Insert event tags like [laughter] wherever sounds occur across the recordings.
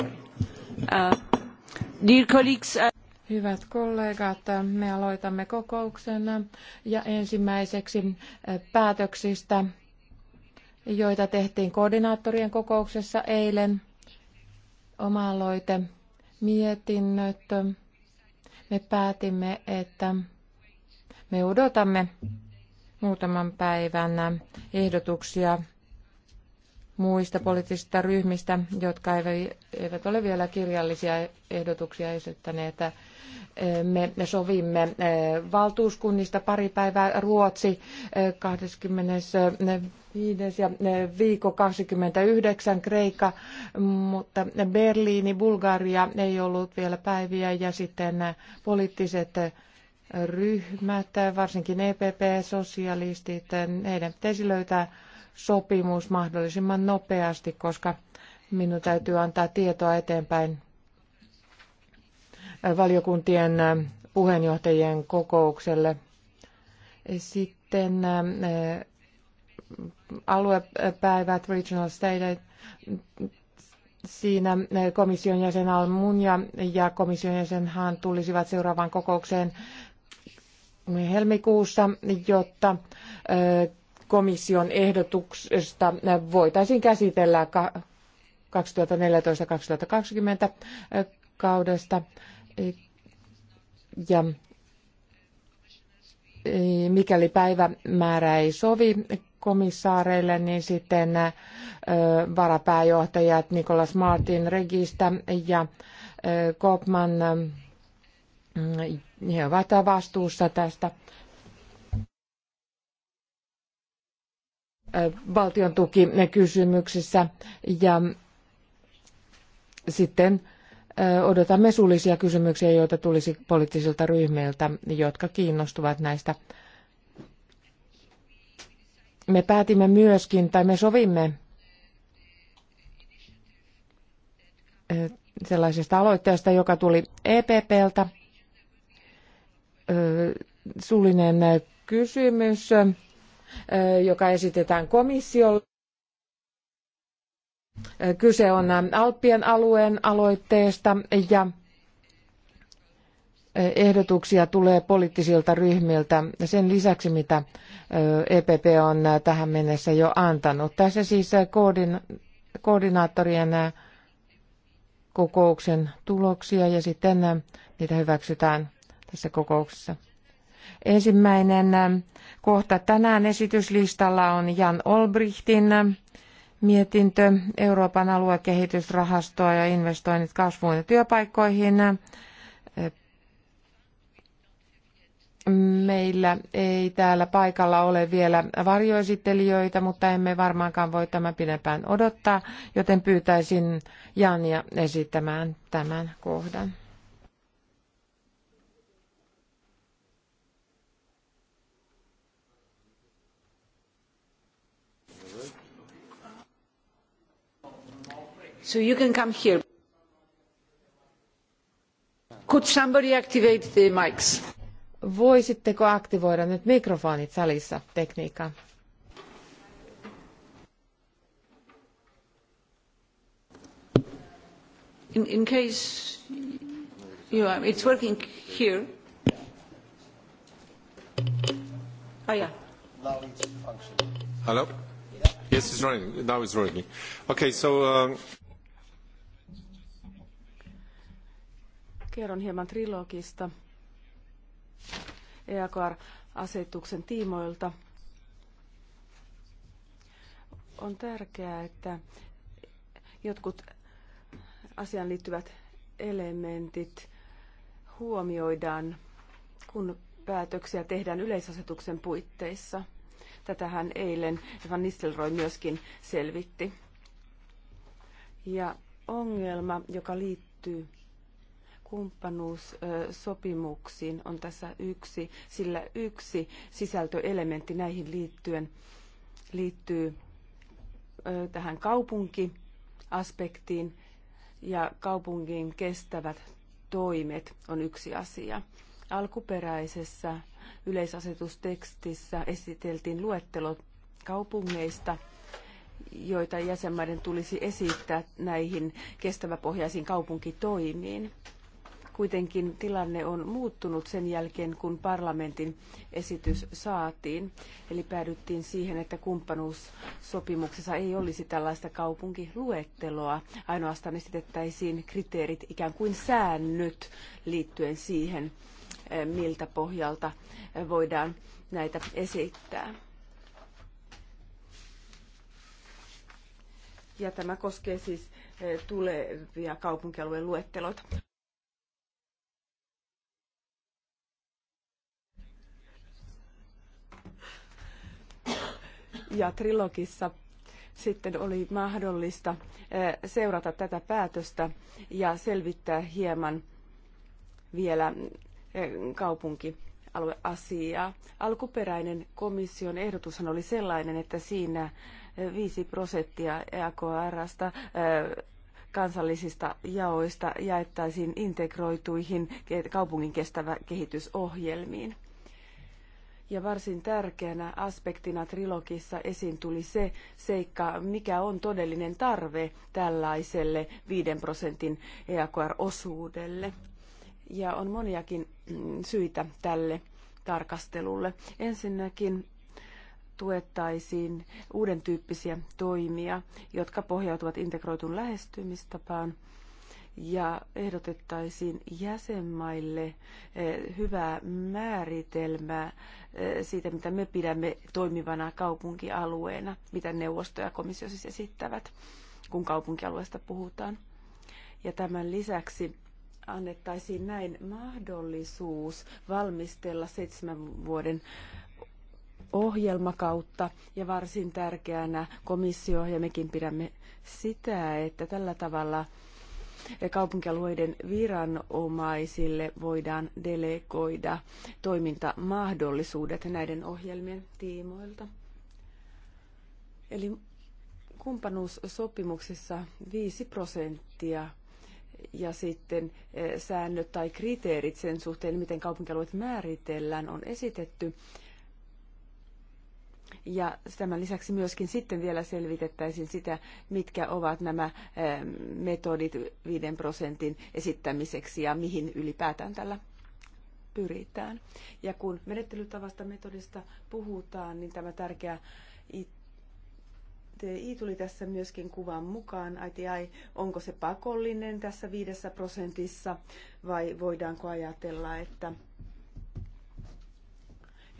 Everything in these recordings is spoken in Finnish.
Uh, uh, Hyvät kollegat, me aloitamme kokouksen ja ensimmäiseksi uh, päätöksistä, joita tehtiin koordinaattorien kokouksessa eilen. Oma-aloite mietinnöt. Me päätimme, että me odotamme muutaman päivän ehdotuksia muista poliittisista ryhmistä, jotka eivät ole vielä kirjallisia ehdotuksia esittäneet. Me sovimme valtuuskunnista pari päivää Ruotsi 25. ja viikko 29 Kreikka, mutta Berliini, Bulgaria ei ollut vielä päiviä ja sitten poliittiset ryhmät, varsinkin EPP, sosialistit, heidän pitäisi löytää sopimus mahdollisimman nopeasti, koska minun täytyy antaa tietoa eteenpäin valiokuntien puheenjohtajien kokoukselle. Sitten aluepäivät, regional state, siinä komission jäsen Almunia ja komission jäsen Hahn tulisivat seuraavaan kokoukseen helmikuussa, jotta komission ehdotuksesta voitaisiin käsitellä 2014-2020 kaudesta. Ja mikäli päivämäärä ei sovi komissaareille, niin sitten varapääjohtajat Nikolas Martin Registä ja Kopman, mm, he ovat vastuussa tästä valtion kysymyksissä ja sitten odotamme suullisia kysymyksiä, joita tulisi poliittisilta ryhmiltä, jotka kiinnostuvat näistä. Me päätimme myöskin, tai me sovimme sellaisesta aloitteesta, joka tuli EPPltä. Suullinen kysymys joka esitetään komissiolle. Kyse on Alppien alueen aloitteesta ja ehdotuksia tulee poliittisilta ryhmiltä sen lisäksi, mitä EPP on tähän mennessä jo antanut. Tässä siis koordinaattorien kokouksen tuloksia ja sitten niitä hyväksytään tässä kokouksessa. Ensimmäinen Kohta tänään esityslistalla on Jan Olbrichtin mietintö Euroopan aluekehitysrahastoa ja investoinnit kasvuun ja työpaikkoihin. Meillä ei täällä paikalla ole vielä varjoesittelijöitä, mutta emme varmaankaan voi tämän pidempään odottaa, joten pyytäisin Jania esittämään tämän kohdan. So you can come here. Could somebody activate the mics? Voisitteko aktivoida nyt mikrofonit salissa tekniikka? In, in case you are, it's working here. Oh yeah. Hello? Yes, it's running. Now it's working. Okay, so um, Kerron hieman trilogista EAKR-asetuksen tiimoilta. On tärkeää, että jotkut asiaan liittyvät elementit huomioidaan, kun päätöksiä tehdään yleisasetuksen puitteissa. Tätähän eilen Van Nistelrooy myöskin selvitti. Ja ongelma, joka liittyy kumppanuussopimuksiin on tässä yksi, sillä yksi sisältöelementti näihin liittyen liittyy tähän kaupunkiaspektiin ja kaupungin kestävät toimet on yksi asia. Alkuperäisessä yleisasetustekstissä esiteltiin luettelo kaupungeista, joita jäsenmaiden tulisi esittää näihin kestäväpohjaisiin kaupunkitoimiin. Kuitenkin tilanne on muuttunut sen jälkeen, kun parlamentin esitys saatiin. Eli päädyttiin siihen, että kumppanuussopimuksessa ei olisi tällaista kaupunkiluetteloa. Ainoastaan esitettäisiin kriteerit, ikään kuin säännöt liittyen siihen, eh, miltä pohjalta voidaan näitä esittää. Ja tämä koskee siis eh, tulevia kaupunkialueen luettelot. ja trilogissa sitten oli mahdollista eh, seurata tätä päätöstä ja selvittää hieman vielä eh, kaupunkialueasiaa. Alkuperäinen komission ehdotushan oli sellainen, että siinä 5 eh, prosenttia EAKRsta kansallisista jaoista jaettaisiin integroituihin kaupungin kestävä kehitysohjelmiin. Ja varsin tärkeänä aspektina trilogissa esiin tuli se seikka, mikä on todellinen tarve tällaiselle 5 prosentin EAKR-osuudelle. Ja on moniakin mm, syitä tälle tarkastelulle. Ensinnäkin tuettaisiin uuden tyyppisiä toimia, jotka pohjautuvat integroitun lähestymistapaan – ja ehdotettaisiin jäsenmaille eh, hyvää määritelmää eh, siitä, mitä me pidämme toimivana kaupunkialueena, mitä neuvosto ja komissio siis esittävät, kun kaupunkialueesta puhutaan. Ja tämän lisäksi annettaisiin näin mahdollisuus valmistella seitsemän vuoden ohjelmakautta ja varsin tärkeänä komissio ja mekin pidämme sitä, että tällä tavalla kaupunkialueiden viranomaisille voidaan delegoida toimintamahdollisuudet näiden ohjelmien tiimoilta. Eli kumppanuussopimuksissa 5 prosenttia ja sitten eh, säännöt tai kriteerit sen suhteen, miten kaupunkialueet määritellään, on esitetty. Ja tämän lisäksi myöskin sitten vielä selvitettäisiin sitä, mitkä ovat nämä eh, metodit 5 prosentin esittämiseksi ja mihin ylipäätään tällä pyritään. Ja kun menettelytavasta metodista puhutaan, niin tämä tärkeä ITI tuli tässä myöskin kuvan mukaan. ITI, onko se pakollinen tässä viidessä prosentissa vai voidaanko ajatella, että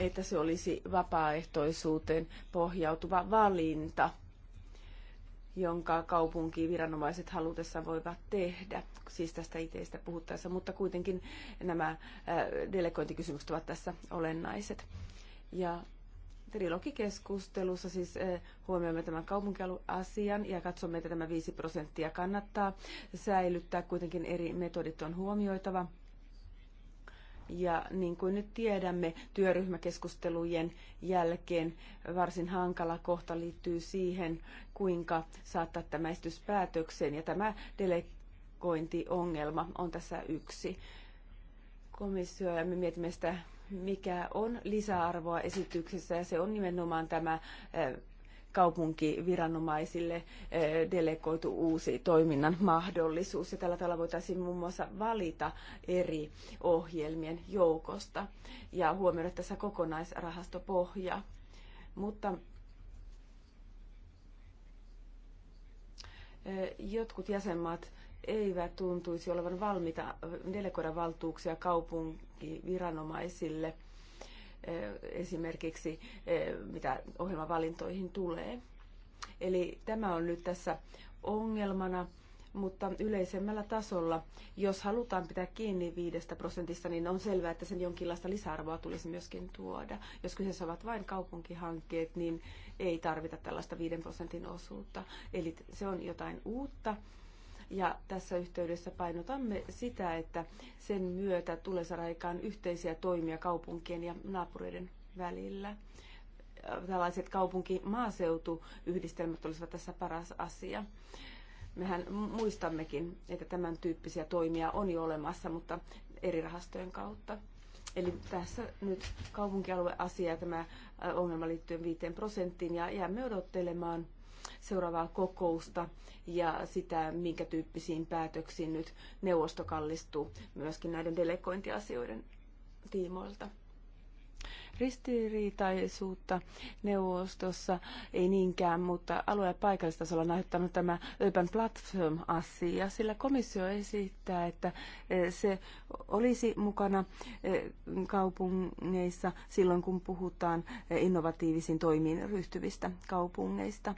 että se olisi vapaaehtoisuuteen pohjautuva valinta, jonka kaupunkiviranomaiset halutessa voivat tehdä, siis tästä iteistä puhuttaessa, mutta kuitenkin nämä äh, delegointikysymykset ovat tässä olennaiset. Ja trilogikeskustelussa siis äh, huomioimme tämän kaupunkialueasian ja katsomme, että tämä 5 prosenttia kannattaa säilyttää. Kuitenkin eri metodit on huomioitava. Ja niin kuin nyt tiedämme, työryhmäkeskustelujen jälkeen varsin hankala kohta liittyy siihen, kuinka saattaa tämä esitys päätökseen. Ja tämä delegointiongelma on tässä yksi komissio ja me mietimme sitä, mikä on lisäarvoa esityksessä ja se on nimenomaan tämä eh, kaupunkiviranomaisille eh, delegoitu uusi toiminnan mahdollisuus. Ja tällä tavalla voitaisiin muun muassa valita eri ohjelmien joukosta ja huomioida tässä kokonaisrahastopohja. Mutta eh, jotkut jäsenmaat eivät tuntuisi olevan valmiita eh, delegoida valtuuksia kaupunkiviranomaisille – Eh, esimerkiksi eh, mitä ohjelmavalintoihin tulee. Eli tämä on nyt tässä ongelmana, mutta yleisemmällä tasolla, jos halutaan pitää kiinni viidestä prosentista, niin on selvää, että sen jonkinlaista lisäarvoa tulisi myöskin tuoda. Jos kyseessä ovat vain kaupunkihankkeet, niin ei tarvita tällaista viiden prosentin osuutta. Eli se on jotain uutta ja tässä yhteydessä painotamme sitä, että sen myötä tulee saada aikaan yhteisiä toimia kaupunkien ja naapureiden välillä. Tällaiset kaupunki-maaseutuyhdistelmät olisivat tässä paras asia. Mehän muistammekin, että tämän tyyppisiä toimia on jo olemassa, mutta eri rahastojen kautta. Eli tässä nyt kaupunkialueasia tämä ongelma liittyy 5 prosenttiin ja jäämme odottelemaan seuraavaa kokousta ja sitä, minkä tyyppisiin päätöksiin nyt neuvosto kallistuu myöskin näiden delegointiasioiden tiimoilta ristiriitaisuutta neuvostossa, ei niinkään, mutta alue- ja paikallistasolla on aiheuttanut tämä Open Platform-asia, sillä komissio esittää, että e, se olisi mukana e, kaupungeissa silloin, kun puhutaan e, innovatiivisiin toimiin ryhtyvistä kaupungeista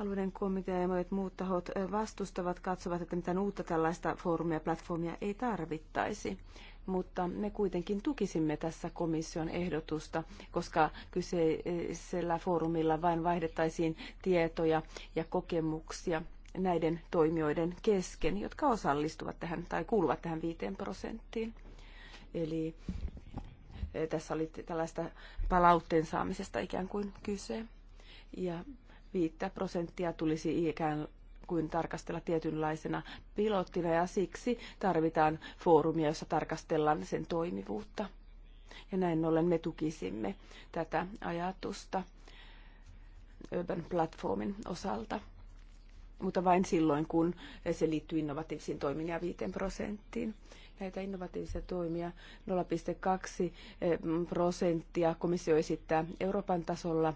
alueiden komitea ja monet muut tahot vastustavat, katsovat, että mitään uutta tällaista foorumia, platformia ei tarvittaisi. Mutta me kuitenkin tukisimme tässä komission ehdotusta, koska kyseisellä foorumilla vain vaihdettaisiin tietoja ja kokemuksia näiden toimijoiden kesken, jotka osallistuvat tähän tai kuuluvat tähän viiteen prosenttiin. Eli tässä oli tällaista palautteen saamisesta ikään kuin kyse. Ja viittä prosenttia tulisi ikään kuin tarkastella tietynlaisena pilottina ja siksi tarvitaan foorumia, jossa tarkastellaan sen toimivuutta. Ja näin ollen me tukisimme tätä ajatusta Urban Platformin osalta, mutta vain silloin, kun se liittyy innovatiivisiin toimiin ja 5 prosenttiin näitä innovatiivisia toimia 0,2 prosenttia komissio esittää Euroopan tasolla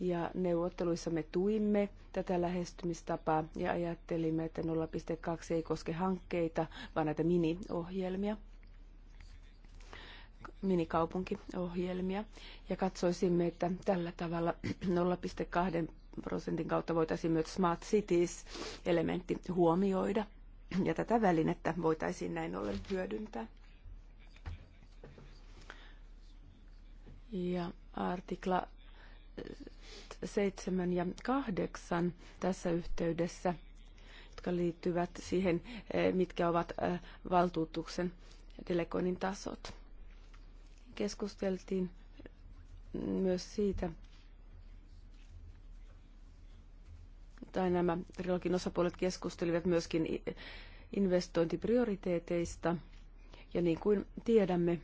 ja neuvotteluissa me tuimme tätä lähestymistapaa ja ajattelimme, että 0,2 ei koske hankkeita, vaan näitä miniohjelmia minikaupunkiohjelmia ja katsoisimme, että tällä tavalla 0,2 [clears throat] prosentin kautta voitaisiin myös Smart Cities-elementti huomioida ja tätä välinettä voitaisiin näin ollen hyödyntää. Ja artikla 7 ja 8 tässä yhteydessä, jotka liittyvät siihen, eh, mitkä ovat eh, valtuutuksen delegoinnin tasot. Keskusteltiin myös siitä, tai nämä trilogin osapuolet keskustelivat myöskin investointiprioriteeteista. Ja niin kuin tiedämme,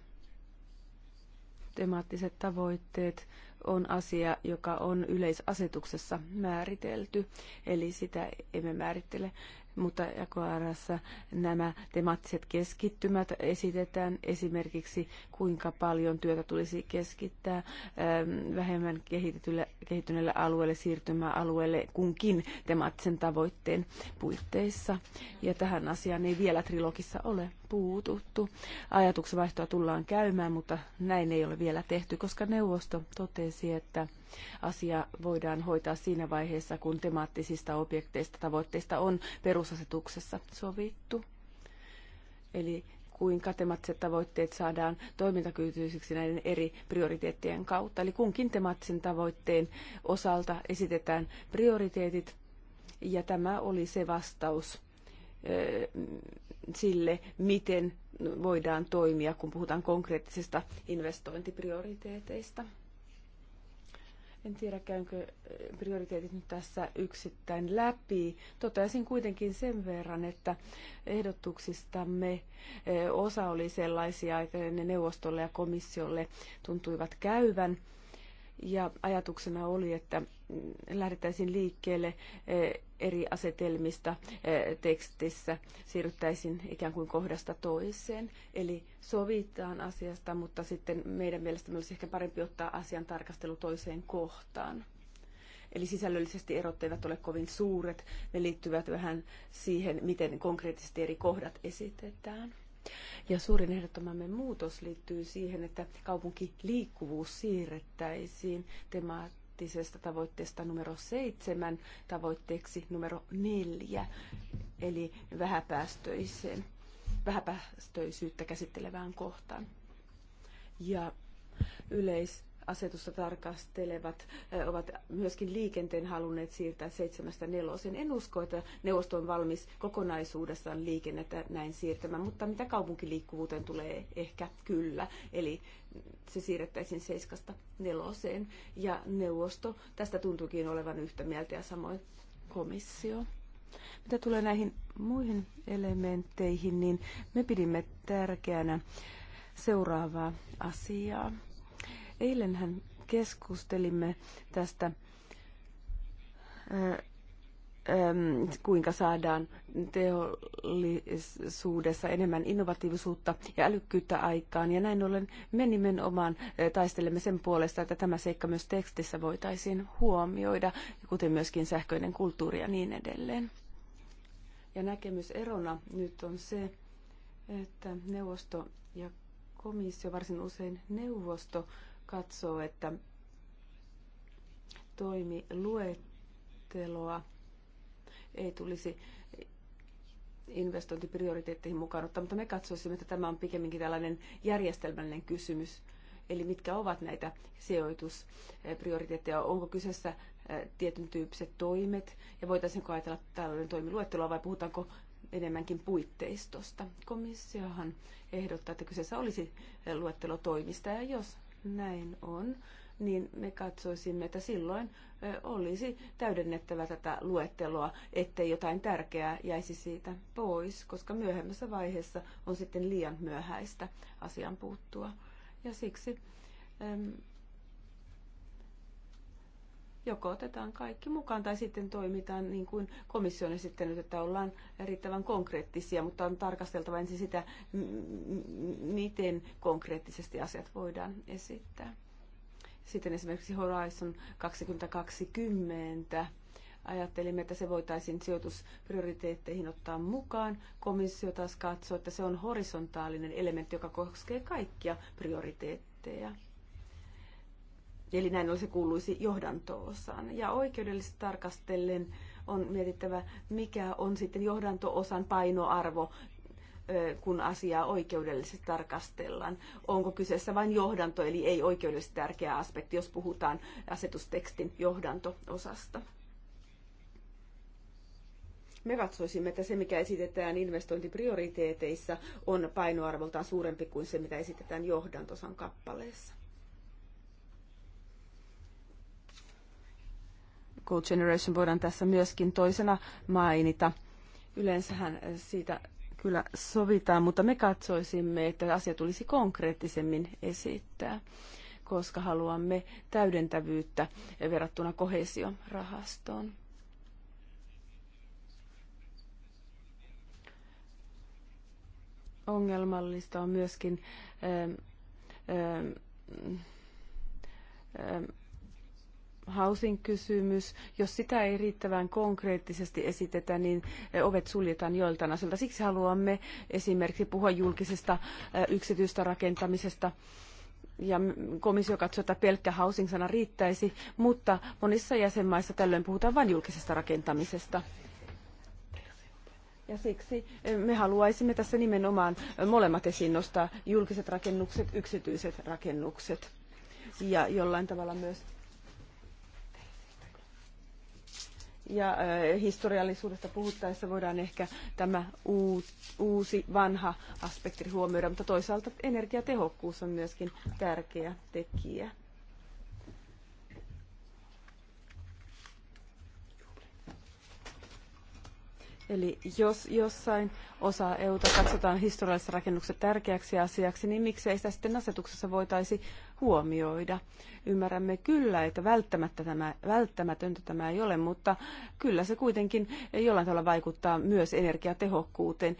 temaattiset tavoitteet on asia, joka on yleisasetuksessa määritelty, eli sitä emme määrittele, mutta jakoarassa e nämä temaattiset keskittymät esitetään esimerkiksi, kuinka paljon työtä tulisi keskittää ähm, vähemmän kehitetylle, kehittyneelle alueelle, siirtymäalueelle kunkin temaattisen tavoitteen puitteissa. Ja tähän asiaan ei vielä trilogissa ole puututtu. Ajatuksenvaihtoa tullaan käymään, mutta näin ei ole vielä tehty, koska neuvosto totesi, että asia voidaan hoitaa siinä vaiheessa, kun temaattisista objekteista tavoitteista on perusasetuksessa sovittu. Eli kuinka temaattiset tavoitteet saadaan toimintakykyisiksi näiden eri prioriteettien kautta. Eli kunkin temaattisen tavoitteen osalta esitetään prioriteetit, ja tämä oli se vastaus, sille, miten voidaan toimia, kun puhutaan konkreettisista investointiprioriteeteista. En tiedä, käynkö eh, prioriteetit nyt tässä yksittäin läpi. Toteaisin kuitenkin sen verran, että ehdotuksistamme eh, osa oli sellaisia, että ne neuvostolle ja komissiolle tuntuivat käyvän – ja ajatuksena oli, että mm, lähdettäisiin liikkeelle e, eri asetelmista e, tekstissä, siirryttäisiin ikään kuin kohdasta toiseen. Eli sovitaan asiasta, mutta sitten meidän mielestämme olisi ehkä parempi ottaa asian tarkastelu toiseen kohtaan. Eli sisällöllisesti erot eivät ole kovin suuret, ne liittyvät vähän siihen, miten konkreettisesti eri kohdat esitetään. Ja suurin ehdottomamme muutos liittyy siihen, että kaupunkiliikkuvuus siirrettäisiin temaattisesta tavoitteesta numero seitsemän tavoitteeksi numero neljä, eli vähäpäästöiseen, vähäpäästöisyyttä käsittelevään kohtaan. Ja yleis asetusta tarkastelevat ovat myöskin liikenteen halunneet siirtää seitsemästä neloseen. En usko, että neuvosto on valmis kokonaisuudessaan liikennettä näin siirtämään, mutta mitä kaupunkiliikkuvuuteen tulee ehkä kyllä. Eli se siirrettäisiin seiskasta neloseen. Ja neuvosto tästä tuntuukin olevan yhtä mieltä ja samoin komissio. Mitä tulee näihin muihin elementteihin, niin me pidimme tärkeänä seuraavaa asiaa. Eilenhän keskustelimme tästä, kuinka saadaan teollisuudessa enemmän innovatiivisuutta ja älykkyyttä aikaan. Ja näin ollen me nimenomaan taistelemme sen puolesta, että tämä seikka myös tekstissä voitaisiin huomioida, kuten myöskin sähköinen kulttuuri ja niin edelleen. Ja näkemyserona nyt on se, että neuvosto ja komissio, varsin usein neuvosto, katsoo, että toimi luetteloa ei tulisi investointiprioriteetteihin mukaan ottaa, mutta me katsoisimme, että tämä on pikemminkin tällainen järjestelmällinen kysymys. Eli mitkä ovat näitä sijoitusprioriteetteja? Onko kyseessä tietyn tyyppiset toimet? Ja voitaisiinko ajatella tällainen toimiluetteloa vai puhutaanko enemmänkin puitteistosta? Komissiohan ehdottaa, että kyseessä olisi luettelo toimista. Ja jos näin on, niin me katsoisimme, että silloin olisi täydennettävä tätä luetteloa, ettei jotain tärkeää jäisi siitä pois, koska myöhemmässä vaiheessa on sitten liian myöhäistä asian puuttua. Ja siksi joko otetaan kaikki mukaan tai sitten toimitaan niin kuin komissio on esittänyt, että ollaan riittävän konkreettisia, mutta on tarkasteltava ensin sitä, miten konkreettisesti asiat voidaan esittää. Sitten esimerkiksi Horizon 2020 ajattelimme, että se voitaisiin sijoitusprioriteetteihin ottaa mukaan. Komissio taas katsoo, että se on horisontaalinen elementti, joka koskee kaikkia prioriteetteja Eli näin se kuuluisi johdantoosaan. Ja oikeudellisesti tarkastellen on mietittävä, mikä on sitten johdantoosan painoarvo, kun asiaa oikeudellisesti tarkastellaan. Onko kyseessä vain johdanto, eli ei oikeudellisesti tärkeä aspekti, jos puhutaan asetustekstin johdantoosasta. Me katsoisimme, että se mikä esitetään investointiprioriteeteissa on painoarvoltaan suurempi kuin se mitä esitetään johdantosan kappaleessa. Code Generation voidaan tässä myöskin toisena mainita. Yleensähän siitä kyllä sovitaan, mutta me katsoisimme, että asia tulisi konkreettisemmin esittää, koska haluamme täydentävyyttä verrattuna kohesiorahastoon. Ongelmallista on myöskin ähm, ähm, ähm, housing kysymys, jos sitä ei riittävän konkreettisesti esitetä, niin e, ovet suljetaan joiltain asioilta. Siksi haluamme esimerkiksi puhua julkisesta e, yksityistä rakentamisesta ja komissio katsoo, että pelkkä housing-sana riittäisi, mutta monissa jäsenmaissa tällöin puhutaan vain julkisesta rakentamisesta. Ja siksi e, me haluaisimme tässä nimenomaan molemmat esiin nostaa julkiset rakennukset, yksityiset rakennukset ja jollain tavalla myös ja historiallisuudesta puhuttaessa voidaan ehkä tämä uusi vanha aspekti huomioida, mutta toisaalta energiatehokkuus on myöskin tärkeä tekijä. Eli jos jossain osa EUta katsotaan historiallisessa rakennuksessa tärkeäksi asiaksi, niin miksei sitä sitten asetuksessa voitaisi huomioida. Ymmärrämme kyllä, että välttämättä tämä, välttämätöntä tämä ei ole, mutta kyllä se kuitenkin jollain tavalla vaikuttaa myös energiatehokkuuteen.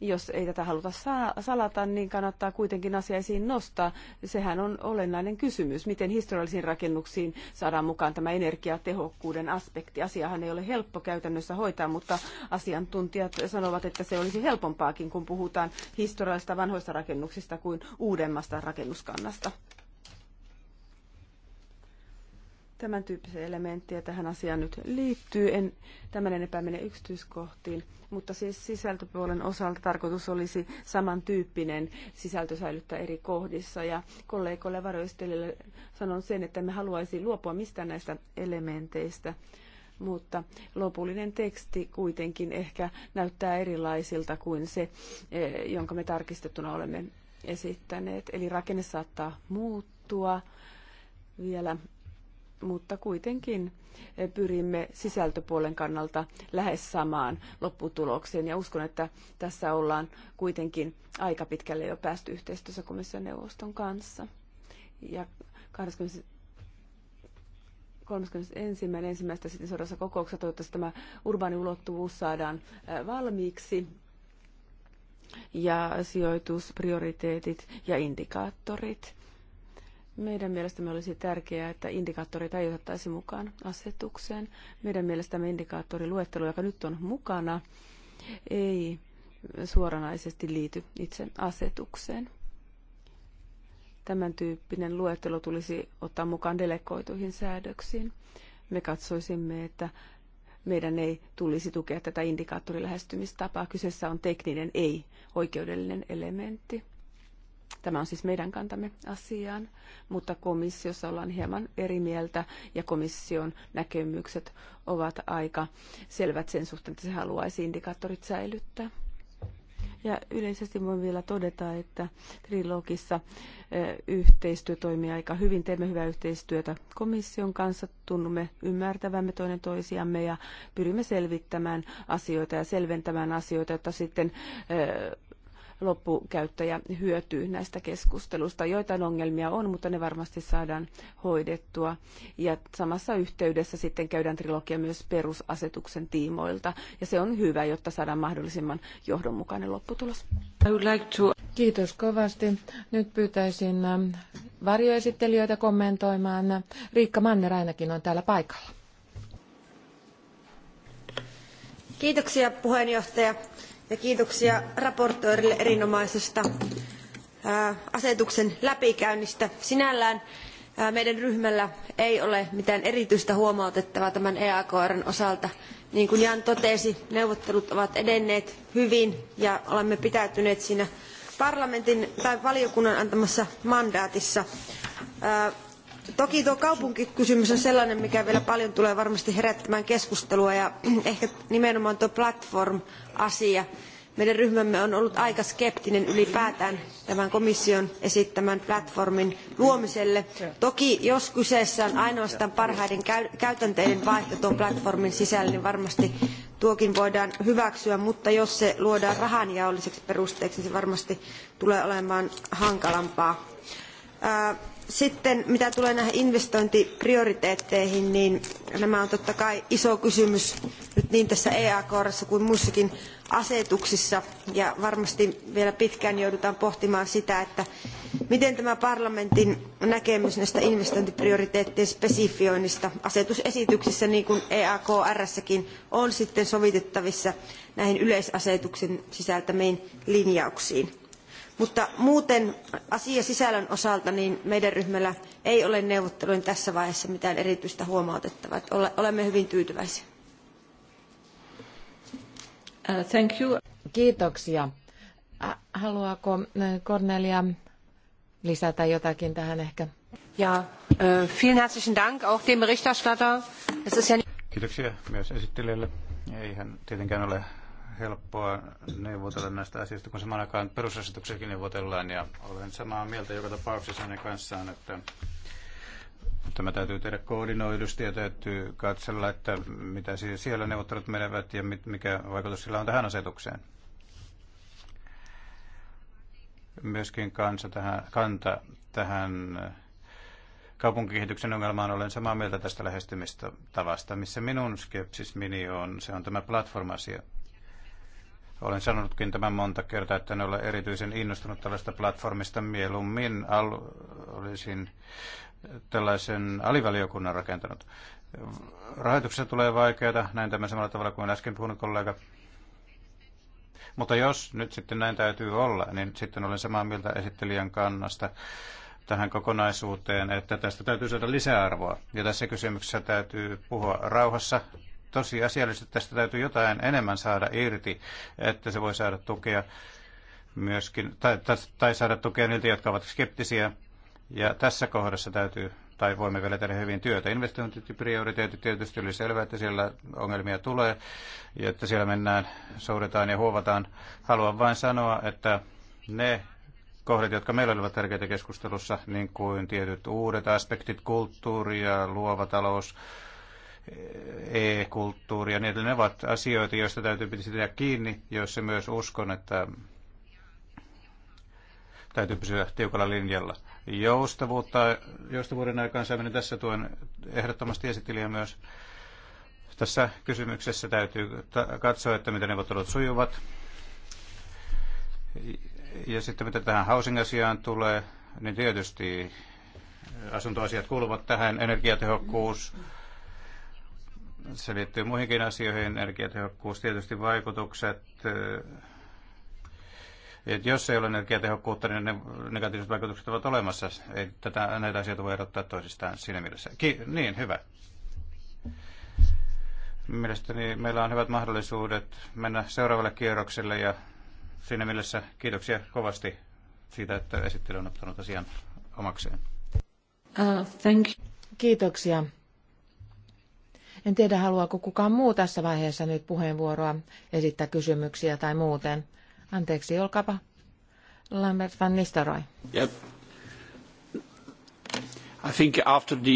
Jos ei tätä haluta salata, niin kannattaa kuitenkin asia esiin nostaa. Sehän on olennainen kysymys, miten historiallisiin rakennuksiin saadaan mukaan tämä energiatehokkuuden aspekti. Asiahan ei ole helppo käytännössä hoitaa, mutta asiantuntijat sanovat, että se olisi helpompaakin, kun puhutaan historiallisista vanhoista rakennuksista kuin uudemmasta rakennuskannasta tämän tyyppisiä elementtejä tähän asiaan nyt liittyy. En tämän enempää mene yksityiskohtiin, mutta siis sisältöpuolen osalta tarkoitus olisi samantyyppinen sisältö säilyttää eri kohdissa. Ja kollegoille varoistelijalle sanon sen, että me haluaisin luopua mistään näistä elementeistä, mutta lopullinen teksti kuitenkin ehkä näyttää erilaisilta kuin se, eh, jonka me tarkistettuna olemme esittäneet. Eli rakenne saattaa muuttua vielä mutta kuitenkin eh, pyrimme sisältöpuolen kannalta lähes samaan lopputulokseen ja uskon, että tässä ollaan kuitenkin aika pitkälle jo päästy yhteistyössä komission neuvoston kanssa. Ja 31.1. sitten seuraavassa kokouksessa toivottavasti tämä urbaani ulottuvuus saadaan eh, valmiiksi ja sijoitusprioriteetit ja indikaattorit meidän mielestämme olisi tärkeää, että indikaattoreita ei otettaisi mukaan asetukseen. Meidän mielestämme indikaattoriluettelu, joka nyt on mukana, ei suoranaisesti liity itse asetukseen. Tämän tyyppinen luettelo tulisi ottaa mukaan delegoituihin säädöksiin. Me katsoisimme, että meidän ei tulisi tukea tätä indikaattorilähestymistapaa. Kyseessä on tekninen, ei oikeudellinen elementti Tämä on siis meidän kantamme asiaan, mutta komissiossa ollaan hieman eri mieltä ja komission näkemykset ovat aika selvät sen suhteen, että se haluaisi indikaattorit säilyttää. Ja yleisesti voin vielä todeta, että trilogissa yhteistyö toimii aika hyvin. Teemme hyvää yhteistyötä komission kanssa, tunnumme ymmärtävämme toinen toisiamme ja pyrimme selvittämään asioita ja selventämään asioita, jotta sitten loppukäyttäjä hyötyy näistä keskustelusta. Joitain ongelmia on, mutta ne varmasti saadaan hoidettua. Ja samassa yhteydessä sitten käydään trilogia myös perusasetuksen tiimoilta. Ja se on hyvä, jotta saadaan mahdollisimman johdonmukainen lopputulos. Kiitos kovasti. Nyt pyytäisin ähm, varjoesittelijöitä kommentoimaan. Riikka Manner ainakin on täällä paikalla. Kiitoksia puheenjohtaja ja kiitoksia raportöörille erinomaisesta asetuksen läpikäynnistä. Sinällään meidän ryhmällä ei ole mitään erityistä huomautettavaa tämän EAKRn osalta. Niin kuin Jan totesi, neuvottelut ovat edenneet hyvin ja olemme pitäytyneet siinä parlamentin tai valiokunnan antamassa mandaatissa. Toki tuo kaupunkikysymys on sellainen, mikä vielä paljon tulee varmasti herättämään keskustelua ja [clears throat] ehkä nimenomaan tuo platform-asia. Meidän ryhmämme on ollut aika skeptinen ylipäätään tämän komission esittämän platformin luomiselle. Toki jos kyseessä on ainoastaan parhaiden käytänteiden vaihto tuon platformin sisällä, niin varmasti tuokin voidaan hyväksyä, mutta jos se luodaan rahanjaolliseksi perusteeksi, niin se varmasti tulee olemaan hankalampaa. Sitten mitä tulee näihin investointiprioriteetteihin, niin nämä on totta kai iso kysymys nyt niin tässä EAKRssa kuin muissakin asetuksissa. Ja varmasti vielä pitkään joudutaan pohtimaan sitä, että miten tämä parlamentin näkemys näistä investointiprioriteettien spesifioinnista asetusesityksissä niin kuin EAKRssäkin on sitten sovitettavissa näihin yleisasetuksen sisältämiin linjauksiin. Mutta muuten asiasisällön osalta niin meidän ryhmällä ei ole neuvottelujen tässä vaiheessa mitään erityistä huomautettavaa. Olemme hyvin tyytyväisiä. Uh, thank you. Kiitoksia. Haluaako Cornelia lisätä jotakin tähän ehkä? Ja, äh, vielen herzlichen Dank auch dem Berichterstatter. Kiitoksia myös esittelijälle. Ei hän tietenkään ole helppoa neuvotella näistä asioista, kun samaan aikaan perusasetuksiakin neuvotellaan. Ja olen samaa mieltä joka tapauksessa hänen kanssaan, että tämä täytyy tehdä koordinoidusti ja täytyy katsella, että mitä siellä neuvottelut menevät ja mikä vaikutus sillä on tähän asetukseen. Myöskin kansa tähän, kanta tähän äh, kaupunkikehityksen ongelmaan olen samaa mieltä tästä lähestymistavasta, missä minun skepsismini on, se on tämä platformasia. asia olen sanonutkin tämän monta kertaa, että en ole erityisen innostunut tällaista platformista. Mieluummin al- olisin tällaisen alivaliokunnan rakentanut. Rahoituksessa tulee vaikeata, näin tämän samalla tavalla kuin äsken puhunut kollega. Mutta jos nyt sitten näin täytyy olla, niin sitten olen samaa mieltä esittelijän kannasta tähän kokonaisuuteen, että tästä täytyy saada lisäarvoa. Ja tässä kysymyksessä täytyy puhua rauhassa, Tosiasiallisesti tästä täytyy jotain enemmän saada irti, että se voi saada tukea myöskin, tai, tai, tai saada tukea niiltä, jotka ovat skeptisiä. Ja tässä kohdassa täytyy, tai voimme vielä tehdä hyvin työtä. Investointiprioriteetit tietysti oli selvää, että siellä ongelmia tulee, ja että siellä mennään, soudetaan ja huovataan. Haluan vain sanoa, että ne kohdat, jotka meillä olivat tärkeitä keskustelussa, niin kuin tietyt uudet aspektit, kulttuuri ja luova talous, e-kulttuuri ja niin edelleen. Ne ovat asioita, joista täytyy pitää kiinni, joissa myös uskon, että täytyy pysyä tiukalla linjalla. Joustavuutta, joustavuuden aikaansaaminen tässä tuon ehdottomasti esittelijä myös. Tässä kysymyksessä täytyy katsoa, että miten neuvottelut sujuvat. Ja sitten mitä tähän housing-asiaan tulee, niin tietysti asuntoasiat kuuluvat tähän, energiatehokkuus, se liittyy muihinkin asioihin, energiatehokkuus, tietysti vaikutukset. Eh, et jos ei ole energiatehokkuutta, niin ne negatiiviset vaikutukset ovat olemassa. Ei tätä, näitä asioita voi erottaa toisistaan siinä mielessä. Ki- niin, hyvä. Mielestäni meillä on hyvät mahdollisuudet mennä seuraavalle kierrokselle ja siinä mielessä kiitoksia kovasti siitä, että esittely on ottanut asian omakseen. Uh, thank you. Kiitoksia en tiedä, haluaako kukaan muu tässä vaiheessa nyt puheenvuoroa esittää kysymyksiä tai muuten. Anteeksi, olkaapa. Lambert van Nistelrooy. Yep. I think after the...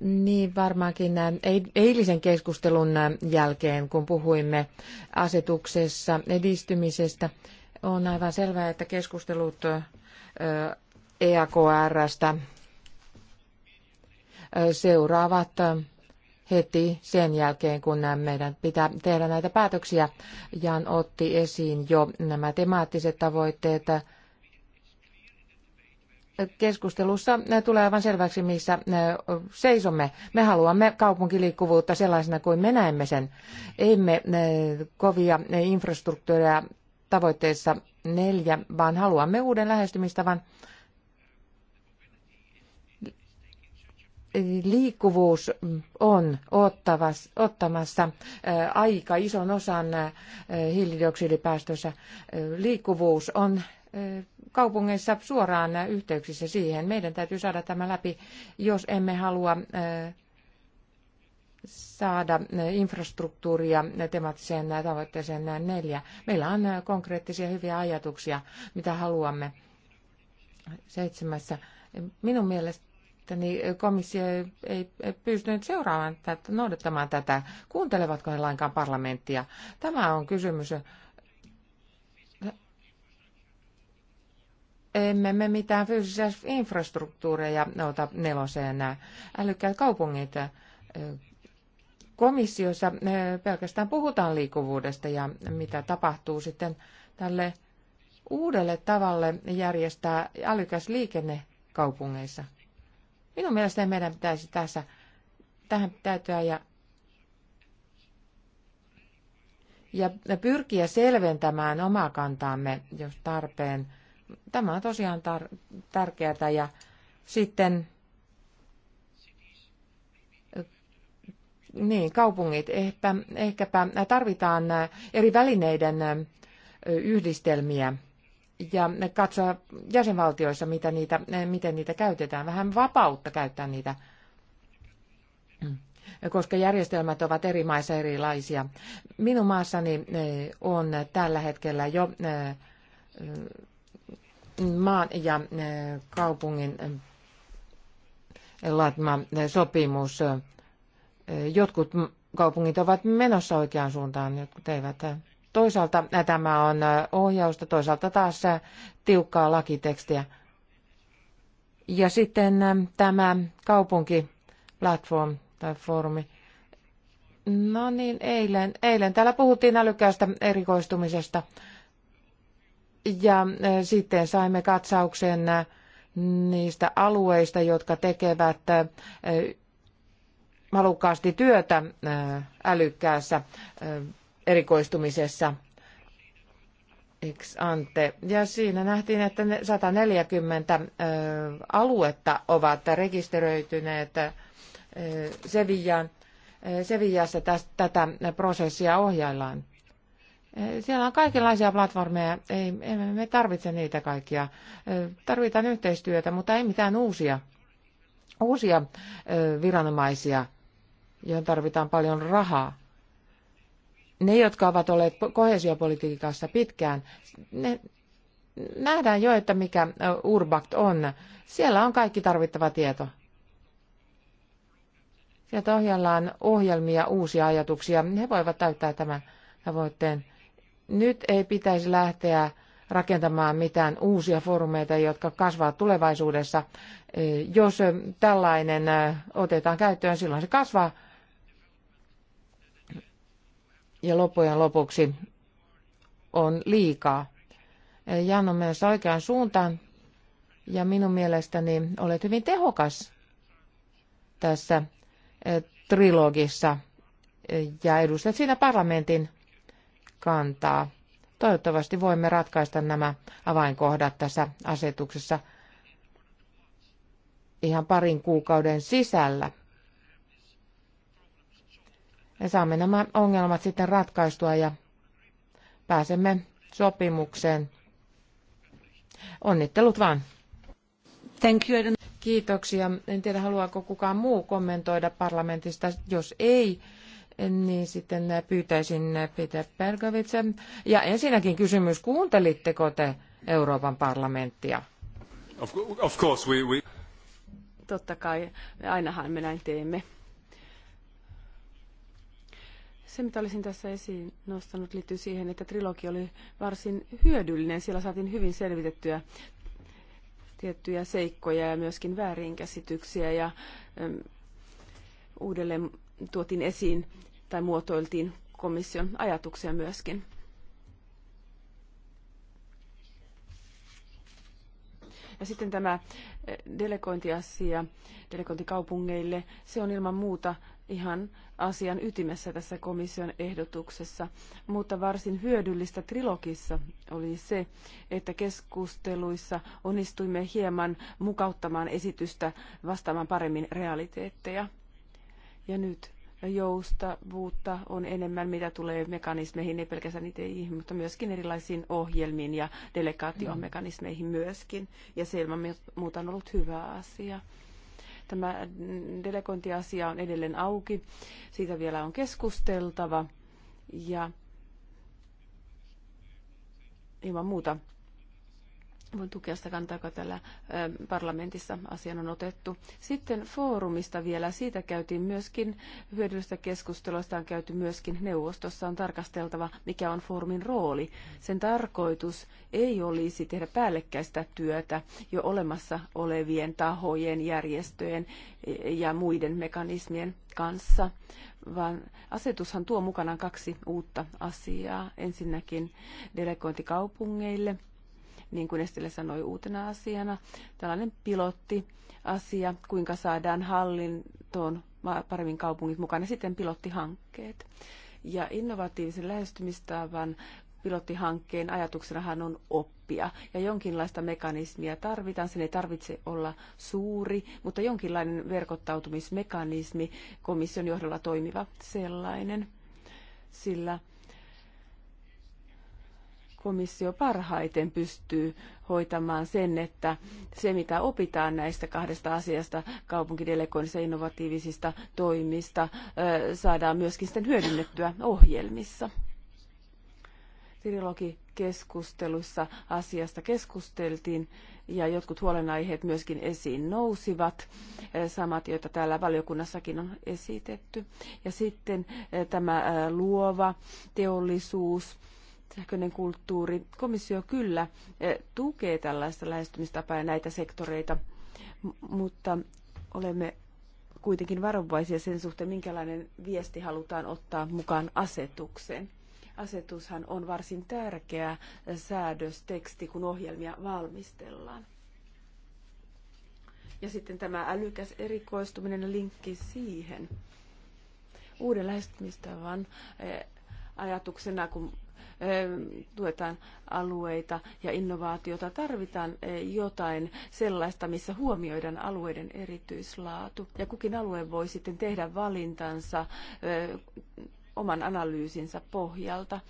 Niin varmaankin äh, eilisen keskustelun äh, jälkeen, kun puhuimme asetuksessa edistymisestä, on aivan selvää, että keskustelut äh, EAKRstä seuraavat heti sen jälkeen, kun meidän pitää tehdä näitä päätöksiä. Jan otti esiin jo nämä temaattiset tavoitteet. Keskustelussa tulee aivan selväksi, missä seisomme. Me haluamme kaupunkiliikkuvuutta sellaisena kuin me näemme sen. Emme kovia infrastruktuureja tavoitteessa neljä, vaan haluamme uuden lähestymistavan liikkuvuus on ottamassa aika ison osan hiilidioksidipäästössä. Liikkuvuus on kaupungeissa suoraan yhteyksissä siihen. Meidän täytyy saada tämä läpi, jos emme halua saada infrastruktuuria temaattiseen tavoitteeseen neljä. Meillä on konkreettisia hyviä ajatuksia, mitä haluamme seitsemässä. Minun mielestä niin komissio ei, ei, ei pystynyt seuraamaan tätä, noudattamaan tätä. Kuuntelevatko he lainkaan parlamenttia? Tämä on kysymys. Emme me mitään fyysisiä infrastruktuureja noita neloseen. Älykkäät kaupungit komissiossa eh, pelkästään puhutaan liikkuvuudesta ja mitä tapahtuu sitten tälle uudelle tavalle järjestää älykäs liikenne kaupungeissa. Minun mielestäni meidän pitäisi tässä, tähän täytyä ja, ja pyrkiä selventämään omaa kantaamme, jos tarpeen. Tämä on tosiaan tar- tärkeää ja sitten niin, kaupungit ehkä, ehkäpä tarvitaan eri välineiden yhdistelmiä ja katsoa jäsenvaltioissa, mitä niitä, miten niitä käytetään. Vähän vapautta käyttää niitä, koska järjestelmät ovat eri maissa erilaisia. Minun maassani eh, on tällä hetkellä jo eh, maan ja eh, kaupungin laatma sopimus. Jotkut kaupungit ovat menossa oikeaan suuntaan, jotkut eivät. Toisaalta tämä on ohjausta, toisaalta taas tiukkaa lakitekstiä. Ja sitten tämä kaupunki platform tai foorumi. No niin, eilen, eilen täällä puhuttiin älykkäästä erikoistumisesta. Ja sitten saimme katsauksen niistä alueista, jotka tekevät halukkaasti työtä älykkäässä erikoistumisessa ex ante. Ja siinä nähtiin, että 140 aluetta ovat rekisteröityneet Sevillaan. Sevillassa tätä prosessia ohjaillaan. Siellä on kaikenlaisia platformeja, ei, emme me tarvitse niitä kaikkia. Tarvitaan yhteistyötä, mutta ei mitään uusia, uusia viranomaisia, joihin tarvitaan paljon rahaa ne, jotka ovat olleet kohesiopolitiikassa pitkään, ne, nähdään jo, että mikä Urbact on. Siellä on kaikki tarvittava tieto. Sieltä ohjellaan ohjelmia, uusia ajatuksia. He voivat täyttää tämän tavoitteen. Nyt ei pitäisi lähteä rakentamaan mitään uusia foorumeita, jotka kasvavat tulevaisuudessa. Jos tällainen otetaan käyttöön, silloin se kasvaa ja loppujen lopuksi on liikaa. Jan on myös oikeaan suuntaan ja minun mielestäni olet hyvin tehokas tässä eh, trilogissa ja edustat siinä parlamentin kantaa. Toivottavasti voimme ratkaista nämä avainkohdat tässä asetuksessa ihan parin kuukauden sisällä. Me saamme nämä ongelmat sitten ratkaistua ja pääsemme sopimukseen. Onnittelut vaan. Thank you. Kiitoksia. En tiedä, haluaako kukaan muu kommentoida parlamentista. Jos ei, niin sitten pyytäisin Peter Pergovitsen. Ja ensinnäkin kysymys, kuuntelitteko te Euroopan parlamenttia? Of, of course we, we... Totta kai, ainahan me näin teemme. Se, mitä olisin tässä esiin nostanut, liittyy siihen, että trilogi oli varsin hyödyllinen. Siellä saatiin hyvin selvitettyä tiettyjä seikkoja ja myöskin väärinkäsityksiä ja äm, uudelleen tuotiin esiin tai muotoiltiin komission ajatuksia myöskin. Ja sitten tämä delegointiasia delegointikaupungeille, se on ilman muuta ihan asian ytimessä tässä komission ehdotuksessa, mutta varsin hyödyllistä trilogissa oli se, että keskusteluissa onnistuimme hieman mukauttamaan esitystä vastaamaan paremmin realiteetteja. Ja nyt joustavuutta on enemmän, mitä tulee mekanismeihin, ei pelkästään itse mutta myöskin erilaisiin ohjelmiin ja delegaatiomekanismeihin myöskin. Ja se ilman muuta on ollut hyvä asia. Tämä delegointiasia on edelleen auki. Siitä vielä on keskusteltava. Ja ilman muuta Voin tukea sitä kantaa, joka täällä parlamentissa asian on otettu. Sitten foorumista vielä. Siitä käytiin myöskin hyödyllistä keskustelua. Sitä on käyty myöskin neuvostossa. On tarkasteltava, mikä on foorumin rooli. Sen tarkoitus ei olisi tehdä päällekkäistä työtä jo olemassa olevien tahojen, järjestöjen ja muiden mekanismien kanssa, vaan asetushan tuo mukanaan kaksi uutta asiaa. Ensinnäkin delegointi kaupungeille – niin kuin Estille sanoi uutena asiana, tällainen pilottiasia, kuinka saadaan hallintoon paremmin kaupungit mukana, sitten pilottihankkeet. Ja innovatiivisen lähestymistavan pilottihankkeen ajatuksenahan on oppia ja jonkinlaista mekanismia tarvitaan. Sen ei tarvitse olla suuri, mutta jonkinlainen verkottautumismekanismi, komission johdolla toimiva sellainen. Sillä komissio parhaiten pystyy hoitamaan sen, että se mitä opitaan näistä kahdesta asiasta, kaupunkidelegoinnissa innovatiivisista toimista, saadaan myöskin sitten hyödynnettyä ohjelmissa. Trilogikeskusteluissa asiasta keskusteltiin ja jotkut huolenaiheet myöskin esiin nousivat, samat, joita täällä valiokunnassakin on esitetty. Ja sitten tämä luova teollisuus, sähköinen kulttuuri. Komissio kyllä eh, tukee tällaista lähestymistapaa ja näitä sektoreita, mutta olemme kuitenkin varovaisia sen suhteen, minkälainen viesti halutaan ottaa mukaan asetukseen. Asetushan on varsin tärkeä säädösteksti, kun ohjelmia valmistellaan. Ja sitten tämä älykäs erikoistuminen linkki siihen. Uuden lähestymistavan eh, ajatuksena, kun tuetaan alueita ja innovaatiota. Tarvitaan eh, jotain sellaista, missä huomioidaan alueiden erityislaatu. Ja kukin alue voi sitten tehdä valintansa eh, oman analyysinsä pohjalta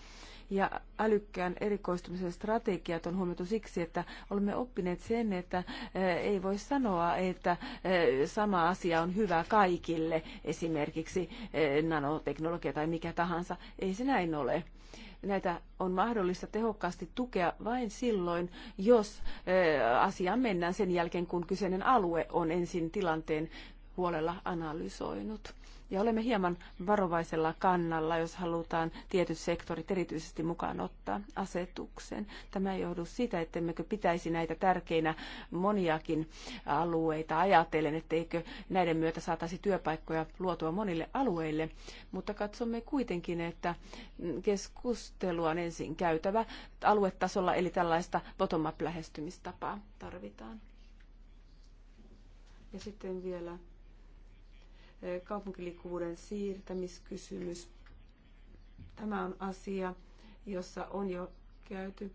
ja älykkään erikoistumisen strategiat on huomioitu siksi, että olemme oppineet sen, että eh, ei voi sanoa, että sama asia on hyvä kaikille, esimerkiksi nanoteknologia tai mikä tahansa. Ei se näin ole näitä on mahdollista tehokkaasti tukea vain silloin, jos eh, asiaan mennään sen jälkeen, kun kyseinen alue on ensin tilanteen huolella analysoinut. Ja olemme hieman varovaisella kannalla, jos halutaan tietyt sektorit erityisesti mukaan ottaa asetukseen. Tämä ei johdu siitä, ettemmekö pitäisi näitä tärkeinä moniakin alueita ajatellen, etteikö näiden myötä saataisi työpaikkoja luotua monille alueille. Mutta katsomme kuitenkin, että keskustelua on ensin käytävä aluetasolla, eli tällaista bottom-up lähestymistapaa tarvitaan. Ja sitten vielä kaupunkiliikkuvuuden siirtämiskysymys. Tämä on asia, jossa on jo käyty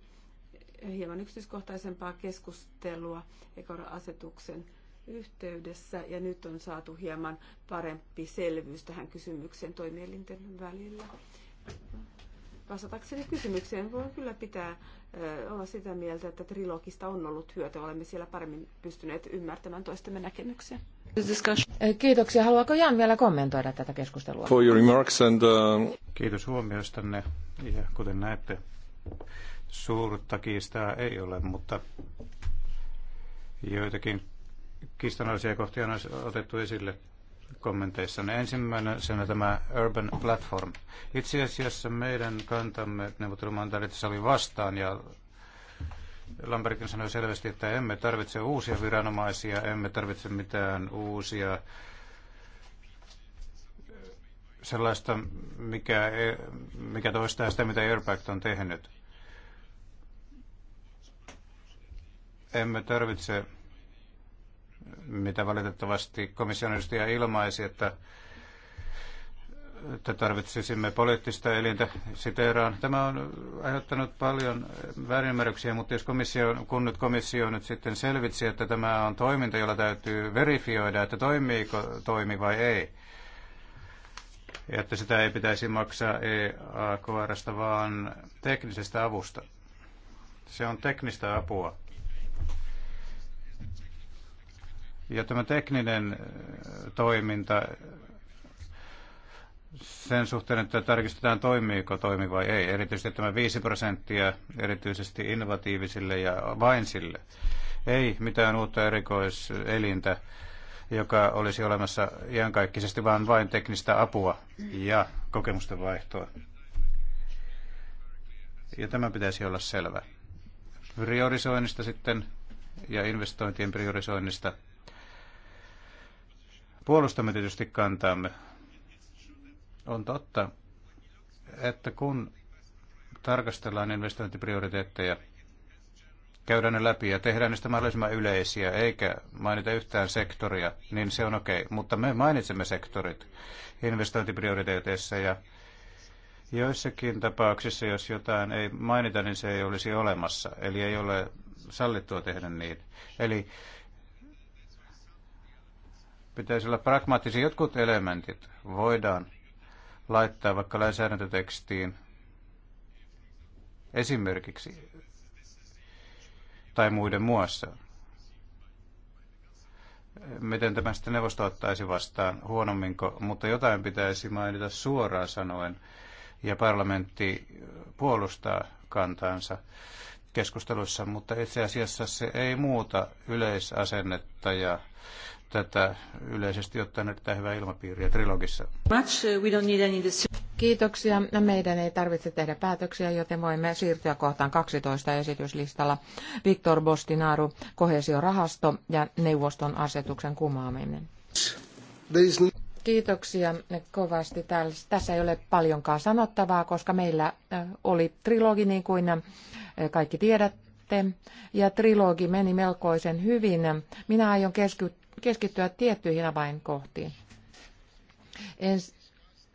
hieman yksityiskohtaisempaa keskustelua ECOR-asetuksen yhteydessä ja nyt on saatu hieman parempi selvyys tähän kysymykseen toimielinten välillä. Vastatakseni kysymykseen voi kyllä pitää olla sitä mieltä, että trilogista on ollut hyötyä. Olemme siellä paremmin pystyneet ymmärtämään toistemme näkemyksiä. Kiitoksia. Haluaako Jan vielä kommentoida tätä keskustelua? For your remarks and, uh... Kiitos huomioistanne. Ja kuten näette, suurta kiistaa ei ole, mutta joitakin kiistanalaisia kohtia on otettu esille kommenteissa. Ensimmäinen tämä Urban Platform. Itse asiassa meidän kantamme neuvottelumandalitissa oli vastaan ja Lambertkin sanoi selvästi, että emme tarvitse uusia viranomaisia, emme tarvitse mitään uusia sellaista, mikä, e, mikä toistaa sitä, mitä Airbag on tehnyt. Emme tarvitse, mitä valitettavasti komission edustaja ilmaisi, että että tarvitsisimme poliittista elintä, siteeraan. Tämä on aiheuttanut paljon väärinymmärryksiä, mutta jos komissio, kun nyt komissio nyt sitten selvitsi, että tämä on toiminta, jolla täytyy verifioida, että toimiiko toimi vai ei, ja että sitä ei pitäisi maksaa EAKRsta, vaan teknisestä avusta. Se on teknistä apua. Ja tämä tekninen toiminta sen suhteen, että tarkistetaan toimiiko toimi vai ei. Erityisesti tämä 5 prosenttia erityisesti innovatiivisille ja vain sille. Ei mitään uutta erikoiselintä, joka olisi olemassa iankaikkisesti, vaan vain teknistä apua ja kokemusten vaihtoa. Ja tämä pitäisi olla selvä. Priorisoinnista sitten ja investointien priorisoinnista. Puolustamme tietysti kantaamme on totta, että kun tarkastellaan investointiprioriteetteja, käydään ne läpi ja tehdään niistä mahdollisimman yleisiä, eikä mainita yhtään sektoria, niin se on okei. Okay. Mutta me mainitsemme sektorit investointiprioriteeteissa ja joissakin tapauksissa, jos jotain ei mainita, niin se ei olisi olemassa. Eli ei ole sallittua tehdä niin. Eli pitäisi olla pragmaattisia. Jotkut elementit voidaan laittaa vaikka lainsäädäntötekstiin esimerkiksi tai muiden muassa. Miten tämä sitten neuvosto ottaisi vastaan huonomminko, mutta jotain pitäisi mainita suoraan sanoen ja parlamentti puolustaa kantaansa keskusteluissa, mutta itse asiassa se ei muuta yleisasennetta ja tätä yleisesti ottaen erittäin hyvää ilmapiiriä trilogissa. Uh, Kiitoksia. Meidän ei tarvitse tehdä päätöksiä, joten voimme siirtyä kohtaan 12 esityslistalla. Viktor Bostinaru, kohesiorahasto ja neuvoston asetuksen kumoaminen. Kiitoksia kovasti. Tässä ei ole paljonkaan sanottavaa, koska meillä äh, oli trilogi, niin kuin äh, kaikki tiedätte, ja trilogi meni melkoisen hyvin. Minä aion keskittyä tiettyihin avainkohtiin. Ens,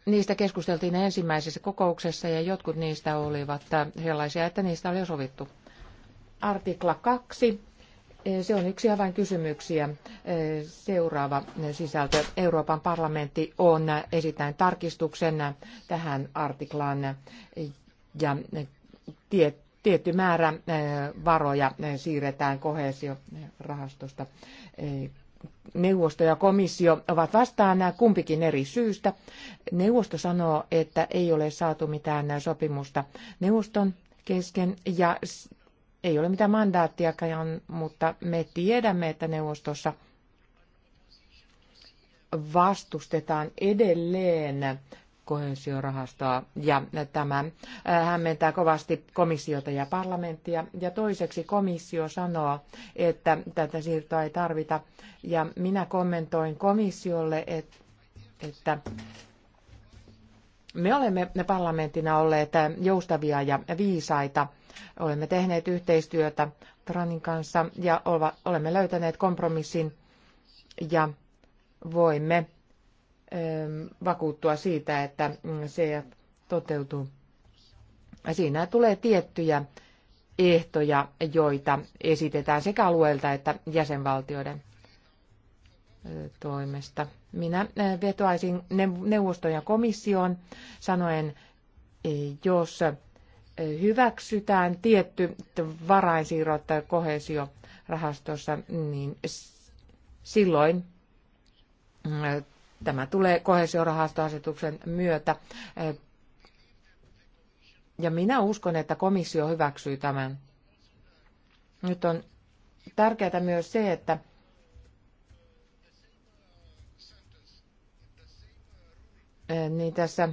niistä keskusteltiin ensimmäisessä kokouksessa ja jotkut niistä olivat sellaisia, että niistä oli jo sovittu. Artikla 2. Se on yksi avainkysymyksiä. Seuraava sisältö. Euroopan parlamentti on esittänyt tarkistuksen tähän artiklaan ja tietty määrä varoja siirretään kohesiorahastosta neuvosto ja komissio ovat vastaan kumpikin eri syystä. Neuvosto sanoo, että ei ole saatu mitään sopimusta neuvoston kesken ja ei ole mitään mandaattiakaan, mutta me tiedämme, että neuvostossa vastustetaan edelleen kohesiorahastoa ja tämä äh, hämmentää kovasti komissiota ja parlamenttia. Ja toiseksi komissio sanoo, että tätä siirtoa ei tarvita ja minä kommentoin komissiolle, että me olemme parlamenttina olleet joustavia ja viisaita. Olemme tehneet yhteistyötä Tranin kanssa ja olemme löytäneet kompromissin ja voimme Ähm, vakuuttua siitä, että mm, se toteutuu. Siinä tulee tiettyjä ehtoja, joita esitetään sekä alueelta että jäsenvaltioiden toimesta. Minä vetoaisin neuvoston ja komission sanoen, e, jos hyväksytään tietty varainsiirrot tai kohesiorahastossa, niin silloin Tämä tulee kohesiorahastoasetuksen myötä. Ja minä uskon, että komissio hyväksyy tämän. Nyt on tärkeää myös se, että niin tässä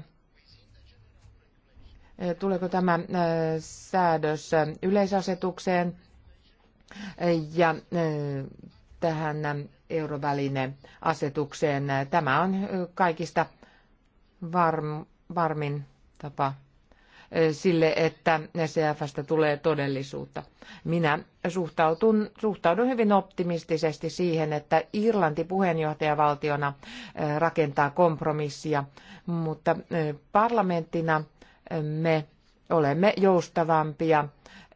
tuleeko tämä säädös yleisasetukseen ja tähän euroväline asetukseen. Tämä on kaikista varm, varmin tapa sille, että CFstä e tulee todellisuutta. Minä suhtautun, suhtaudun hyvin optimistisesti siihen, että Irlanti puheenjohtajavaltiona rakentaa kompromissia, mutta parlamenttina me olemme joustavampia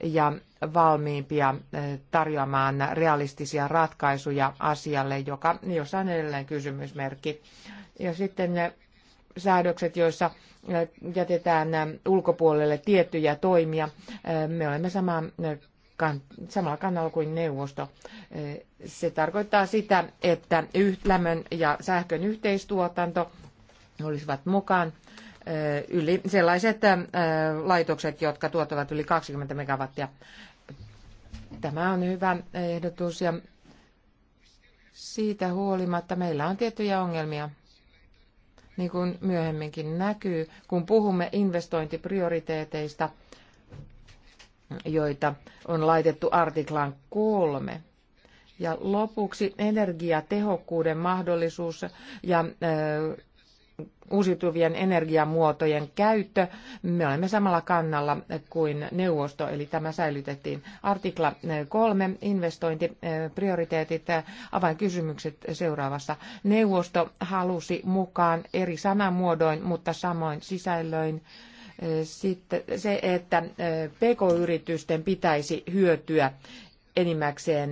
ja valmiimpia eh, tarjoamaan realistisia ratkaisuja asialle, joka, jossa on edelleen kysymysmerkki. Ja sitten ne eh, säädökset, joissa eh, jätetään ulkopuolelle tiettyjä toimia. Me olemme sama, samalla kannalla kuin neuvosto. Se tarkoittaa sitä, että lämmön ja sähkön yhteistuotanto olisivat mukaan yli sellaiset laitokset, jotka tuottavat yli 20 megawattia. Tämä on hyvä ehdotus ja siitä huolimatta meillä on tiettyjä ongelmia, niin kuin myöhemminkin näkyy, kun puhumme investointiprioriteeteista, joita on laitettu artiklaan kolme. Ja lopuksi energiatehokkuuden mahdollisuus ja uusiutuvien energiamuotojen käyttö. Me olemme samalla kannalla kuin neuvosto, eli tämä säilytettiin. Artikla 3, eh, investointiprioriteetit, eh, eh, avainkysymykset seuraavassa. Neuvosto halusi mukaan eri sanamuodoin, mutta samoin sisällöin sitten se, että pk-yritysten pitäisi hyötyä enimmäkseen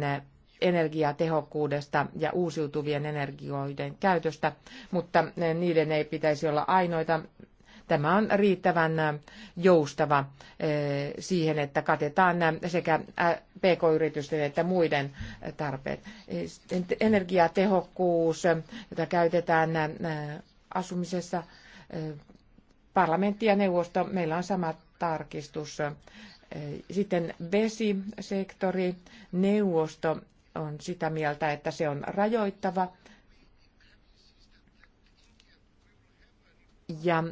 energiatehokkuudesta ja uusiutuvien energioiden käytöstä, mutta niiden ei pitäisi olla ainoita. Tämä on riittävän joustava eh, siihen, että katetaan sekä eh, pk-yritysten että muiden tarpeet. Eh, energiatehokkuus, jota käytetään asumisessa, parlamentti ja neuvosto, meillä on sama tarkistus. Sitten vesisektori, neuvosto on sitä mieltä, että se on rajoittava. Ja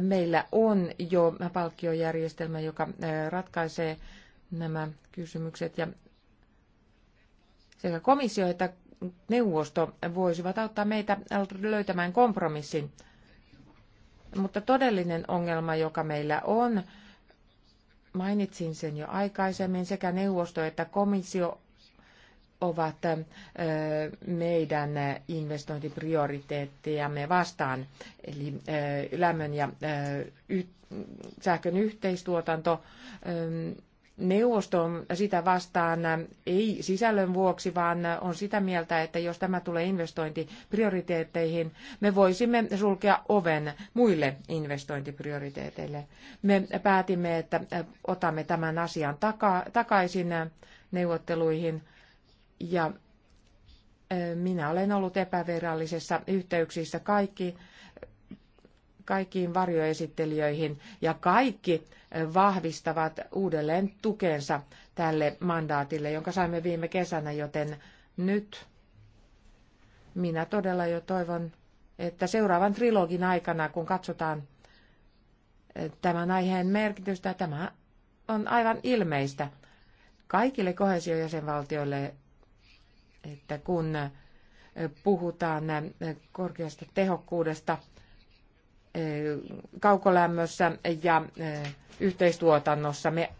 meillä on jo palkkiojärjestelmä, joka ratkaisee nämä kysymykset ja sekä komissio että neuvosto voisivat auttaa meitä löytämään kompromissin. Mutta todellinen ongelma, joka meillä on, Mainitsin sen jo aikaisemmin, sekä neuvosto että komissio ovat meidän investointiprioriteettejamme vastaan, eli lämmön ja sähkön yhteistuotanto. Neuvosto on sitä vastaan ei sisällön vuoksi, vaan on sitä mieltä, että jos tämä tulee investointiprioriteetteihin, me voisimme sulkea oven muille investointiprioriteeteille. Me päätimme, että otamme tämän asian taka- takaisin neuvotteluihin ja e, minä olen ollut epävirallisessa yhteyksissä kaikki, kaikkiin varjoesittelijöihin ja kaikki vahvistavat uudelleen tukensa tälle mandaatille, jonka saimme viime kesänä, joten nyt minä todella jo toivon, että seuraavan trilogin aikana, kun katsotaan eh, tämän aiheen merkitystä, tämä on aivan ilmeistä kaikille kohesiojäsenvaltioille, että kun eh, puhutaan eh, korkeasta tehokkuudesta – Eh, kaukolämmössä ja eh, yhteistuotannossa. Me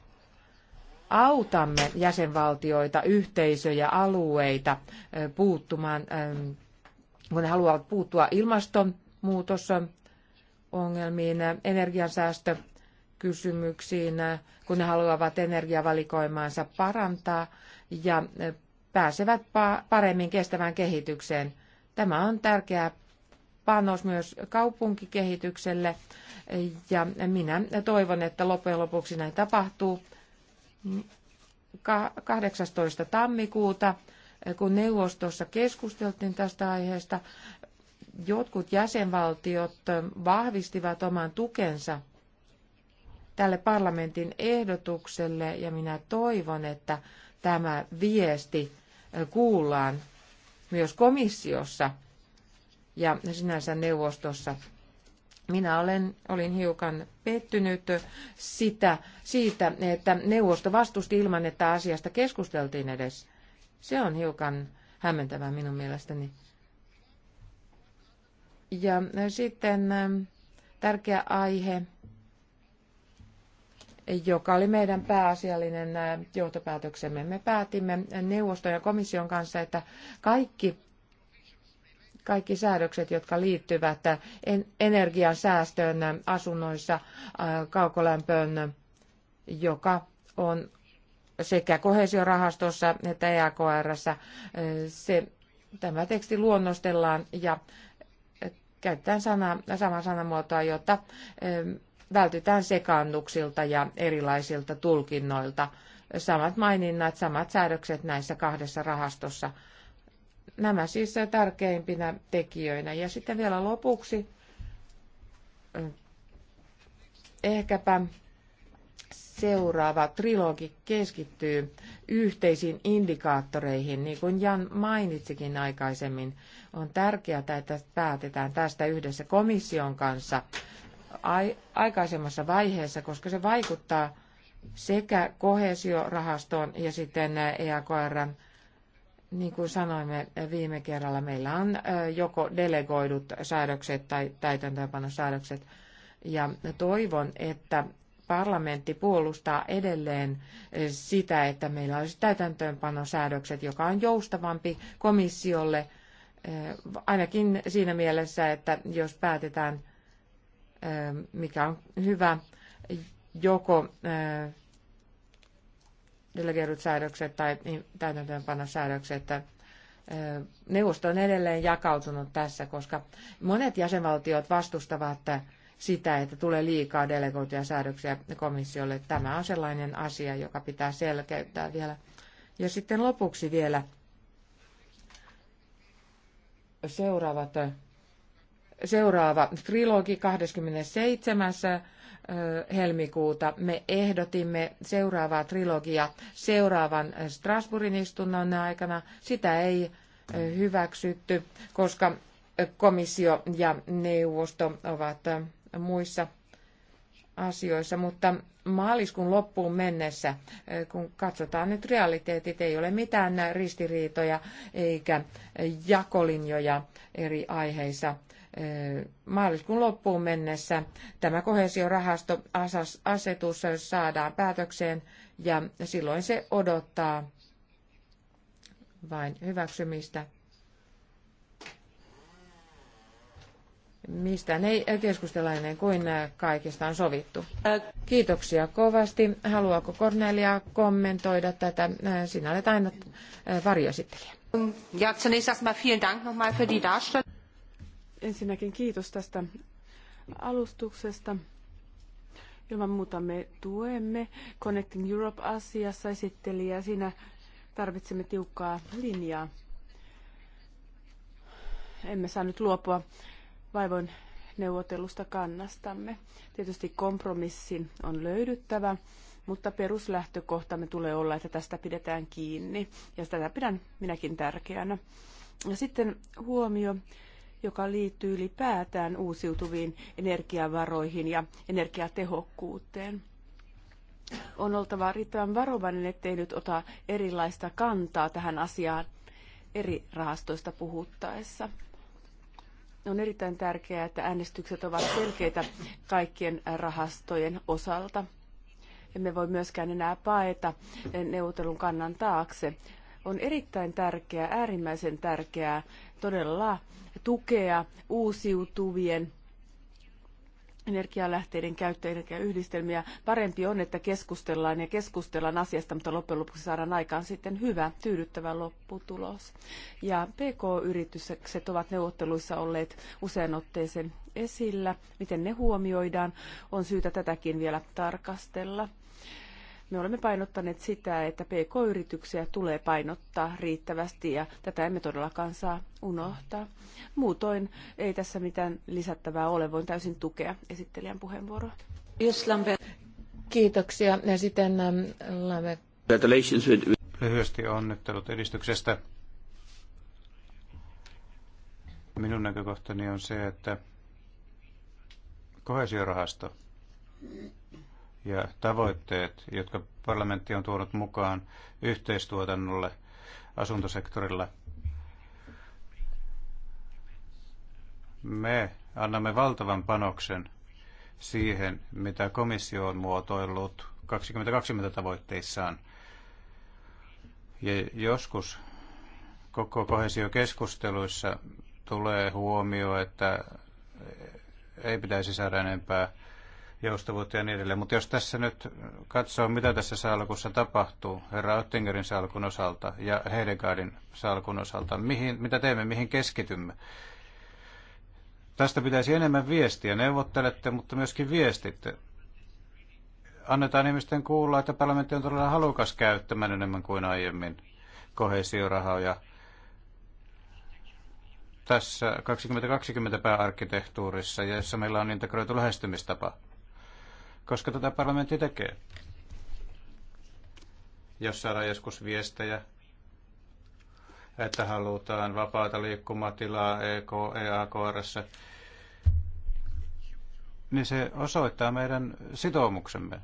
autamme jäsenvaltioita, yhteisöjä, alueita eh, puuttumaan, kun ne haluavat puuttua ilmastonmuutosongelmiin, energiansäästö kysymyksiin, kun ne haluavat energiavalikoimaansa parantaa ja pääsevät paremmin kestävään kehitykseen. Tämä on tärkeää panos myös kaupunkikehitykselle. Ja minä toivon, että loppujen lopuksi näin tapahtuu. 18. tammikuuta, kun neuvostossa keskusteltiin tästä aiheesta, jotkut jäsenvaltiot vahvistivat oman tukensa tälle parlamentin ehdotukselle ja minä toivon, että tämä viesti kuullaan myös komissiossa – ja sinänsä neuvostossa. Minä olen, olin hiukan pettynyt sitä, siitä, että neuvosto vastusti ilman, että asiasta keskusteltiin edes. Se on hiukan hämmentävää minun mielestäni. Ja sitten ähm, tärkeä aihe, joka oli meidän pääasiallinen äh, johtopäätöksemme. Me päätimme neuvoston ja komission kanssa, että kaikki kaikki säädökset, jotka liittyvät energian säästöön asunnoissa, kaukolämpöön, joka on sekä kohesiorahastossa että EAKRssä. Se, tämä teksti luonnostellaan ja käytetään sana, samaa sanamuotoa, jotta vältytään sekaannuksilta ja erilaisilta tulkinnoilta. Samat maininnat, samat säädökset näissä kahdessa rahastossa – nämä siis tärkeimpinä tekijöinä. Ja sitten vielä lopuksi eh, ehkäpä seuraava trilogi keskittyy yhteisiin indikaattoreihin, niin kuin Jan mainitsikin aikaisemmin. On tärkeää, että päätetään tästä yhdessä komission kanssa aikaisemmassa vaiheessa, koska se vaikuttaa sekä kohesiorahastoon ja sitten EAKRn eh, e niin kuin sanoimme eh, viime kerralla, meillä on eh, joko delegoidut säädökset tai täytäntöönpanosäädökset. Ja toivon, että parlamentti puolustaa edelleen eh, sitä, että meillä olisi täytäntöönpanosäädökset, joka on joustavampi komissiolle, ainakin siinä mielessä, että jos päätetään, mikä on hyvä, joko delegeerut säädökset tai niin täytäntöönpanosäädökset, että neuvosto on edelleen jakautunut tässä, koska monet jäsenvaltiot vastustavat sitä, että tulee liikaa delegoituja säädöksiä komissiolle. Tämä on sellainen asia, joka pitää selkeyttää vielä. Ja sitten lopuksi vielä seuraavat, seuraava trilogi 27 helmikuuta me ehdotimme seuraavaa trilogia seuraavan Strasbourgin istunnon aikana. Sitä ei hyväksytty, koska komissio ja neuvosto ovat muissa asioissa, mutta maaliskuun loppuun mennessä, kun katsotaan nyt realiteetit, ei ole mitään ristiriitoja eikä jakolinjoja eri aiheissa maaliskuun loppuun mennessä tämä asetus saadaan päätökseen ja silloin se odottaa vain hyväksymistä. Mistään ei keskustella ennen kuin kaikista on sovittu. Kiitoksia kovasti. Haluaako Cornelia kommentoida tätä? Sinä olet aina varjoesittelijä. Ja zunächst erstmal vielen Dank nochmal für die Darstellung. Ensinnäkin kiitos tästä alustuksesta. Ilman muuta me tuemme Connecting Europe-asiassa esittelijä. Siinä tarvitsemme tiukkaa linjaa. Emme saa nyt luopua vaivoin neuvotellusta kannastamme. Tietysti kompromissin on löydyttävä, mutta peruslähtökohtamme tulee olla, että tästä pidetään kiinni, ja tätä pidän minäkin tärkeänä. Ja sitten huomio joka liittyy ylipäätään uusiutuviin energiavaroihin ja energiatehokkuuteen. On oltava riittävän varovainen, ettei nyt ota erilaista kantaa tähän asiaan eri rahastoista puhuttaessa. On erittäin tärkeää, että äänestykset ovat selkeitä kaikkien rahastojen osalta. Emme voi myöskään enää paeta neuvotelun kannan taakse. On erittäin tärkeää, äärimmäisen tärkeää todella tukea uusiutuvien energialähteiden ja yhdistelmiä. Parempi on, että keskustellaan ja keskustellaan asiasta, mutta loppujen lopuksi saadaan aikaan sitten hyvä, tyydyttävä lopputulos. Ja PK-yritykset ovat neuvotteluissa olleet usein otteeseen esillä. Miten ne huomioidaan, on syytä tätäkin vielä tarkastella. Me olemme painottaneet sitä, että PK-yrityksiä tulee painottaa riittävästi ja tätä emme todellakaan saa unohtaa. Muutoin ei tässä mitään lisättävää ole. Voin täysin tukea esittelijän puheenvuoroa. Kiitoksia. Ja sitten ähm, Lyhyesti onnittelut edistyksestä. Minun näkökohtani on se, että kohesiorahasto ja tavoitteet, jotka parlamentti on tuonut mukaan yhteistuotannolle asuntosektorilla. Me annamme valtavan panoksen siihen, mitä komissio on muotoillut 2020 tavoitteissaan. Ja joskus koko kohesiokeskusteluissa tulee huomio, että ei pitäisi saada enempää joustavuutta ja niin edelleen. Mutta jos tässä nyt katsoo, mitä tässä salkussa tapahtuu herra Oettingerin salkun osalta ja Heidegardin salkun osalta, mihin, mitä teemme, mihin keskitymme. Tästä pitäisi enemmän viestiä. Neuvottelette, mutta myöskin viestitte. Annetaan ihmisten kuulla, että parlamentti on todella halukas käyttämään enemmän kuin aiemmin kohesiorahoja. Tässä 2020 pääarkkitehtuurissa, jossa meillä on integroitu lähestymistapa koska tätä parlamentti tekee. Jos saadaan joskus viestejä, että halutaan vapaata liikkumatilaa EK, EAKRssä, niin se osoittaa meidän sitoumuksemme.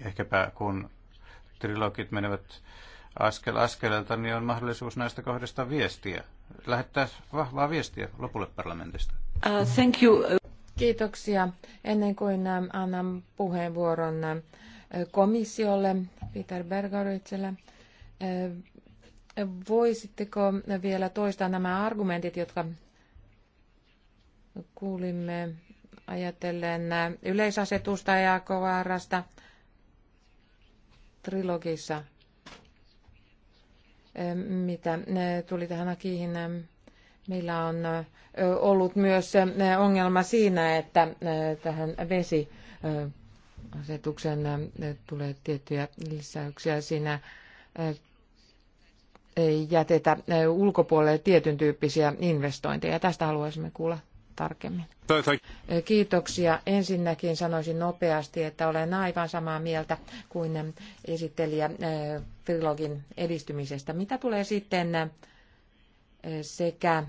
Ehkäpä kun trilogit menevät askel askeleelta, niin on mahdollisuus näistä kohdista viestiä. Lähettää vahvaa viestiä lopulle parlamentista. Uh, thank you. Kiitoksia. Ennen kuin ähm, annan puheenvuoron äh, komissiolle, Peter Bergeritselle, äh, voisitteko vielä toistaa nämä argumentit, jotka kuulimme ajatellen äh, yleisasetusta ja kovarasta trilogissa, mitä tuli tähän Akiin ähm, Meillä on ollut myös ongelma siinä, että tähän vesi asetuksen tulee tiettyjä lisäyksiä siinä ei jätetä ulkopuolelle tietyn tyyppisiä investointeja. Tästä haluaisimme kuulla tarkemmin. Kiitoksia. Ensinnäkin sanoisin nopeasti, että olen aivan samaa mieltä kuin esittelijä trilogin edistymisestä. Mitä tulee sitten sekä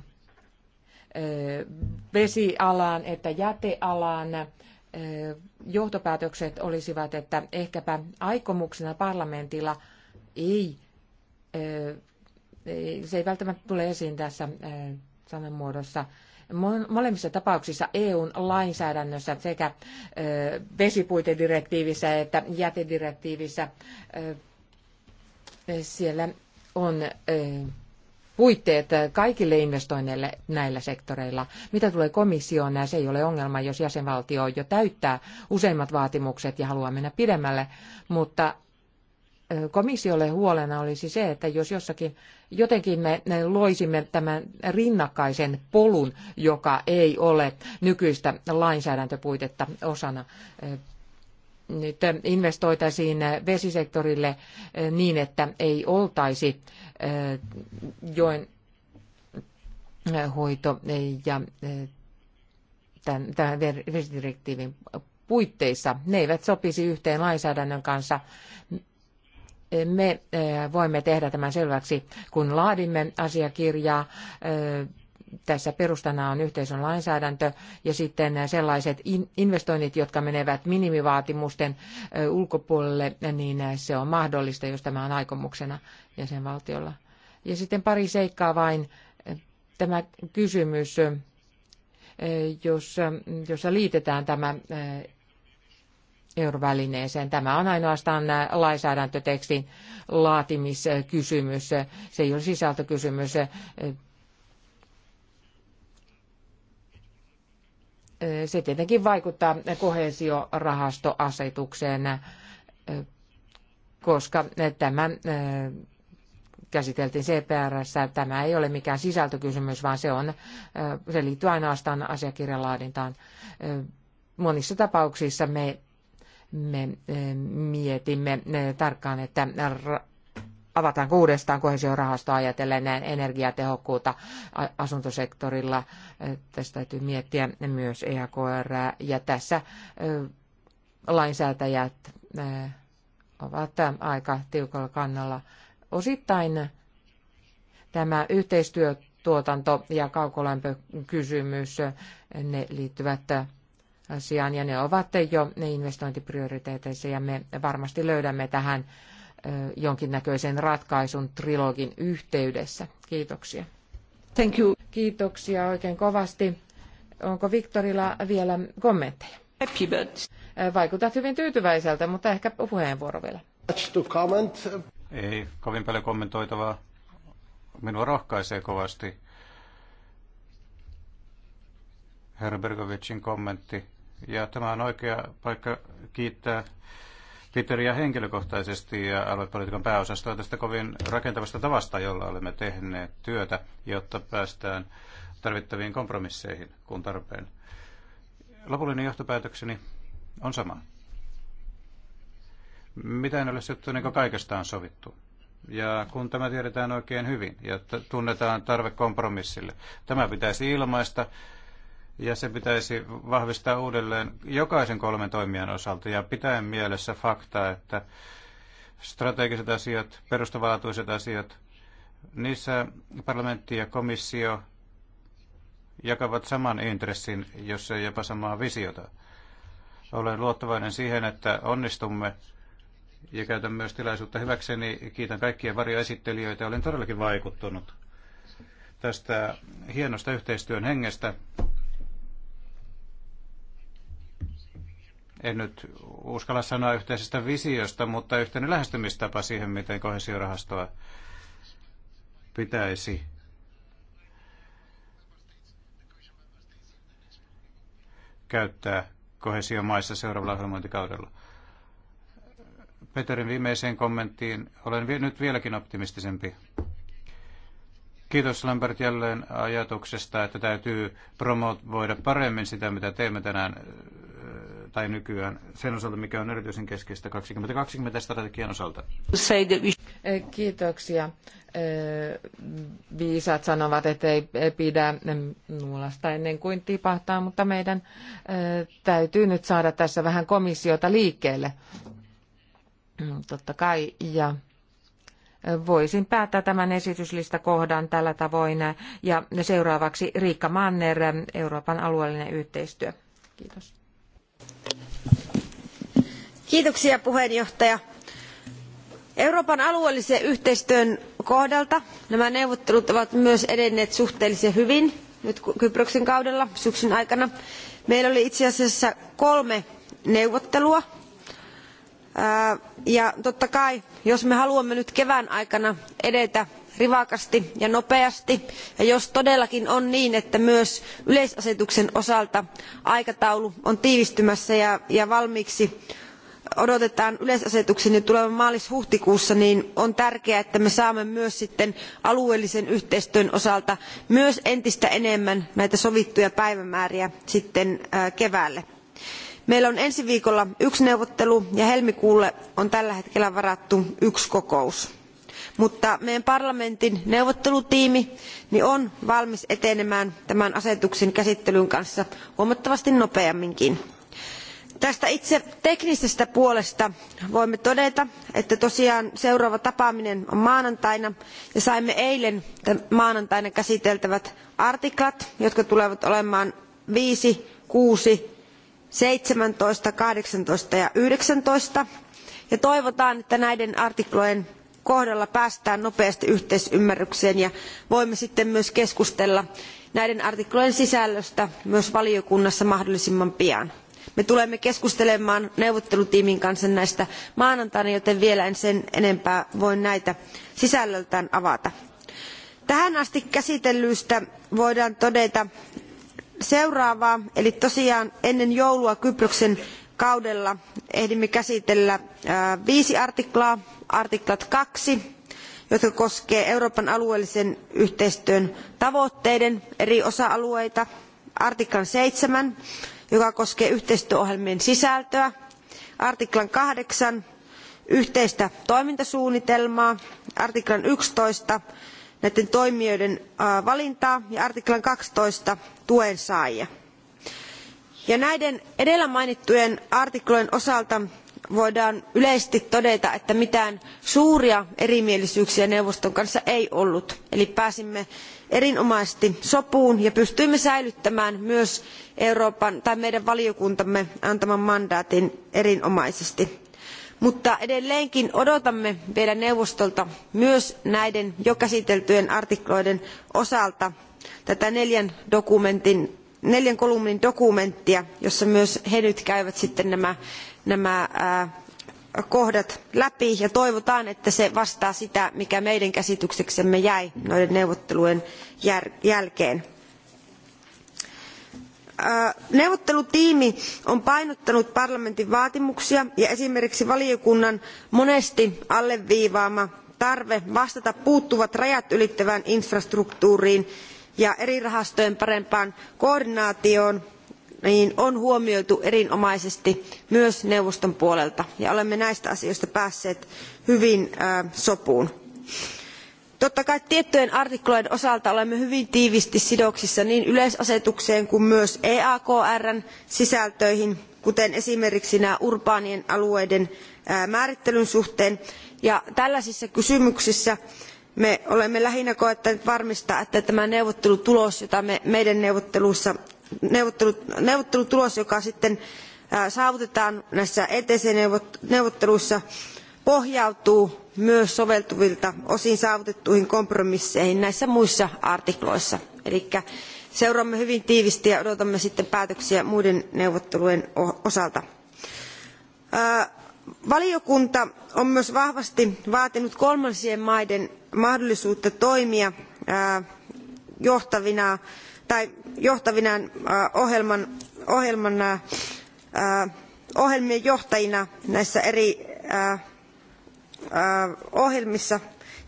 vesialaan että jätealaan. Johtopäätökset olisivat, että ehkäpä aikomuksena parlamentilla ei, se ei välttämättä tule esiin tässä sanamuodossa. Molemmissa tapauksissa EUn lainsäädännössä sekä vesipuitedirektiivissä että jätedirektiivissä siellä on puitteet kaikille investoinneille näillä sektoreilla. Mitä tulee komissioon, se ei ole ongelma, jos jäsenvaltio jo täyttää useimmat vaatimukset ja haluaa mennä pidemmälle, mutta komissiolle huolena olisi se, että jos jossakin jotenkin me loisimme tämän rinnakkaisen polun, joka ei ole nykyistä lainsäädäntöpuitetta osana nyt investoitaisiin vesisektorille niin, että ei oltaisi joen hoito ja tämän, vesidirektiivin puitteissa. Ne eivät sopisi yhteen lainsäädännön kanssa. Me voimme tehdä tämän selväksi, kun laadimme asiakirjaa tässä perustana on yhteisön lainsäädäntö ja sitten sellaiset investoinnit, jotka menevät minimivaatimusten ulkopuolelle, niin se on mahdollista, jos tämä on aikomuksena jäsenvaltiolla. Ja sitten pari seikkaa vain. Tämä kysymys, jos, jossa liitetään tämä eurovälineeseen. Tämä on ainoastaan lainsäädäntötekstin laatimiskysymys. Se ei ole sisältökysymys. se tietenkin vaikuttaa kohesiorahastoasetukseen, koska tämä käsiteltiin CPRssä. Tämä ei ole mikään sisältökysymys, vaan se, on, se liittyy ainoastaan asiakirjan laadintaan. Monissa tapauksissa me, me mietimme tarkkaan, että avataan uudestaan kohesiorahastoa ajatellen näin energiatehokkuutta asuntosektorilla. Tästä täytyy miettiä myös EAKR ja tässä lainsäätäjät ovat aika tiukalla kannalla. Osittain tämä yhteistyötuotanto ja kaukolämpökysymys, ne liittyvät asiaan ja ne ovat jo ne investointiprioriteeteissa ja me varmasti löydämme tähän jonkinnäköisen ratkaisun trilogin yhteydessä. Kiitoksia. Thank you. Kiitoksia oikein kovasti. Onko Viktorilla vielä kommentteja? Happy but... Vaikutat hyvin tyytyväiseltä, mutta ehkä puheenvuoro vielä. Ei kovin paljon kommentoitavaa. Minua rohkaisee kovasti herra Bergovicin kommentti. Ja tämä on oikea paikka kiittää Piperia henkilökohtaisesti ja aluepolitiikan pääosastoa tästä kovin rakentavasta tavasta, jolla olemme tehneet työtä, jotta päästään tarvittaviin kompromisseihin, kun tarpeen. Lopullinen johtopäätökseni on sama. Mitä en ole sovittu, niin kaikesta on sovittu. Ja kun tämä tiedetään oikein hyvin ja tunnetaan tarve kompromissille, tämä pitäisi ilmaista ja se pitäisi vahvistaa uudelleen jokaisen kolmen toimijan osalta ja pitäen mielessä fakta, että strategiset asiat, perustavanlaatuiset asiat, niissä parlamentti ja komissio jakavat saman intressin, jos ei jopa samaa visiota. Olen luottavainen siihen, että onnistumme ja käytän myös tilaisuutta hyväkseni. Kiitän kaikkia varjoesittelijöitä. Olen todellakin vaikuttunut tästä hienosta yhteistyön hengestä en nyt uskalla sanoa yhteisestä visiosta, mutta yhteinen lähestymistapa siihen, miten kohesiorahastoa pitäisi käyttää kohesiomaissa seuraavalla ohjelmointikaudella. Peterin viimeiseen kommenttiin olen nyt vieläkin optimistisempi. Kiitos Lambert jälleen ajatuksesta, että täytyy promovoida paremmin sitä, mitä teemme tänään tai nykyään sen osalta, mikä on erityisen keskeistä 2020-strategian osalta? Eh, kiitoksia. Eh, viisat sanovat, että ei pidä nuolasta eh, ennen kuin tipahtaa, mutta meidän täytyy nyt saada tässä vähän komissiota liikkeelle. Mm, totta kai, ja voisin päättää tämän kohdan tällä tavoin. Ja seuraavaksi Riikka Manner, Euroopan alueellinen yhteistyö. Kiitos. Kiitoksia puhemies Euroopan alueellisen yhteistyön kohdalta nämä neuvottelut ovat myös edenneet suhteellisen hyvin nyt Kyproksen kaudella syksyn aikana. Meillä oli itse asiassa kolme neuvottelua. Ja totta kai, jos me haluamme nyt kevään aikana edetä rivakasti ja nopeasti ja jos todellakin on niin että myös yleisasetuksen osalta aikataulu on tiivistymässä ja valmiiksi odotetaan yleisasetuksen jo tulevan maalis huhtikuussa niin on tärkeää että me saamme myös sitten alueellisen yhteistyön osalta myös entistä enemmän näitä sovittuja päivämääriä sitten keväälle. meillä on ensi viikolla yksi neuvottelu ja helmikuulle on tällä hetkellä varattu yksi kokous mutta meidän parlamentin neuvottelutiimi niin on valmis etenemään tämän asetuksen käsittelyn kanssa huomattavasti nopeamminkin Tästä itse teknisestä puolesta voimme todeta, että tosiaan seuraava tapaaminen on maanantaina ja saimme eilen maanantaina käsiteltävät artiklat, jotka tulevat olemaan viisi, kuusi, seitsemäntoista, kahdeksantoista ja yhdeksäntoista Ja toivotaan, että näiden artiklojen kohdalla päästään nopeasti yhteisymmärrykseen ja voimme sitten myös keskustella näiden artiklojen sisällöstä myös valiokunnassa mahdollisimman pian me tulemme keskustelemaan neuvottelutiimin kanssa näistä maanantaina joten vielä en sen enempää voi näitä sisällöltään avata. tähän asti käsitellyistä voidaan todeta seuraavaa eli tosiaan ennen joulua kyproksen kaudella ehdimme käsitellä viisi artiklaa artiklat kaksi jotka koskee euroopan alueellisen yhteistyön tavoitteiden eri osa alueita artiklan seitsemän joka koskee yhteistyöohjelmien sisältöä artiklan kahdeksan yhteistä toimintasuunnitelmaa artiklan yksitoista näiden toimijoiden valintaa ja artiklan kaksitoista tuen saajia. Ja näiden edellä mainittujen artiklojen osalta voidaan yleisesti todeta että mitään suuria erimielisyyksiä neuvoston kanssa ei ollut eli pääsimme erinomaisesti sopuun ja pystyimme säilyttämään myös Euroopan, tai meidän valiokuntamme antaman mandaatin erinomaisesti mutta edelleenkin odotamme vielä neuvostolta myös näiden jo käsiteltyjen artikloiden osalta tätä neljän, neljän kolumnin dokumenttia jossa myös he nyt käyvät sitten nämä, nämä kohdat läpi ja toivotaan että se vastaa sitä mikä meidän käsitykseksemme jäi noiden neuvottelujen jälkeen. neuvottelutiimi on painottanut parlamentin vaatimuksia ja esimerkiksi valiokunnan monesti alleviivaama tarve vastata puuttuvat rajat ylittävään infrastruktuuriin ja eri rahastojen parempaan koordinaatioon niin on huomioitu erinomaisesti myös neuvoston puolelta ja olemme näistä asioista päässeet hyvin sopuun. totta kai tiettyjen artiklojen osalta olemme hyvin tiiviisti sidoksissa niin yleisasetukseen kuin myös eakrn sisältöihin kuten esimerkiksi urbaanien alueiden määrittelyn suhteen ja tällaisissa kysymyksissä me olemme lähinnä koettaneet varmistaa että tämä neuvottelutulos jota me meidän neuvotteluissamme neuvottelutulos joka sitten saavutetaan näissä etc neuvotteluissa pohjautuu myös soveltuvilta osin saavutettuihin kompromisseihin näissä muissa artikloissa. eli seuraamme hyvin tiiviisti ja odotamme sitten päätöksiä muiden neuvottelujen osalta. valiokunta on myös vahvasti vaatinut kolmansien maiden mahdollisuutta toimia johtavina tai johtavina ohjelman, ohjelman, ohjelmien johtajina näissä eri ohjelmissa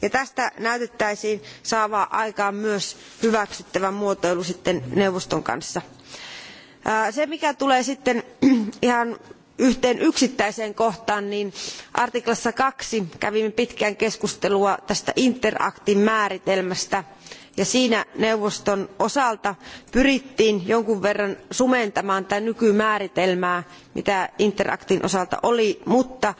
ja tästä näytettäisiin saavaa aikaan myös hyväksyttävä muotoilu sitten neuvoston kanssa. Se mikä tulee sitten [clears throat] ihan yhteen yksittäiseen kohtaan, niin artiklassa kaksi kävimme pitkään keskustelua tästä interaktin määritelmästä ja siinä neuvoston osalta pyrittiin jonkun verran sumentamaan tätä nykymääritelmää mitä interactin osalta oli mutta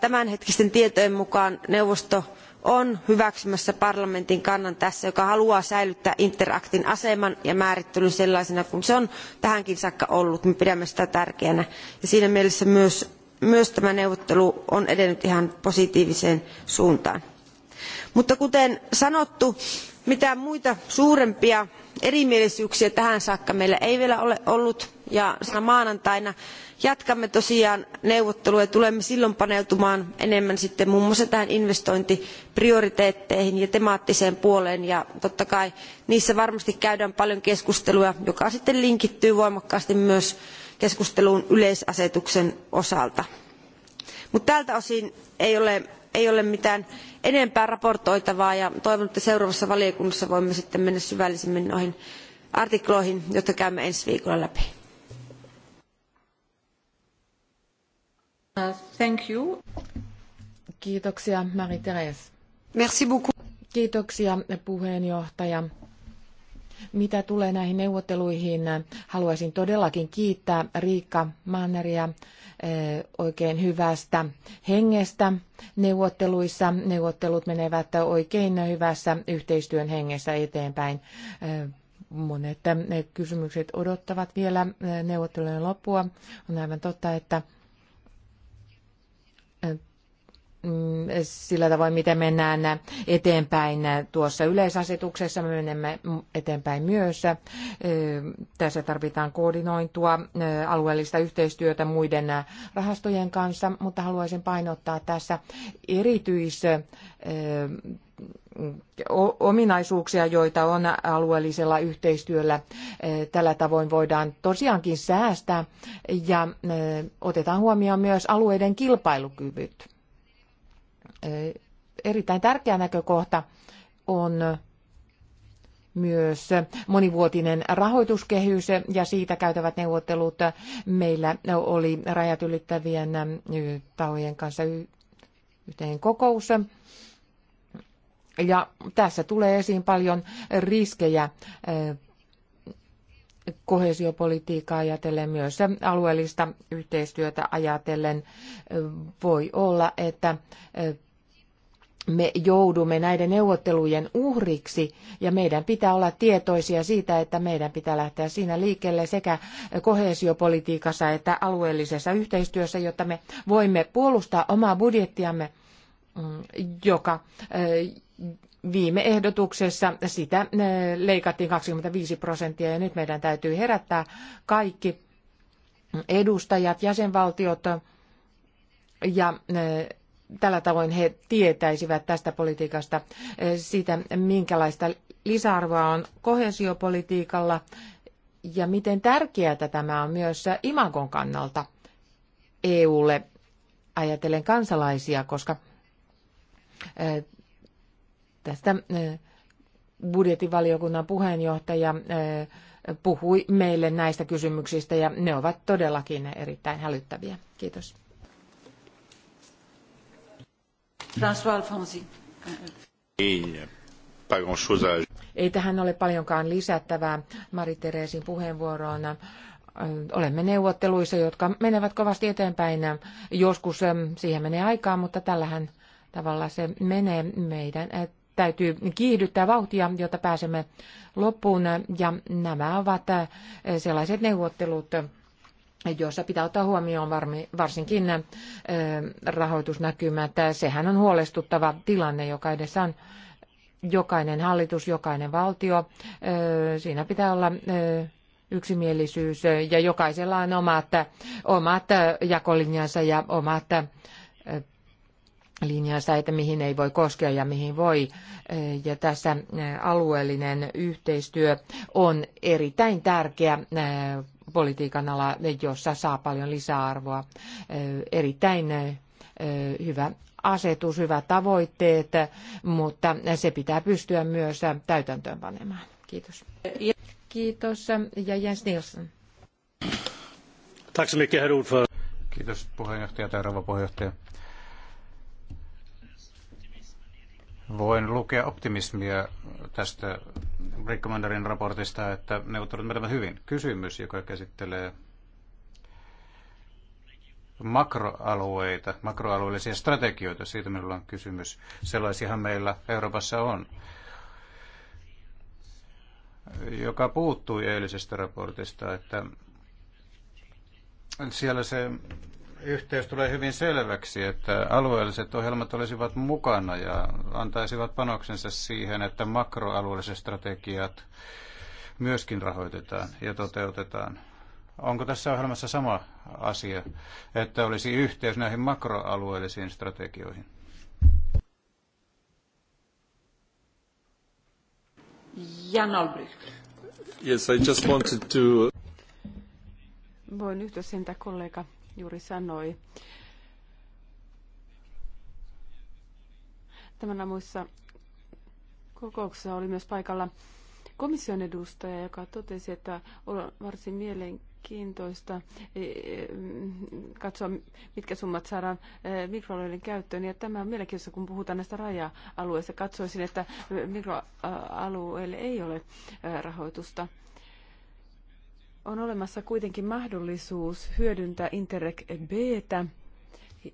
tämänhetkisten tietojen mukaan neuvosto on hyväksymässä parlamentin kannan tässä joka haluaa säilyttää interactin aseman ja määrittelyn sellaisena kuin se on tähänkin saakka ollut. me pidämme sitä tärkeänä ja siinä mielessä myös, myös tämä neuvottelu on edennyt ihan positiiviseen suuntaan. mutta kuten sanottu mitään muita suurempia erimielisyyksiä tähän saakka meillä ei vielä ole ollut ja maanantaina jatkamme tosiaan neuvotteluja ja tulemme silloin paneutumaan enemmän sitten muun muassa tähän investointiprioriteetteihin ja temaattiseen puoleen ja totta kai niissä varmasti käydään paljon keskustelua joka sitten linkittyy voimakkaasti myös keskusteluun yleisasetuksen osalta. Mutta tältä osin ei ole ei ole mitään enempää raportoitavaa ja toivon että seuraavassa valiokunnassa voimme sitten mennä syvällisemmin noihin artikloihin jotka käymme ensi viikolla läpi. Uh, thank you. Kiitoksia Marie-Therese. Merci beaucoup. Kiitoksia puheenjohtaja. Mitä tulee näihin neuvotteluihin, haluaisin todellakin kiittää Riikka Manneria Eh, oikein hyvästä hengestä neuvotteluissa. Neuvottelut menevät oikein hyvässä yhteistyön hengessä eteenpäin. Eh, monet eh, kysymykset odottavat vielä neuvottelujen loppua. On aivan totta, että Mm, sillä tavoin, miten mennään eteenpäin tuossa yleisasetuksessa. Me menemme eteenpäin myös. Tässä tarvitaan koordinointua alueellista yhteistyötä muiden rahastojen kanssa, mutta haluaisin painottaa tässä erityis ominaisuuksia, joita on alueellisella yhteistyöllä. Tällä tavoin voidaan tosiaankin säästää ja otetaan huomioon myös alueiden kilpailukyvyt erittäin tärkeä näkökohta on myös monivuotinen rahoituskehys ja siitä käytävät neuvottelut. Meillä oli rajat ylittävien tahojen kanssa yhteen kokous. Ja tässä tulee esiin paljon riskejä kohesiopolitiikkaa ajatellen, myös alueellista yhteistyötä ajatellen. Voi olla, että me joudumme näiden neuvottelujen uhriksi ja meidän pitää olla tietoisia siitä, että meidän pitää lähteä siinä liikkeelle sekä koheesiopolitiikassa että alueellisessa yhteistyössä, jotta me voimme puolustaa omaa budjettiamme, mm, joka viime ehdotuksessa sitä leikattiin 25 prosenttia ja nyt meidän täytyy herättää kaikki edustajat, jäsenvaltiot ja tällä tavoin he tietäisivät tästä politiikasta eh, siitä, minkälaista lisäarvoa on kohesiopolitiikalla ja miten tärkeää tämä on myös imagon kannalta EUlle ajatellen kansalaisia, koska eh, tästä eh, budjettivaliokunnan puheenjohtaja puhui meille näistä kysymyksistä ja ne ovat todellakin erittäin hälyttäviä. Kiitos. Ei, Ei tähän ole paljonkaan lisättävää Mari-Teresin puheenvuoroon olemme neuvotteluissa, jotka menevät kovasti eteenpäin. Joskus siihen menee aikaa, mutta tällähän tavalla se menee. Meidän eh, täytyy kiihdyttää vauhtia, jotta pääsemme loppuun. Ja nämä ovat eh, sellaiset neuvottelut, joissa pitää ottaa huomioon varsinkin rahoitusnäkymät. Sehän on huolestuttava tilanne, joka edessä on jokainen hallitus, jokainen valtio. Siinä pitää olla yksimielisyys ja jokaisella on omat, omat jakolinjansa ja omat linjansa, että mihin ei voi koskea ja mihin voi. Ja tässä alueellinen yhteistyö on erittäin tärkeä politiikan ala, jossa saa paljon lisäarvoa. Erittäin hyvä asetus, hyvät tavoitteet, mutta se pitää pystyä myös panemaan. Kiitos. Kiitos. Ja Jens Nilsson. Tack så mycket, herr ordförande. Kiitos puheenjohtaja tai rouva puheenjohtaja. Voin lukea optimismia tästä Rikkomandarin raportista, että neuvottelut menevät hyvin. Kysymys, joka käsittelee makroalueita, makroalueellisia strategioita, siitä minulla on kysymys. Sellaisiahan meillä Euroopassa on, joka puuttui eilisestä raportista, että siellä se yhteys tulee hyvin selväksi, että alueelliset ohjelmat olisivat mukana ja antaisivat panoksensa siihen, että makroalueelliset strategiat myöskin rahoitetaan ja toteutetaan. Onko tässä ohjelmassa sama asia, että olisi yhteys näihin makroalueellisiin strategioihin? Jan Olbricht. Yes, I just wanted to... Voin yhtyä sen, kollega juuri sanoi. Tämän muissa kokouksessa oli myös paikalla komission edustaja, joka totesi, että on varsin mielenkiintoista e, e, katsoa, mitkä summat saadaan e, mikroalueiden käyttöön. Ja tämä on mielenkiintoista, kun puhutaan näistä raja-alueista. Katsoisin, että mikroalueille ei ole rahoitusta on olemassa kuitenkin mahdollisuus hyödyntää Interreg b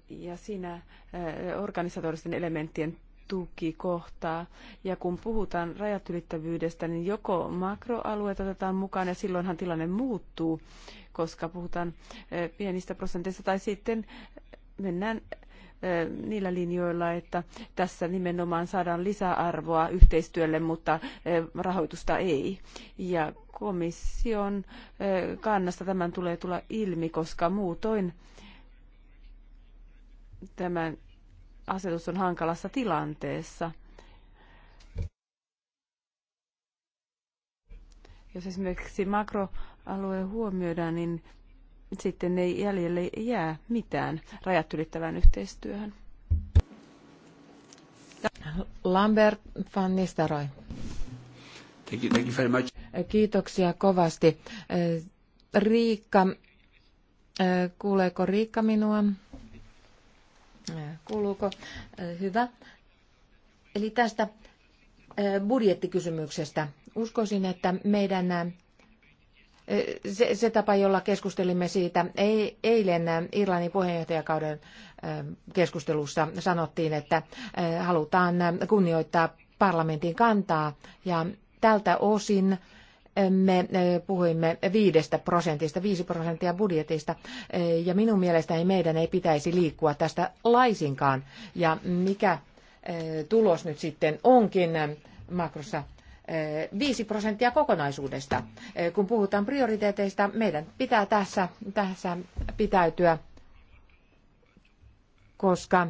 ja siinä eh, organisatoristen elementtien tukikohtaa. Ja kun puhutaan rajat ylittävyydestä, niin joko makroalueet otetaan mukaan ja silloinhan tilanne muuttuu, koska puhutaan eh, pienistä prosenteista, tai sitten eh, mennään niillä linjoilla, että tässä nimenomaan saadaan lisäarvoa yhteistyölle, mutta rahoitusta ei. Ja komission kannasta tämän tulee tulla ilmi, koska muutoin tämä asetus on hankalassa tilanteessa. Jos esimerkiksi makroalue huomioidaan, niin sitten ei jäljelle jää mitään rajat ylittävään yhteistyöhön. Lambert van Nistelrooy. Thank you, thank you very much. Kiitoksia kovasti. Riikka, kuuleeko Riikka minua? Kuuluuko? Hyvä. Eli tästä eh, budjettikysymyksestä. Uskoisin, että meidän eh, se, se tapa, jolla keskustelimme siitä ei, eilen Irlannin puheenjohtajakauden eh, keskustelussa sanottiin, että halutaan kunnioittaa parlamentin kantaa ja tältä osin me e, puhuimme viidestä prosentista, viisi prosenttia budjetista, e, ja minun mielestäni meidän ei pitäisi liikkua tästä laisinkaan. Ja mikä e, tulos nyt sitten onkin makrossa viisi prosenttia kokonaisuudesta. Kun puhutaan prioriteeteista, meidän pitää tässä, tässä pitäytyä, koska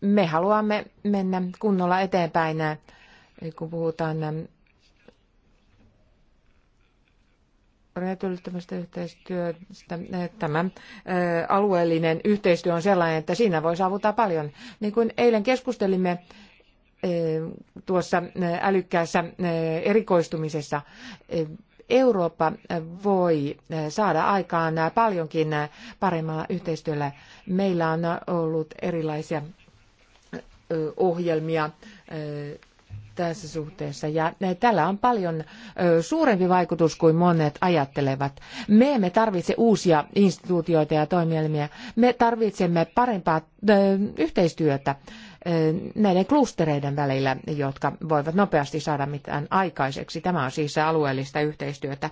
me haluamme mennä kunnolla eteenpäin, kun puhutaan rajat ylittävästä yhteistyöstä. Tämä alueellinen yhteistyö on sellainen, että siinä voi saavuttaa paljon. Niin kuin eilen keskustelimme tuossa älykkäässä erikoistumisessa, Eurooppa voi saada aikaan paljonkin paremmalla yhteistyöllä. Meillä on ollut erilaisia ohjelmia tässä suhteessa. Ja eh, tällä on paljon eh, suurempi vaikutus kuin monet ajattelevat. Me emme tarvitse uusia instituutioita ja toimielmiä. Me tarvitsemme parempaa eh, yhteistyötä näiden klustereiden välillä, jotka voivat nopeasti saada mitään aikaiseksi. Tämä on siis alueellista yhteistyötä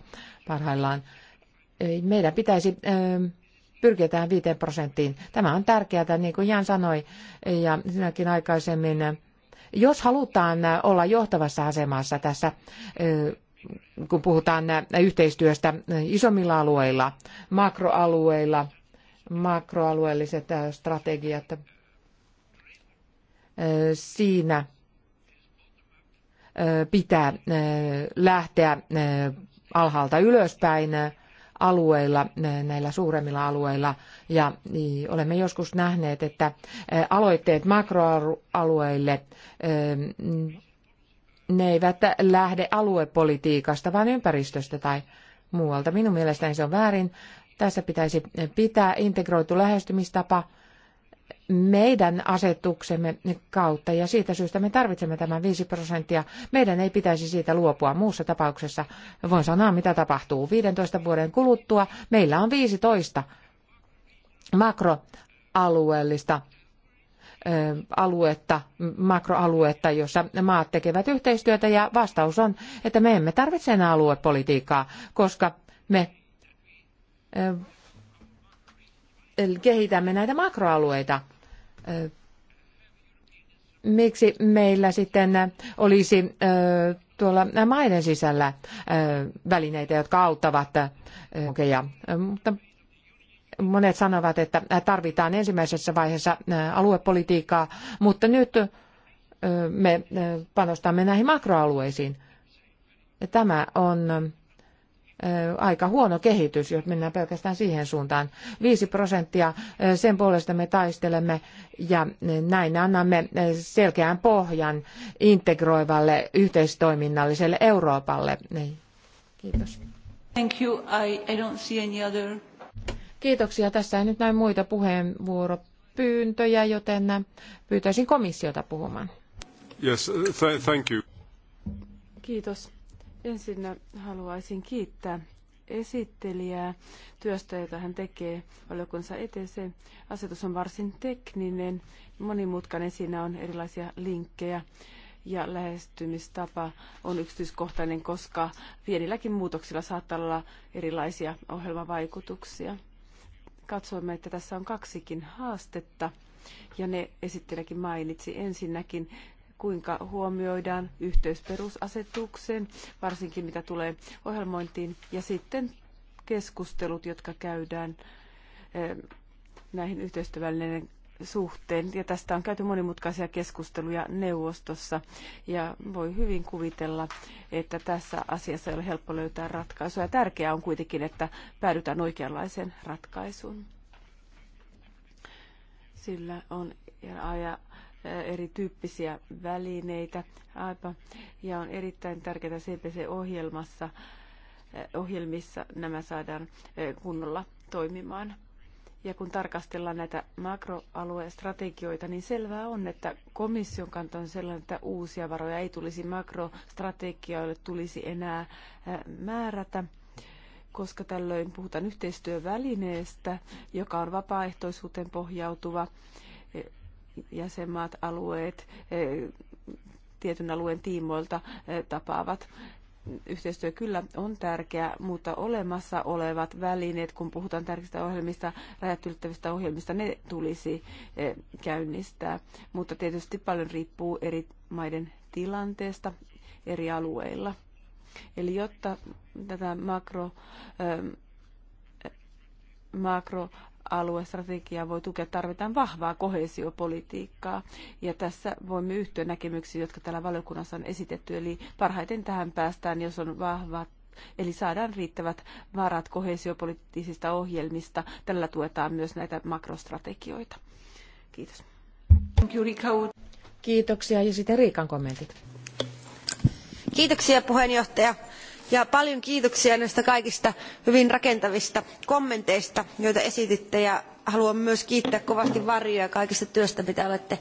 parhaillaan. Meidän pitäisi pyrkiä tähän 5 prosenttiin. Tämä on tärkeää, niin kuin Jan sanoi ja sinäkin aikaisemmin jos halutaan äh, olla johtavassa asemassa tässä äh, kun puhutaan äh, yhteistyöstä isommilla alueilla, makroalueilla, makroalueelliset strategiat, siinä pitää lähteä alhaalta ylöspäin alueilla, näillä suuremmilla alueilla. Ja olemme joskus nähneet, että aloitteet makroalueille ne eivät lähde aluepolitiikasta, vaan ympäristöstä tai muualta. Minun mielestäni se on väärin. Tässä pitäisi pitää integroitu lähestymistapa meidän asetuksemme kautta ja siitä syystä me tarvitsemme tämän 5 prosenttia. Meidän ei pitäisi siitä luopua. Muussa tapauksessa voin sanoa, mitä tapahtuu. 15 vuoden kuluttua meillä on 15 makroalueellista aluetta, makroaluetta, jossa maat tekevät yhteistyötä ja vastaus on, että me emme tarvitse enää aluepolitiikkaa, koska me kehitämme näitä makroalueita. Miksi meillä sitten olisi tuolla maiden sisällä välineitä, jotka auttavat onkeja. Mutta monet sanovat, että tarvitaan ensimmäisessä vaiheessa aluepolitiikkaa, mutta nyt me panostamme näihin makroalueisiin. Tämä on aika huono kehitys, jos mennään pelkästään siihen suuntaan. 5 prosenttia, sen puolesta me taistelemme ja näin annamme selkeän pohjan integroivalle yhteistoiminnalliselle Euroopalle. Niin. Kiitos. Thank you. I, I don't see any other... Kiitoksia. Tässä ei nyt näin muita puheenvuoropyyntöjä, joten pyytäisin komissiota puhumaan. Yes, th- thank you. Kiitos Ensin haluaisin kiittää esittelijää työstä, jota hän tekee valiokunnassa eteeseen. Asetus on varsin tekninen, monimutkainen, siinä on erilaisia linkkejä ja lähestymistapa on yksityiskohtainen, koska pienilläkin muutoksilla saattaa olla erilaisia ohjelmavaikutuksia. Katsoimme, että tässä on kaksikin haastetta ja ne esittelijäkin mainitsi. Ensinnäkin kuinka huomioidaan yhteisperusasetuksen, varsinkin mitä tulee ohjelmointiin, ja sitten keskustelut, jotka käydään eh, näihin yhteistyövälineiden suhteen. Ja tästä on käyty monimutkaisia keskusteluja neuvostossa ja voi hyvin kuvitella, että tässä asiassa ei ole helppo löytää ratkaisua. tärkeää on kuitenkin, että päädytään oikeanlaiseen ratkaisuun. Sillä on erityyppisiä välineitä. Aipa. Ja on erittäin tärkeää CPC-ohjelmassa ohjelmissa nämä saadaan kunnolla toimimaan. Ja kun tarkastellaan näitä makroaluestrategioita, niin selvää on, että komission kanta on sellainen, että uusia varoja ei tulisi makrostrategioille tulisi enää määrätä koska tällöin puhutaan yhteistyövälineestä, joka on vapaaehtoisuuteen pohjautuva jäsenmaat, alueet e, tietyn alueen tiimoilta e, tapaavat yhteistyö kyllä on tärkeää, mutta olemassa olevat välineet, kun puhutaan tärkeistä ohjelmista, rajat ylittävistä ohjelmista, ne tulisi e, käynnistää. Mutta tietysti paljon riippuu eri maiden tilanteesta eri alueilla. Eli jotta tätä makro, makro aluestrategiaa voi tukea, tarvitaan vahvaa kohesiopolitiikkaa. Ja tässä voimme yhtyä näkemyksiin, jotka täällä valiokunnassa on esitetty. Eli parhaiten tähän päästään, jos on vahvat Eli saadaan riittävät varat kohesiopoliittisista ohjelmista. Tällä tuetaan myös näitä makrostrategioita. Kiitos. Kiitoksia ja sitten Riikan kommentit. Kiitoksia puheenjohtaja ja paljon kiitoksia näistä kaikista hyvin rakentavista kommenteista joita esititte ja haluan myös kiittää kovasti varjoja kaikesta työstä mitä olette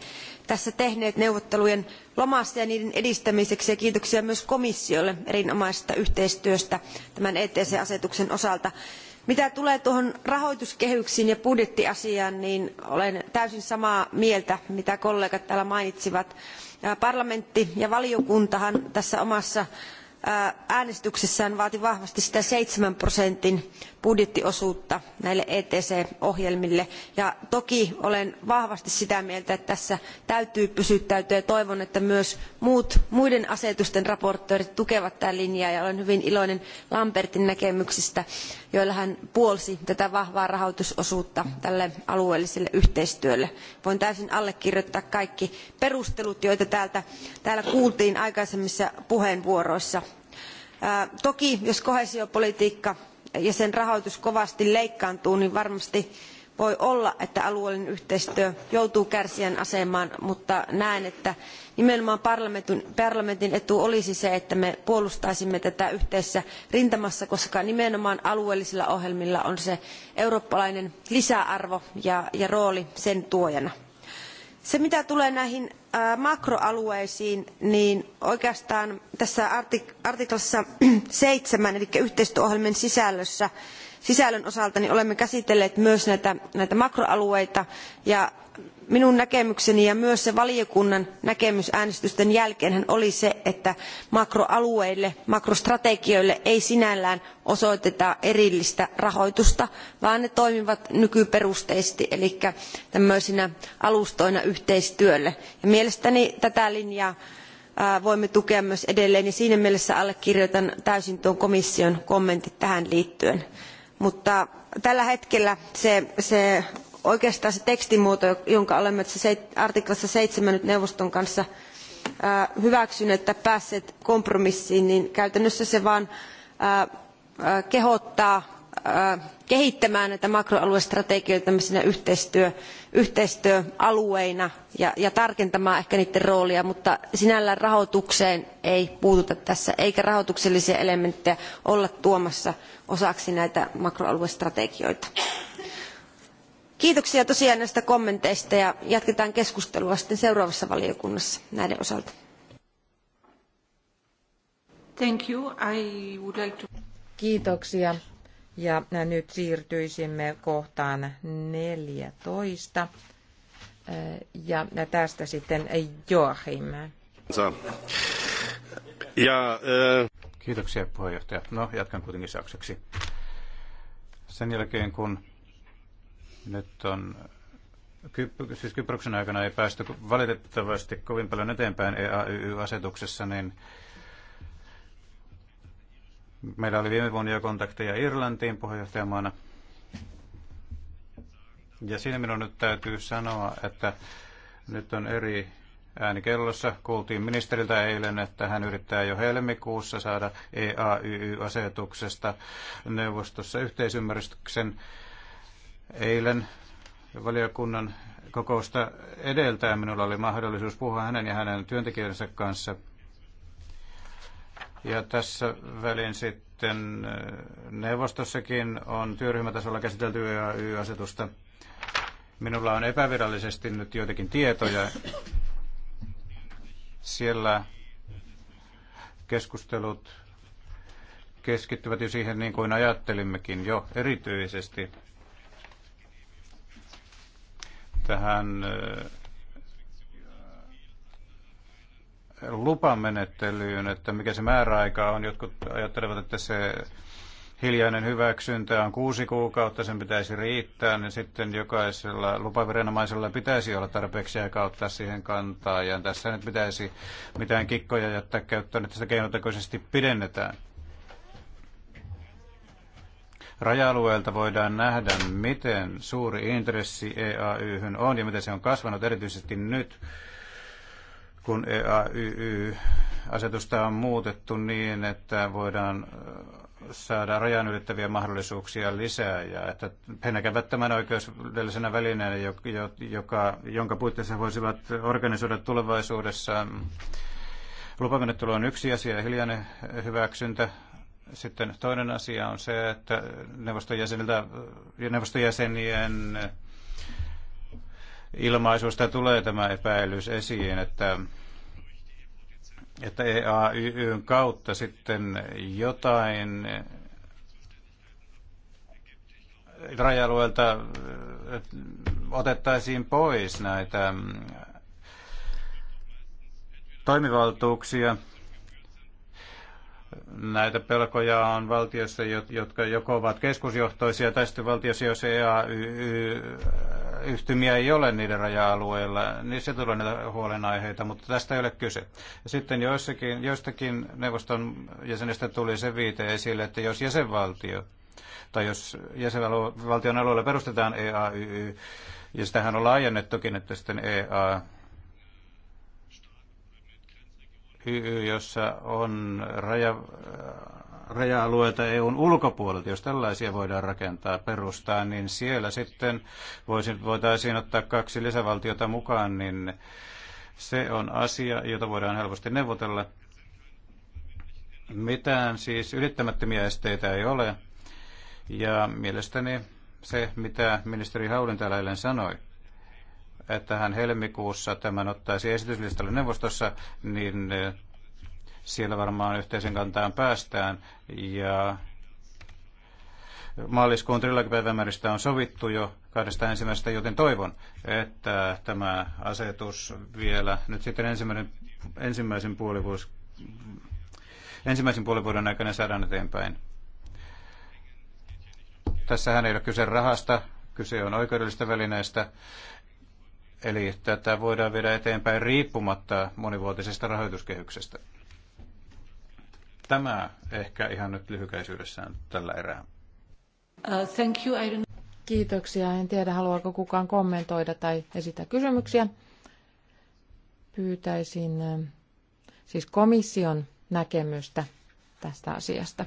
tässä tehneet neuvottelujen lomassa ja niiden edistämiseksi ja kiitoksia myös komissiolle erinomaisesta yhteistyöstä tämän ets asetuksen osalta. mitä tulee tuohon rahoituskehyksiin ja budjettiasiaan niin olen täysin samaa mieltä mitä kollegat täällä mainitsivat. parlamentti ja valiokuntahan tässä omassa äänestyksessään vaati vahvasti sitä seitsemän prosentin budjettiosuutta näille ets ohjelmille ja toki olen vahvasti sitä mieltä että tässä täytyy pysyttäytyä ja toivon että myös muut muiden asetusten esittelijät tukevat tätä linjaa ja olen hyvin iloinen lambertin näkemyksistä joilla hän puolsi tätä vahvaa rahoitusosuutta tälle alueelliselle yhteistyölle. voin täysin allekirjoittaa kaikki perustelut joita täältä, täällä kuultiin aikaisemmissa puheenvuoroissa toki jos koheesiopolitiikka ja sen rahoitus kovasti leikkaantuu niin varmasti voi olla että alueellinen yhteistyö joutuu kärsijän asemaan mutta näen että nimenomaan parlamentin, etu olisi se että me puolustaisimme tätä yhteisessä rintamassa koska nimenomaan alueellisilla ohjelmilla on se eurooppalainen lisäarvo ja rooli sen tuojana. Se mitä tulee näihin makroalueisiin, niin oikeastaan tässä artiklassa 7, [clears throat] eli yhteistyöohjelmien sisällössä, sisällön osalta, niin olemme käsitelleet myös näitä, näitä makroalueita ja minun näkemykseni ja myös se valiokunnan näkemys äänestysten jälkeen oli se että makroalueille makrostrategioille ei sinällään osoiteta erillistä rahoitusta vaan ne toimivat nykyperusteisesti eli tämmöisinä alustoina yhteistyölle. mielestäni tätä linjaa voimme tukea myös edelleen ja siinä mielessä allekirjoitan täysin tuon komission kommentit tähän liittyen. mutta tällä hetkellä se oikeastaan se tekstimuoto, jonka olemme artiklassa seitsemän nyt neuvoston kanssa hyväksyneet tai päässeet kompromissiin, niin käytännössä se vaan kehottaa kehittämään näitä makroaluestrategioita yhteistyö, yhteistyöalueina ja, ja tarkentamaan ehkä niiden roolia, mutta sinällään rahoitukseen ei puututa tässä, eikä rahoituksellisia elementtejä olla tuomassa osaksi näitä makroaluestrategioita kiitoksia tosiaan näistä kommenteista ja jatketaan keskustelua sitten seuraavassa valiokunnassa näiden osalta. Kiitoksia. Ja nyt siirtyisimme kohtaan 14. Ja tästä sitten Joachim. Ja, Kiitoksia puheenjohtaja. No, jatkan kuitenkin saksaksi. Sen jälkeen kun nyt on, siis Kyproksen aikana ei päästy valitettavasti kovin paljon eteenpäin EAYY-asetuksessa, niin meillä oli viime vuonna jo kontakteja Irlantiin puheenjohtajamaana. Ja siinä minun nyt täytyy sanoa, että nyt on eri ääni kellossa. Kuultiin ministeriltä eilen, että hän yrittää jo helmikuussa saada EAYY-asetuksesta neuvostossa yhteisymmärryksen Eilen valiokunnan kokousta edeltäen minulla oli mahdollisuus puhua hänen ja hänen työntekijänsä kanssa. Ja tässä välin sitten äh, neuvostossakin on työryhmätasolla käsitelty yy asetusta Minulla on epävirallisesti nyt joitakin tietoja. Siellä keskustelut keskittyvät jo siihen niin kuin ajattelimmekin jo erityisesti tähän lupamenettelyyn, että mikä se määräaika on. Jotkut ajattelevat, että se hiljainen hyväksyntä on kuusi kuukautta, sen pitäisi riittää, niin sitten jokaisella lupaviranomaisella pitäisi olla tarpeeksi aikaa ottaa siihen kantaa, ja tässä nyt pitäisi mitään kikkoja jättää käyttöön, että sitä keinotekoisesti pidennetään. Raja-alueelta voidaan nähdä, miten suuri intressi EAYhyn on ja miten se on kasvanut erityisesti nyt, kun EAYY-asetusta on muutettu niin, että voidaan äh, saada rajan ylittäviä mahdollisuuksia lisää ja että he näkevät tämän oikeudellisena välineenä, joka, jonka puitteissa voisivat organisoida tulevaisuudessa Lupamenettely on yksi asia, hiljainen hyväksyntä sitten toinen asia on se, että neuvostojäseniltä ja neuvostojäsenien ilmaisuista tulee tämä epäilys esiin, että, että EAYYn kautta sitten jotain raja-alueelta otettaisiin pois näitä toimivaltuuksia Näitä pelkoja on valtiossa, jotka joko ovat keskusjohtoisia tai sitten valtiossa, jos EA-yhtymiä ei ole niiden raja-alueilla, niin se tulee näitä huolenaiheita, mutta tästä ei ole kyse. Sitten joissakin, joistakin neuvoston jäsenestä tuli se viite esille, että jos jäsenvaltio tai jos jäsenvaltion alueella perustetaan EAYY, ja sitähän on laajennettukin, että sitten EA YY, jossa on raja, raja-alueita EUn ulkopuolelta, jos tällaisia voidaan rakentaa perustaa, niin siellä sitten voisin, voitaisiin ottaa kaksi lisävaltiota mukaan, niin se on asia, jota voidaan helposti neuvotella. Mitään siis ylittämättömiä esteitä ei ole. Ja mielestäni se, mitä ministeri Haulin täällä eilen sanoi, että hän helmikuussa tämän ottaisi esityslistalle neuvostossa, niin eh, siellä varmaan yhteisen kantaan päästään. Ja maaliskuun trilogipäivämäärästä on sovittu jo kahdesta ensimmäistä joten toivon, että tämä asetus vielä nyt sitten ensimmäisen, ensimmäisen puolivuos, ensimmäisen puolivuoden aikana saadaan eteenpäin. Tässähän ei ole kyse rahasta, kyse on oikeudellisesta välineestä, Eli tätä voidaan viedä eteenpäin riippumatta monivuotisesta rahoituskehyksestä. Tämä ehkä ihan nyt lyhykäisyydessään tällä erää. Uh, thank you, I don't... Kiitoksia. En tiedä, haluaako kukaan kommentoida tai esittää kysymyksiä. Pyytäisin uh, siis komission näkemystä tästä asiasta.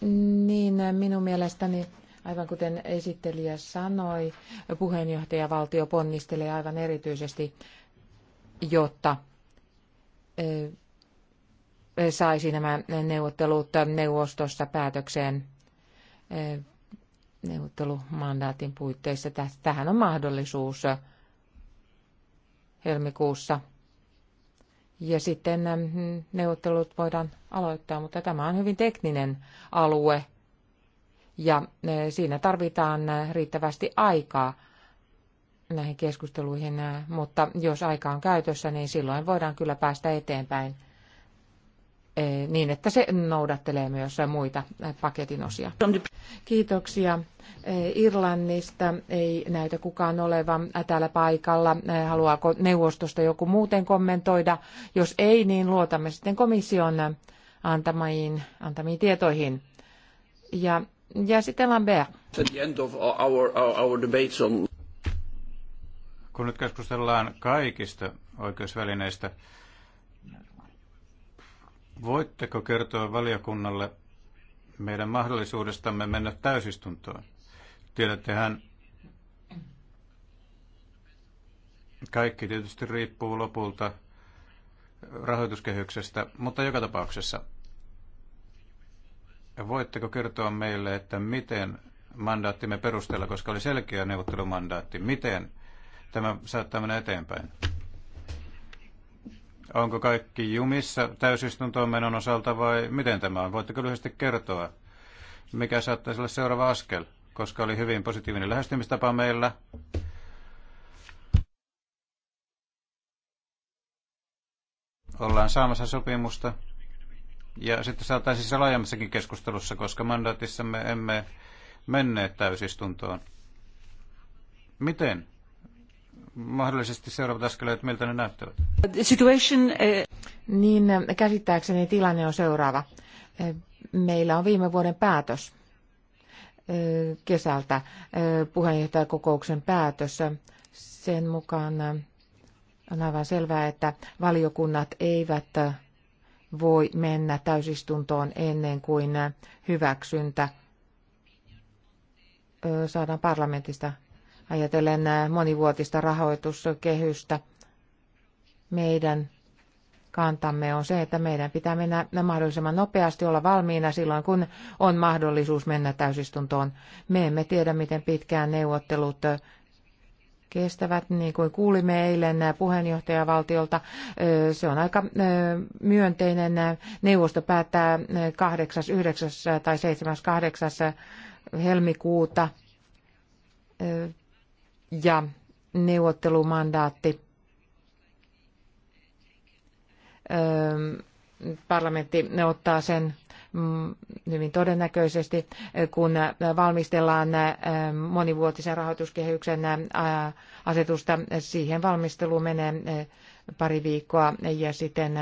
Niin, uh, minun mielestäni Aivan kuten esittelijä sanoi, puheenjohtajavaltio ponnistelee aivan erityisesti, jotta saisi nämä neuvottelut neuvostossa päätökseen neuvottelumandaatin puitteissa. Tähän on mahdollisuus helmikuussa. Ja sitten neuvottelut voidaan aloittaa, mutta tämä on hyvin tekninen alue ja e, siinä tarvitaan e, riittävästi aikaa näihin keskusteluihin, e, mutta jos aika on käytössä, niin silloin voidaan kyllä päästä eteenpäin niin, että se noudattelee myös muita paketin osia. Kiitoksia. Irlannista ei näytä kukaan olevan täällä paikalla. Haluaako neuvostosta joku muuten kommentoida? Jos ei, niin luotamme sitten komission antamiin, antamiin tietoihin. Ja ja sitten Lambert. At the end of our, our, our debates on... Kun nyt keskustellaan kaikista oikeusvälineistä, voitteko kertoa valiokunnalle meidän mahdollisuudestamme mennä täysistuntoon? Tiedättehän, kaikki tietysti riippuu lopulta rahoituskehyksestä, mutta joka tapauksessa Voitteko kertoa meille, että miten mandaattimme perusteella, koska oli selkeä neuvottelumandaatti, miten tämä saattaa mennä eteenpäin? Onko kaikki jumissa täysistuntoon menon osalta vai miten tämä on? Voitteko lyhyesti kertoa, mikä saattaisi olla seuraava askel? Koska oli hyvin positiivinen lähestymistapa meillä. Ollaan saamassa sopimusta ja sitten saataisiin se laajemmassakin keskustelussa, koska me emme menneet täysistuntoon. Miten mahdollisesti seuraavat askeleet, miltä ne näyttävät? The situation, eh, Niin eh, käsittääkseni tilanne on seuraava. Eh, meillä on viime vuoden päätös kesältä puheenjohtajakokouksen päätös. Sen mukaan on aivan selvää, että valiokunnat eivät voi mennä täysistuntoon ennen kuin hyväksyntä saadaan parlamentista ajatellen monivuotista rahoituskehystä. Meidän kantamme on se, että meidän pitää mennä mahdollisimman nopeasti olla valmiina silloin, kun on mahdollisuus mennä täysistuntoon. Me emme tiedä, miten pitkään neuvottelut kestävät, niin kuin kuulimme eilen puheenjohtajavaltiolta. Se on aika myönteinen. Neuvosto päättää 8., 9. tai 7. 8. helmikuuta ja neuvottelumandaatti parlamentti ne ottaa sen Mm, hyvin todennäköisesti, kun valmistellaan äh, monivuotisen rahoituskehyksen äh, asetusta. Siihen valmistelu menee äh, pari viikkoa ja sitten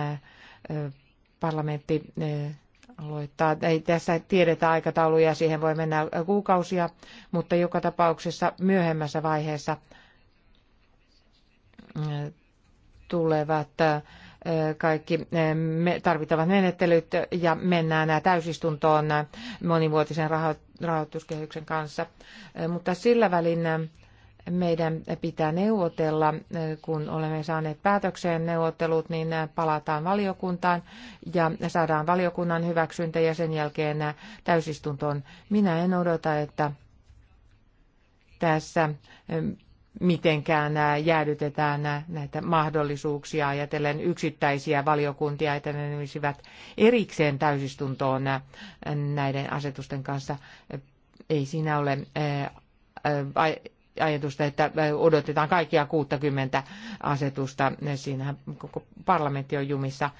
parlamentti aloittaa. Ei tässä tiedetä aikatauluja, siihen voi mennä kuukausia, mutta joka tapauksessa myöhemmässä vaiheessa tulevat kaikki eh, tarvittavat menettelyt ja mennään täysistuntoon monivuotisen rahoituskehyksen kanssa. Eh, mutta sillä välin eh, meidän pitää neuvotella, kun olemme saaneet päätökseen neuvottelut, niin palataan valiokuntaan ja saadaan valiokunnan hyväksyntä ja sen jälkeen täysistuntoon. Minä en odota, että tässä mitenkään jäädytetään näitä mahdollisuuksia ajatellen yksittäisiä valiokuntia, että ne olisivat erikseen täysistuntoon näiden asetusten kanssa. Ei siinä ole ajatusta, että odotetaan kaikkia 60 asetusta. Siinähän koko parlamentti on jumissa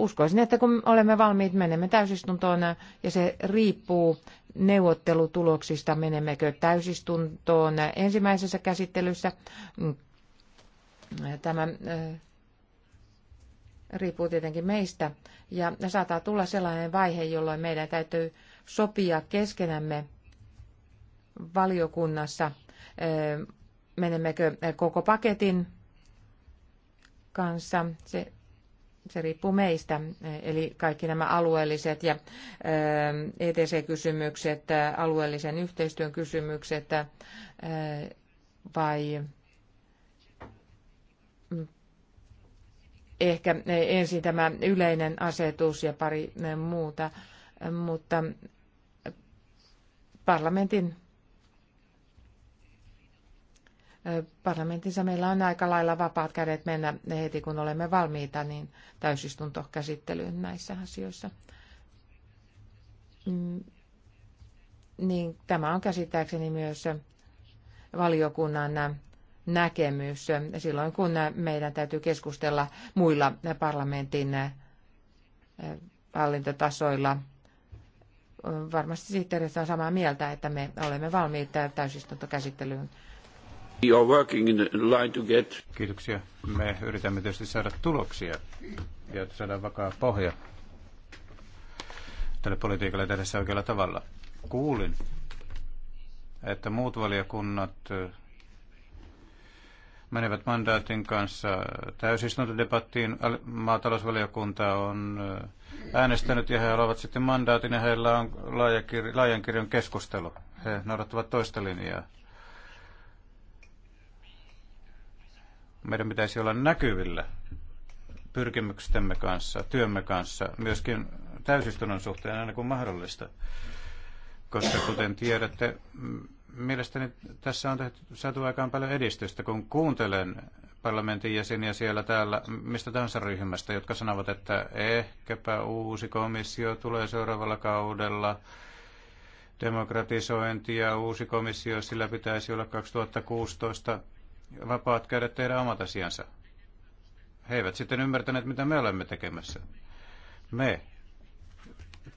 uskoisin, että kun olemme valmiit, menemme täysistuntoon ja se riippuu neuvottelutuloksista, menemmekö täysistuntoon ensimmäisessä käsittelyssä. Tämä eh, riippuu tietenkin meistä. Ja saattaa tulla sellainen vaihe, jolloin meidän täytyy sopia keskenämme valiokunnassa, eh, menemmekö koko paketin kanssa. Se se riippuu meistä, eli kaikki nämä alueelliset ja ETC-kysymykset, alueellisen yhteistyön kysymykset vai mm, ehkä ensin tämä yleinen asetus ja pari muuta, mutta parlamentin parlamentissa meillä on aika lailla vapaat kädet mennä heti, kun olemme valmiita niin täysistuntokäsittelyyn näissä asioissa. Mm, niin tämä on käsittääkseni myös valiokunnan näkemys silloin, kun meidän täytyy keskustella muilla parlamentin hallintotasoilla. Varmasti sihteeristö on samaa mieltä, että me olemme valmiita täysistuntokäsittelyyn You are working in line to get... Kiitoksia. Me yritämme tietysti saada tuloksia ja saada vakaa pohja tälle politiikalle tässä oikealla tavalla. Kuulin, että muut valiokunnat eh, menevät mandaatin kanssa täysistuntodebattiin. Maatalousvaliokunta on eh, äänestänyt ja he haluavat sitten mandaatin ja heillä on laajan kirjan keskustelu. He noudattavat toista linjaa. Meidän pitäisi olla näkyvillä pyrkimyksemme kanssa, työmme kanssa, myöskin täysistunnon suhteen aina kuin mahdollista. Koska kuten tiedätte, mielestäni tässä on tehty, saatu aikaan paljon edistystä, kun kuuntelen parlamentin jäseniä siellä täällä mistä tahansa ryhmästä, jotka sanovat, että ehkäpä uusi komissio tulee seuraavalla kaudella, demokratisointi ja uusi komissio, sillä pitäisi olla 2016 vapaat kädet tehdä omat asiansa. He eivät sitten ymmärtäneet, mitä me olemme tekemässä. Me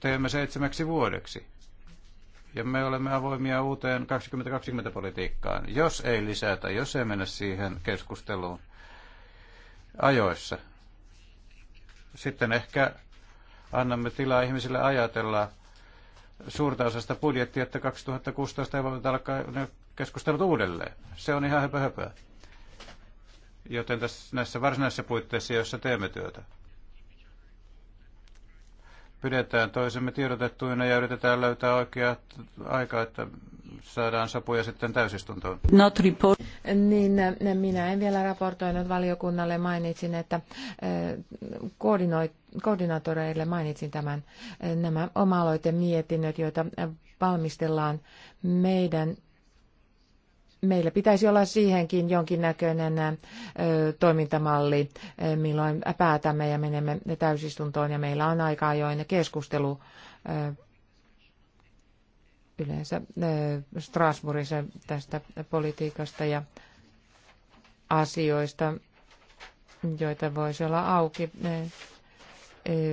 teemme seitsemäksi vuodeksi. Ja me olemme avoimia uuteen 2020-politiikkaan, jos ei lisätä, jos ei mennä siihen keskusteluun ajoissa. Sitten ehkä annamme tilaa ihmisille ajatella suurta osasta budjettia, että 2016 ei voi alkaa keskustelut uudelleen. Se on ihan höpö höpöä. Joten tässä, näissä varsinaisissa puitteissa, joissa teemme työtä, pidetään toisemme tiedotettuina ja yritetään löytää oikea aika, että saadaan sopuja sitten täysistuntoon. Not report. Niin, minä en vielä raportoinut valiokunnalle, mainitsin, että eh, koordinaattoreille mainitsin tämän, eh, nämä oma-aloitemietinnöt, joita valmistellaan meidän meillä pitäisi olla siihenkin jonkinnäköinen ö, toimintamalli, milloin päätämme ja menemme täysistuntoon ja meillä on aika ajoin keskustelu yleensä Strasbourgissa tästä politiikasta ja asioista, joita voisi olla auki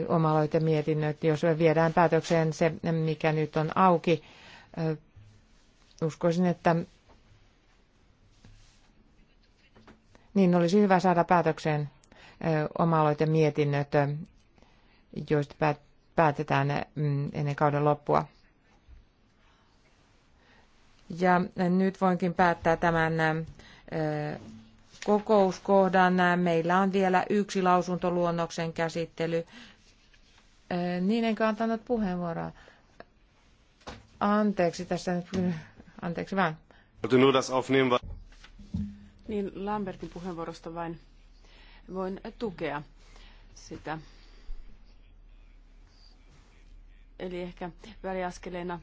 omaloitemietinnöt, jos viedään päätökseen se, mikä nyt on auki. Uskoisin, että Niin olisi hyvä saada päätökseen oma mietinnöt, joista päätetään mm, ennen kauden loppua. Ja nyt voinkin päättää tämän kokouskohdan. Meillä on vielä yksi lausuntoluonnoksen käsittely. Niin enkä antanut puheenvuoroa. Anteeksi tässä nyt. Anteeksi vaan. Niin Lambertin puheenvuorosta vain voin tukea sitä. Eli ehkä väliaskeleena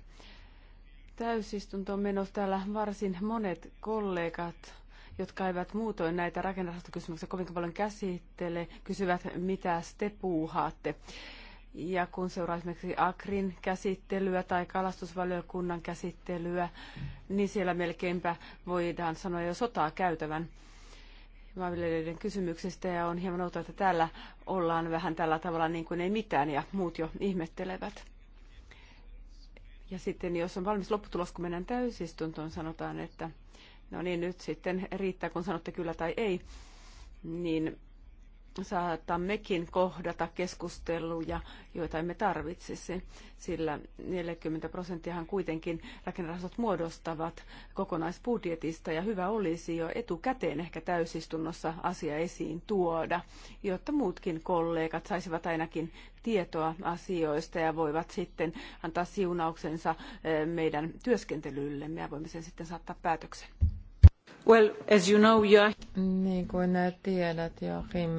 täysistuntoon menossa täällä varsin monet kollegat jotka eivät muutoin näitä rakennerahastokysymyksiä kovin paljon käsittele, kysyvät, mitä te puuhaatte. Ja kun seuraa esimerkiksi Akrin käsittelyä tai kalastusvaliokunnan käsittelyä, niin siellä melkeinpä voidaan sanoa jo sotaa käytävän maanviljelijöiden kysymyksestä ja on hieman outoa, että täällä ollaan vähän tällä tavalla niin kuin ei mitään ja muut jo ihmettelevät. Ja sitten jos on valmis lopputulos, kun mennään täysistuntoon, sanotaan, että no niin nyt sitten riittää, kun sanotte kyllä tai ei, niin saatammekin kohdata keskusteluja, joita emme tarvitsisi, sillä 40 prosenttiahan kuitenkin rakennerahastot muodostavat kokonaisbudjetista, ja hyvä olisi jo etukäteen ehkä täysistunnossa asia esiin tuoda, jotta muutkin kollegat saisivat ainakin tietoa asioista ja voivat sitten antaa siunauksensa eh, meidän työskentelyllemme ja voimme sen sitten saattaa päätöksen. Niin kuin tiedät, Joachim,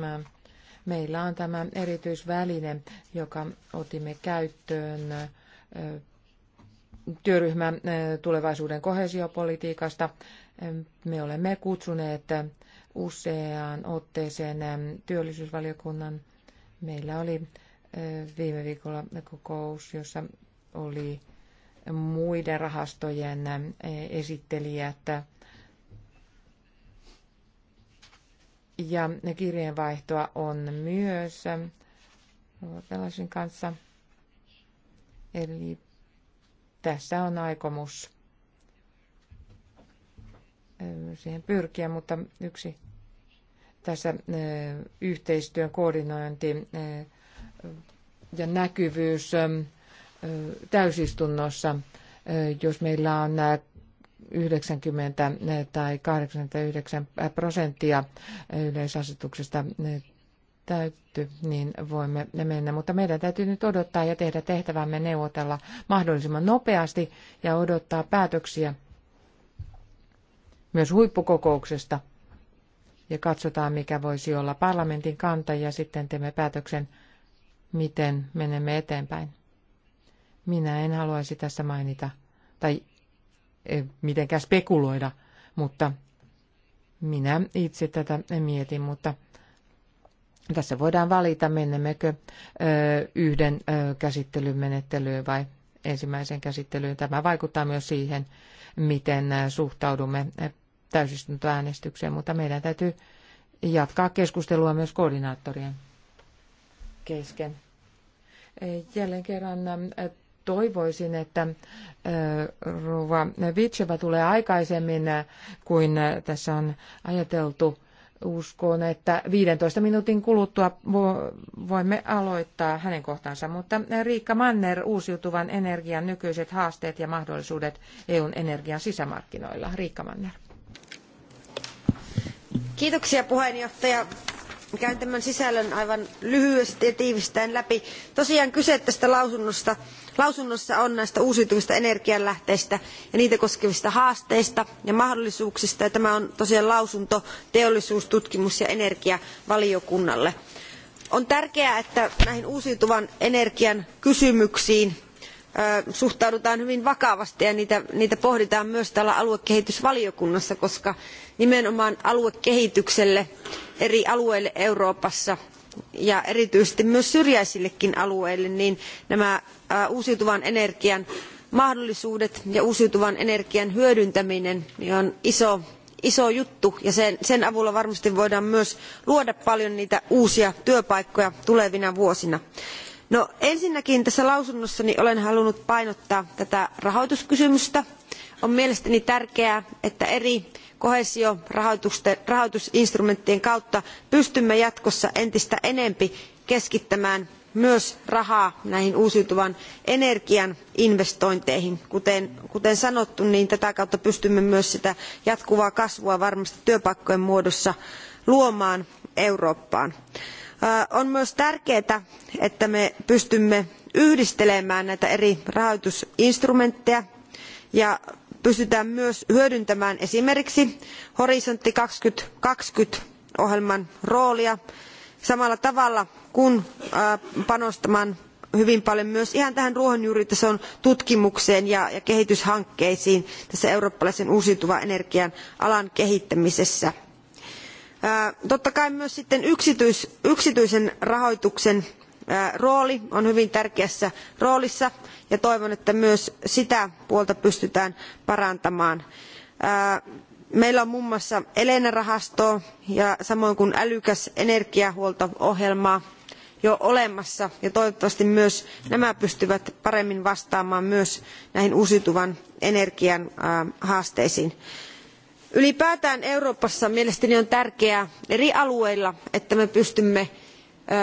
meillä on tämä erityisväline, joka otimme käyttöön työryhmän tulevaisuuden kohesiopolitiikasta. Me olemme kutsuneet useaan otteeseen työllisyysvaliokunnan. Meillä oli viime viikolla kokous, jossa oli muiden rahastojen esittelijät Ja kirjeenvaihtoa on myös Pelasin kanssa. Eli tässä on aikomus eh, siihen pyrkiä, mutta yksi tässä eh, yhteistyön koordinointi eh, ja näkyvyys täysistunnossa, jos meillä on 90 tai 89 prosenttia yleisasetuksesta täytty, niin voimme mennä. Mutta meidän täytyy nyt odottaa ja tehdä tehtävämme neuvotella mahdollisimman nopeasti ja odottaa päätöksiä myös huippukokouksesta. Ja katsotaan, mikä voisi olla parlamentin kanta ja sitten teemme päätöksen, miten menemme eteenpäin. Minä en haluaisi tässä mainita tai Eh, mitenkään spekuloida, mutta minä itse tätä mietin, mutta tässä voidaan valita, menemmekö eh, yhden eh, käsittelymenettelyyn vai ensimmäiseen käsittelyyn. Tämä vaikuttaa myös siihen, miten suhtaudumme täysistuntoäänestykseen, mutta meidän täytyy jatkaa keskustelua myös koordinaattorien kesken. Jälleen kerran toivoisin, että Rova Vitseva tulee aikaisemmin kuin tässä on ajateltu. Uskon, että 15 minuutin kuluttua voimme aloittaa hänen kohtansa, mutta Riikka Manner, uusiutuvan energian nykyiset haasteet ja mahdollisuudet EUn energian sisämarkkinoilla. Riikka Manner. Kiitoksia puheenjohtaja käyn tämän sisällön aivan lyhyesti ja tiivistäen läpi. tosiaan kyse tästä lausunnosta Lausunnossa on näistä uusiutuvista energianlähteistä ja niitä koskevista haasteista ja mahdollisuuksista. Ja tämä on tosiaan lausunto teollisuus, tutkimus ja energiavaliokunnalle. On tärkeää, että näihin uusiutuvan energian kysymyksiin suhtaudutaan hyvin vakavasti ja niitä, niitä pohditaan myös täällä aluekehitysvaliokunnassa koska nimenomaan aluekehitykselle eri alueille euroopassa ja erityisesti myös syrjäisillekin alueille niin nämä uusiutuvan energian mahdollisuudet ja uusiutuvan energian hyödyntäminen niin on iso, juttu ja sen, avulla varmasti voidaan myös luoda paljon niitä uusia työpaikkoja tulevina vuosina. No, ensinnäkin tässä lausunnossani olen halunnut painottaa tätä rahoituskysymystä. on mielestäni tärkeää että eri koheesiorahoitusinstrumenttien kautta pystymme jatkossa entistä enemmän keskittämään myös rahaa näihin uusiutuvan energian investointeihin. kuten, kuten sanottu niin tätä kautta pystymme myös sitä jatkuvaa kasvua varmasti työpaikkojen muodossa luomaan eurooppaan. on myös tärkeää että me pystymme yhdistelemään näitä eri rahoitusinstrumentteja ja pystytään myös hyödyntämään esimerkiksi horisontti kaksituhatta kaksikymmentä ohjelman roolia samalla tavalla kuin panostamaan hyvin paljon myös ihan tähän ruohonjuuritason tutkimukseen ja kehityshankkeisiin tässä eurooppalaisen uusiutuvan energian alan kehittämisessä. totta kai myös sitten yksityisen rahoituksen rooli on hyvin tärkeässä roolissa ja toivon että myös sitä puolta pystytään parantamaan meillä on muun muassa elena rahasto ja samoin kuin älykäs energiahuolto ohjelma jo olemassa ja toivottavasti myös nämä pystyvät paremmin vastaamaan myös näihin uusiutuvan energian haasteisiin. ylipäätään euroopassa mielestäni on tärkeää eri alueilla että me pystymme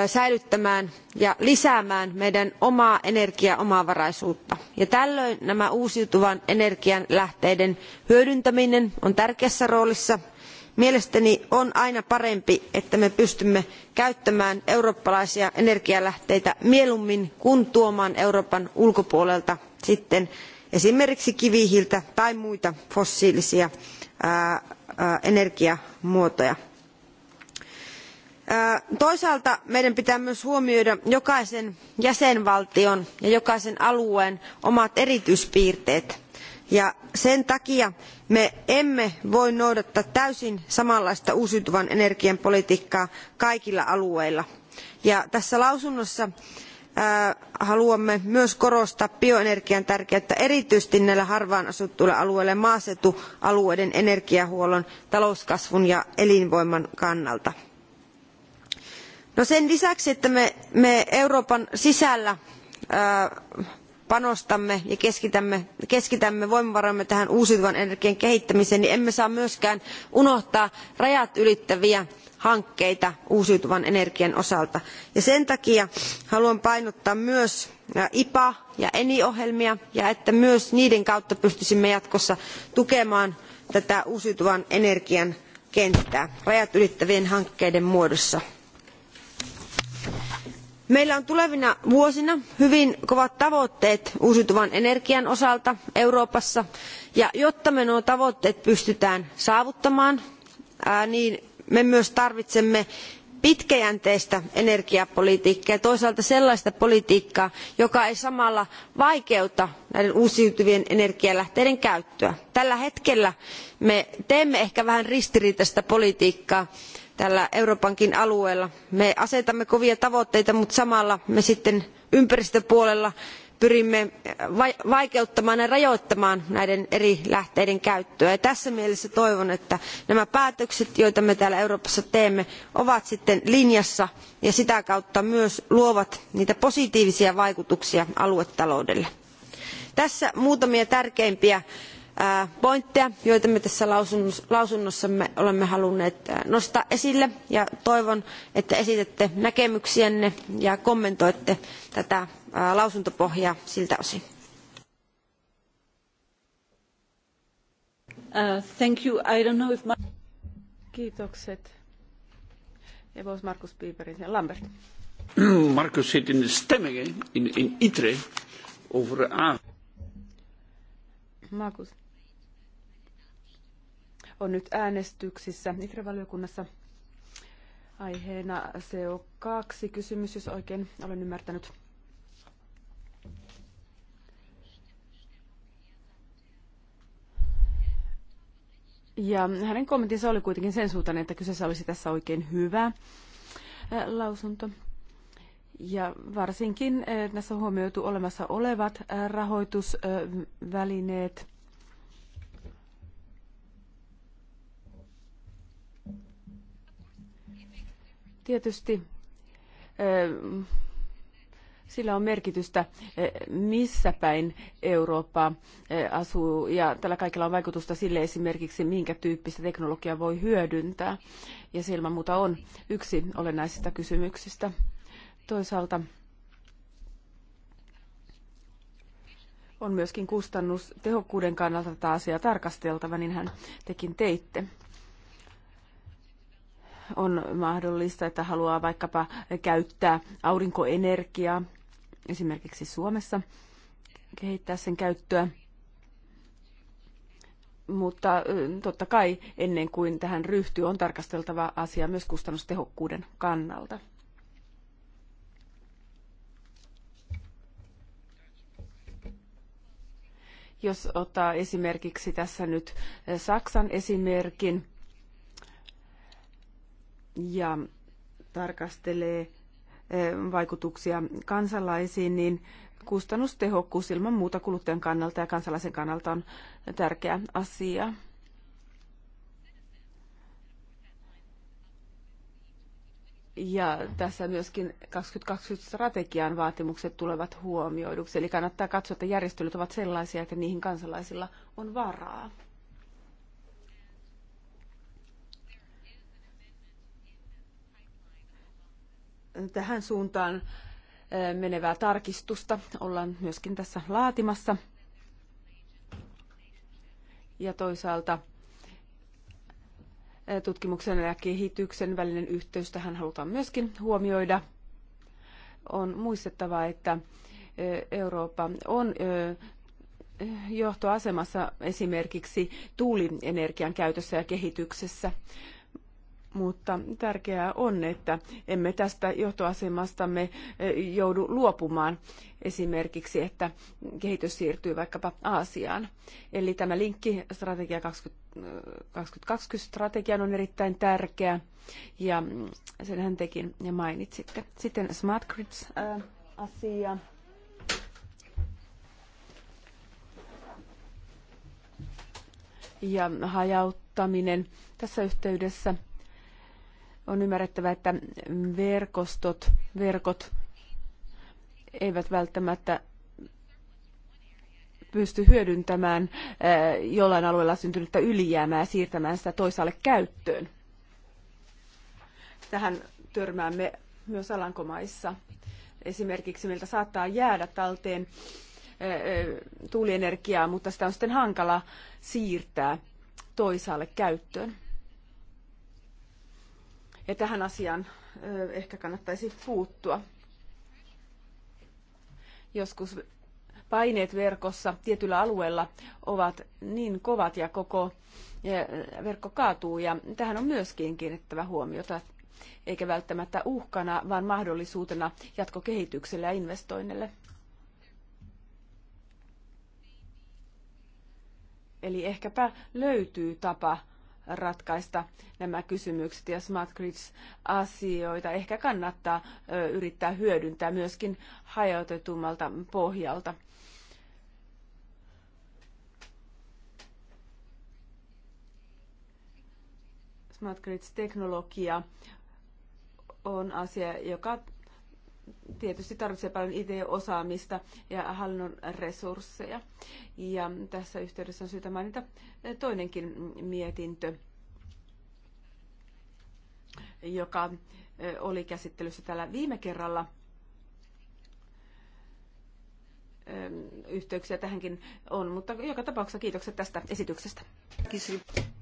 säilyttämään ja lisäämään meidän omaa energiaomavaraisuuttamme. ja tällöin nämä uusiutuvan energian lähteiden hyödyntäminen on tärkeässä roolissa. mielestäni on aina parempi että me pystymme käyttämään eurooppalaisia energialähteitä mieluummin kuin tuomaan euroopan ulkopuolelta sitten esimerkiksi kivihiiltä tai muita fossiilisia energiamuotoja toisaalta meidän pitää myös huomioida jokaisen jäsenvaltion ja jokaisen alueen omat erityispiirteet ja sen takia me emme voi noudattaa täysin samanlaista uusiutuvan energian politiikkaa kaikilla alueilla. tässä lausunnossa haluamme myös korostaa bioenergian tärkeyttä erityisesti näillä harvaan asutuilla alueilla ja maaseutualueiden energiahuollon talouskasvun ja elinvoiman kannalta No sen lisäksi, että me, Euroopan sisällä panostamme ja keskitämme, voimavaramme tähän uusiutuvan energian kehittämiseen, niin emme saa myöskään unohtaa rajat ylittäviä hankkeita uusiutuvan energian osalta. Ja sen takia haluan painottaa myös IPA- ja ENI-ohjelmia ja että myös niiden kautta pystyisimme jatkossa tukemaan tätä uusiutuvan energian kenttää rajat ylittävien hankkeiden muodossa meillä on tulevina vuosina hyvin kovat tavoitteet uusiutuvan energian osalta euroopassa ja jotta me nuo tavoitteet pystymme saavuttamaan niin me myös tarvitsemme pitkäjänteistä energiapolitiikkaa ja toisaalta sellaista politiikkaa joka ei samalla vaikeuta näiden uusiutuvien energialähteiden käyttöä. tällä hetkellä me teemme ehkä vähän ristiriitaista politiikkaa täällä euroopankin alueella. me asetamme kovia tavoitteita mutta samalla me sitten ympäristöpuolella pyrimme vaikeuttamaan ja rajoittamaan näiden eri lähteiden käyttöä. Ja tässä mielessä toivon että nämä päätökset joita me täällä euroopassa teemme ovat sitten linjassa ja sitä kautta myös luovat niitä positiivisia vaikutuksia aluetaloudelle. tässä muutamia tärkeimpiä pointteja, joita me tässä lausunnossamme olemme halunneet nostaa esille ja toivon, että esitätte näkemyksiänne ja kommentoitte tätä lausuntopohjaa siltä osin. Uh, thank you. I don't know if my... Kiitokset. Evos Markus Piiperin ja Lambert. Markus zit in de stemmingen in, in ITRE over A. Markus on nyt äänestyksissä ITRE-valiokunnassa aiheena CO2-kysymys, jos oikein olen ymmärtänyt. Ja hänen kommenttinsa oli kuitenkin sen suuntainen, että kyseessä olisi tässä oikein hyvä lausunto. Ja varsinkin tässä on huomioitu olemassa olevat rahoitusvälineet – Tietysti sillä on merkitystä, missä päin Eurooppa asuu, ja tällä kaikella on vaikutusta sille esimerkiksi, minkä tyyppistä teknologiaa voi hyödyntää. Ja se ilman muuta on yksi olennaisista kysymyksistä. Toisaalta on myöskin kustannustehokkuuden kannalta tätä asiaa tarkasteltava, niin hän tekin teitte on mahdollista, että haluaa vaikkapa käyttää aurinkoenergiaa esimerkiksi Suomessa, kehittää sen käyttöä. Mutta totta kai ennen kuin tähän ryhtyy, on tarkasteltava asia myös kustannustehokkuuden kannalta. Jos ottaa esimerkiksi tässä nyt Saksan esimerkin, ja tarkastelee eh, vaikutuksia kansalaisiin, niin kustannustehokkuus ilman muuta kuluttajan kannalta ja kansalaisen kannalta on tärkeä asia. Ja tässä myöskin 2020-strategian vaatimukset tulevat huomioiduksi. Eli kannattaa katsoa, että järjestelyt ovat sellaisia, että niihin kansalaisilla on varaa. tähän suuntaan menevää tarkistusta ollaan myöskin tässä laatimassa. Ja toisaalta tutkimuksen ja kehityksen välinen yhteys tähän halutaan myöskin huomioida. On muistettava, että Eurooppa on johtoasemassa esimerkiksi tuulienergian käytössä ja kehityksessä mutta tärkeää on, että emme tästä johtoasemastamme e, joudu luopumaan esimerkiksi, että kehitys siirtyy vaikkapa Aasiaan. Eli tämä linkki strategia 2020-strategian on erittäin tärkeä ja sen hän tekin ja mainitsitte. Sitten Smart Grids-asia. ja hajauttaminen tässä yhteydessä – on ymmärrettävä, että verkostot, verkot eivät välttämättä pysty hyödyntämään eh, jollain alueella syntynyttä ylijäämää siirtämään sitä toisaalle käyttöön. Tähän törmäämme myös Alankomaissa. Esimerkiksi meiltä saattaa jäädä talteen eh, eh, tuulienergiaa, mutta sitä on sitten hankala siirtää toisaalle käyttöön. Ja tähän asiaan ehkä kannattaisi puuttua. Joskus paineet verkossa tietyllä alueella ovat niin kovat ja koko verkko kaatuu. Ja tähän on myöskin kiinnittävä huomiota, eikä välttämättä uhkana, vaan mahdollisuutena jatkokehitykselle ja investoinnille. Eli ehkäpä löytyy tapa ratkaista nämä kysymykset ja smart grids-asioita. Ehkä kannattaa yrittää hyödyntää myöskin hajautetummalta pohjalta. Smart grids-teknologia on asia, joka tietysti tarvitsee paljon IT-osaamista ja hallinnon resursseja. Ja tässä yhteydessä on syytä mainita eh, toinenkin mietintö, joka eh, oli käsittelyssä täällä viime kerralla. Eh, yhteyksiä tähänkin on, mutta joka tapauksessa kiitokset tästä esityksestä.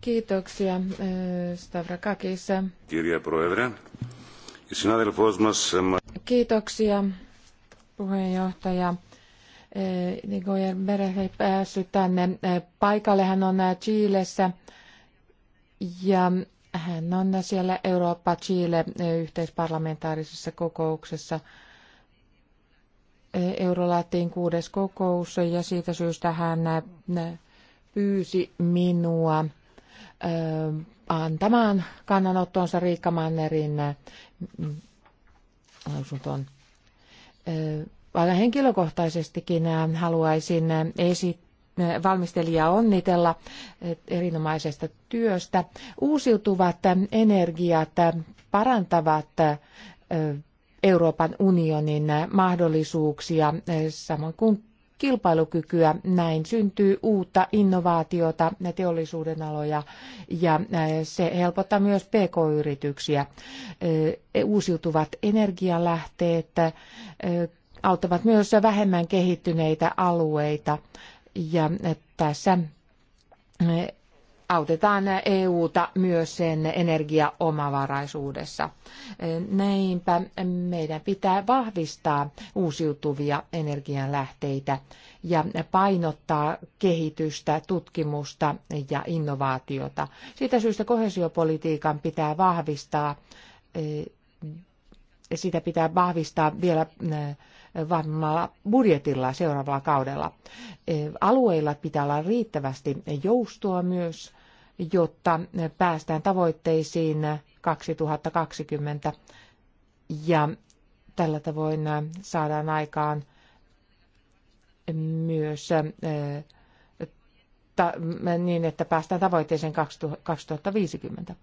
Kiitoksia Stavrakakis. Kirja Proevren. Ja sinä, Kiitoksia puheenjohtaja. Eh, Nigoyen Beres ei päässyt tänne eh, paikalle. Hän on eh, Chiilessä ja hän on siellä Eurooppa-Chile yhteisparlamentaarisessa kokouksessa. Eurolaattiin kuudes kokous ja siitä syystä hän pyysi minua antamaan kannanottonsa Riikka Mannerin lausuntoon. Aivan henkilökohtaisestikin haluaisin esittää valmistelijaa onnitella erinomaisesta työstä. Uusiutuvat energiat parantavat Euroopan unionin mahdollisuuksia, samoin kuin kilpailukykyä. Näin syntyy uutta innovaatiota ja teollisuuden aloja ja äh, se helpottaa myös pk-yrityksiä. Äh, uusiutuvat energialähteet äh, auttavat myös vähemmän kehittyneitä alueita ja tässä autetaan EUta myös sen energiaomavaraisuudessa. Näinpä meidän pitää vahvistaa uusiutuvia energianlähteitä ja painottaa kehitystä, tutkimusta ja innovaatiota. Siitä syystä kohesiopolitiikan pitää vahvistaa, eh, sitä pitää vahvistaa vielä eh, vahvemmalla budjetilla seuraavalla kaudella. E, alueilla pitää olla riittävästi joustoa myös, jotta päästään tavoitteisiin 2020 ja tällä tavoin saadaan aikaan myös e, niin, että päästään tavoitteeseen 2050.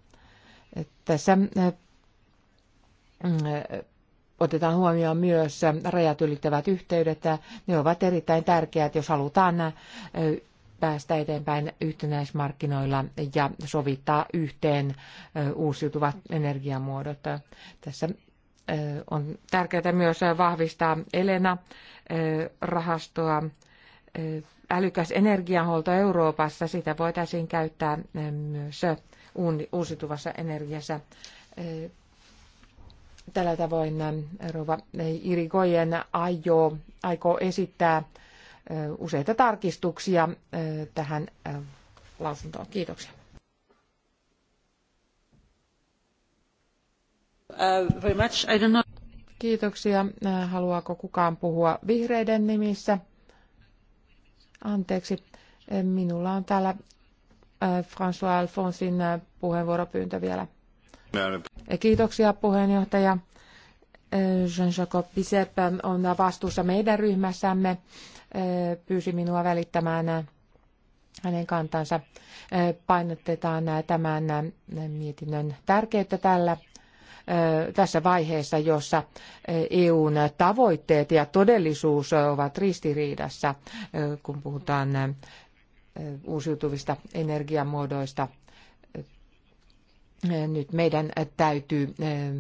Tässä mm, otetaan huomioon myös rajat ylittävät yhteydet. Ne ovat erittäin tärkeät, jos halutaan päästä eteenpäin yhtenäismarkkinoilla ja sovittaa yhteen uusiutuvat energiamuodot. Tässä on tärkeää myös vahvistaa Elena-rahastoa. Älykäs energiahuolto Euroopassa, sitä voitaisiin käyttää myös uusiutuvassa energiassa Tällä tavoin ähm, Rova Irigoyen aikoo, aikoo esittää äh, useita tarkistuksia äh, tähän äh, lausuntoon. Kiitoksia. Uh, very much. I don't know. Kiitoksia. Haluaako kukaan puhua vihreiden nimissä? Anteeksi, minulla on täällä François Alfonsin puheenvuoropyyntö vielä. Kiitoksia puheenjohtaja. Jean-Jacques Pisep on vastuussa meidän ryhmässämme. Pyysi minua välittämään hänen kantansa. Painotetaan tämän mietinnön tärkeyttä tällä tässä vaiheessa, jossa EUn tavoitteet ja todellisuus ovat ristiriidassa, kun puhutaan uusiutuvista energiamuodoista – nyt meidän täytyy eh,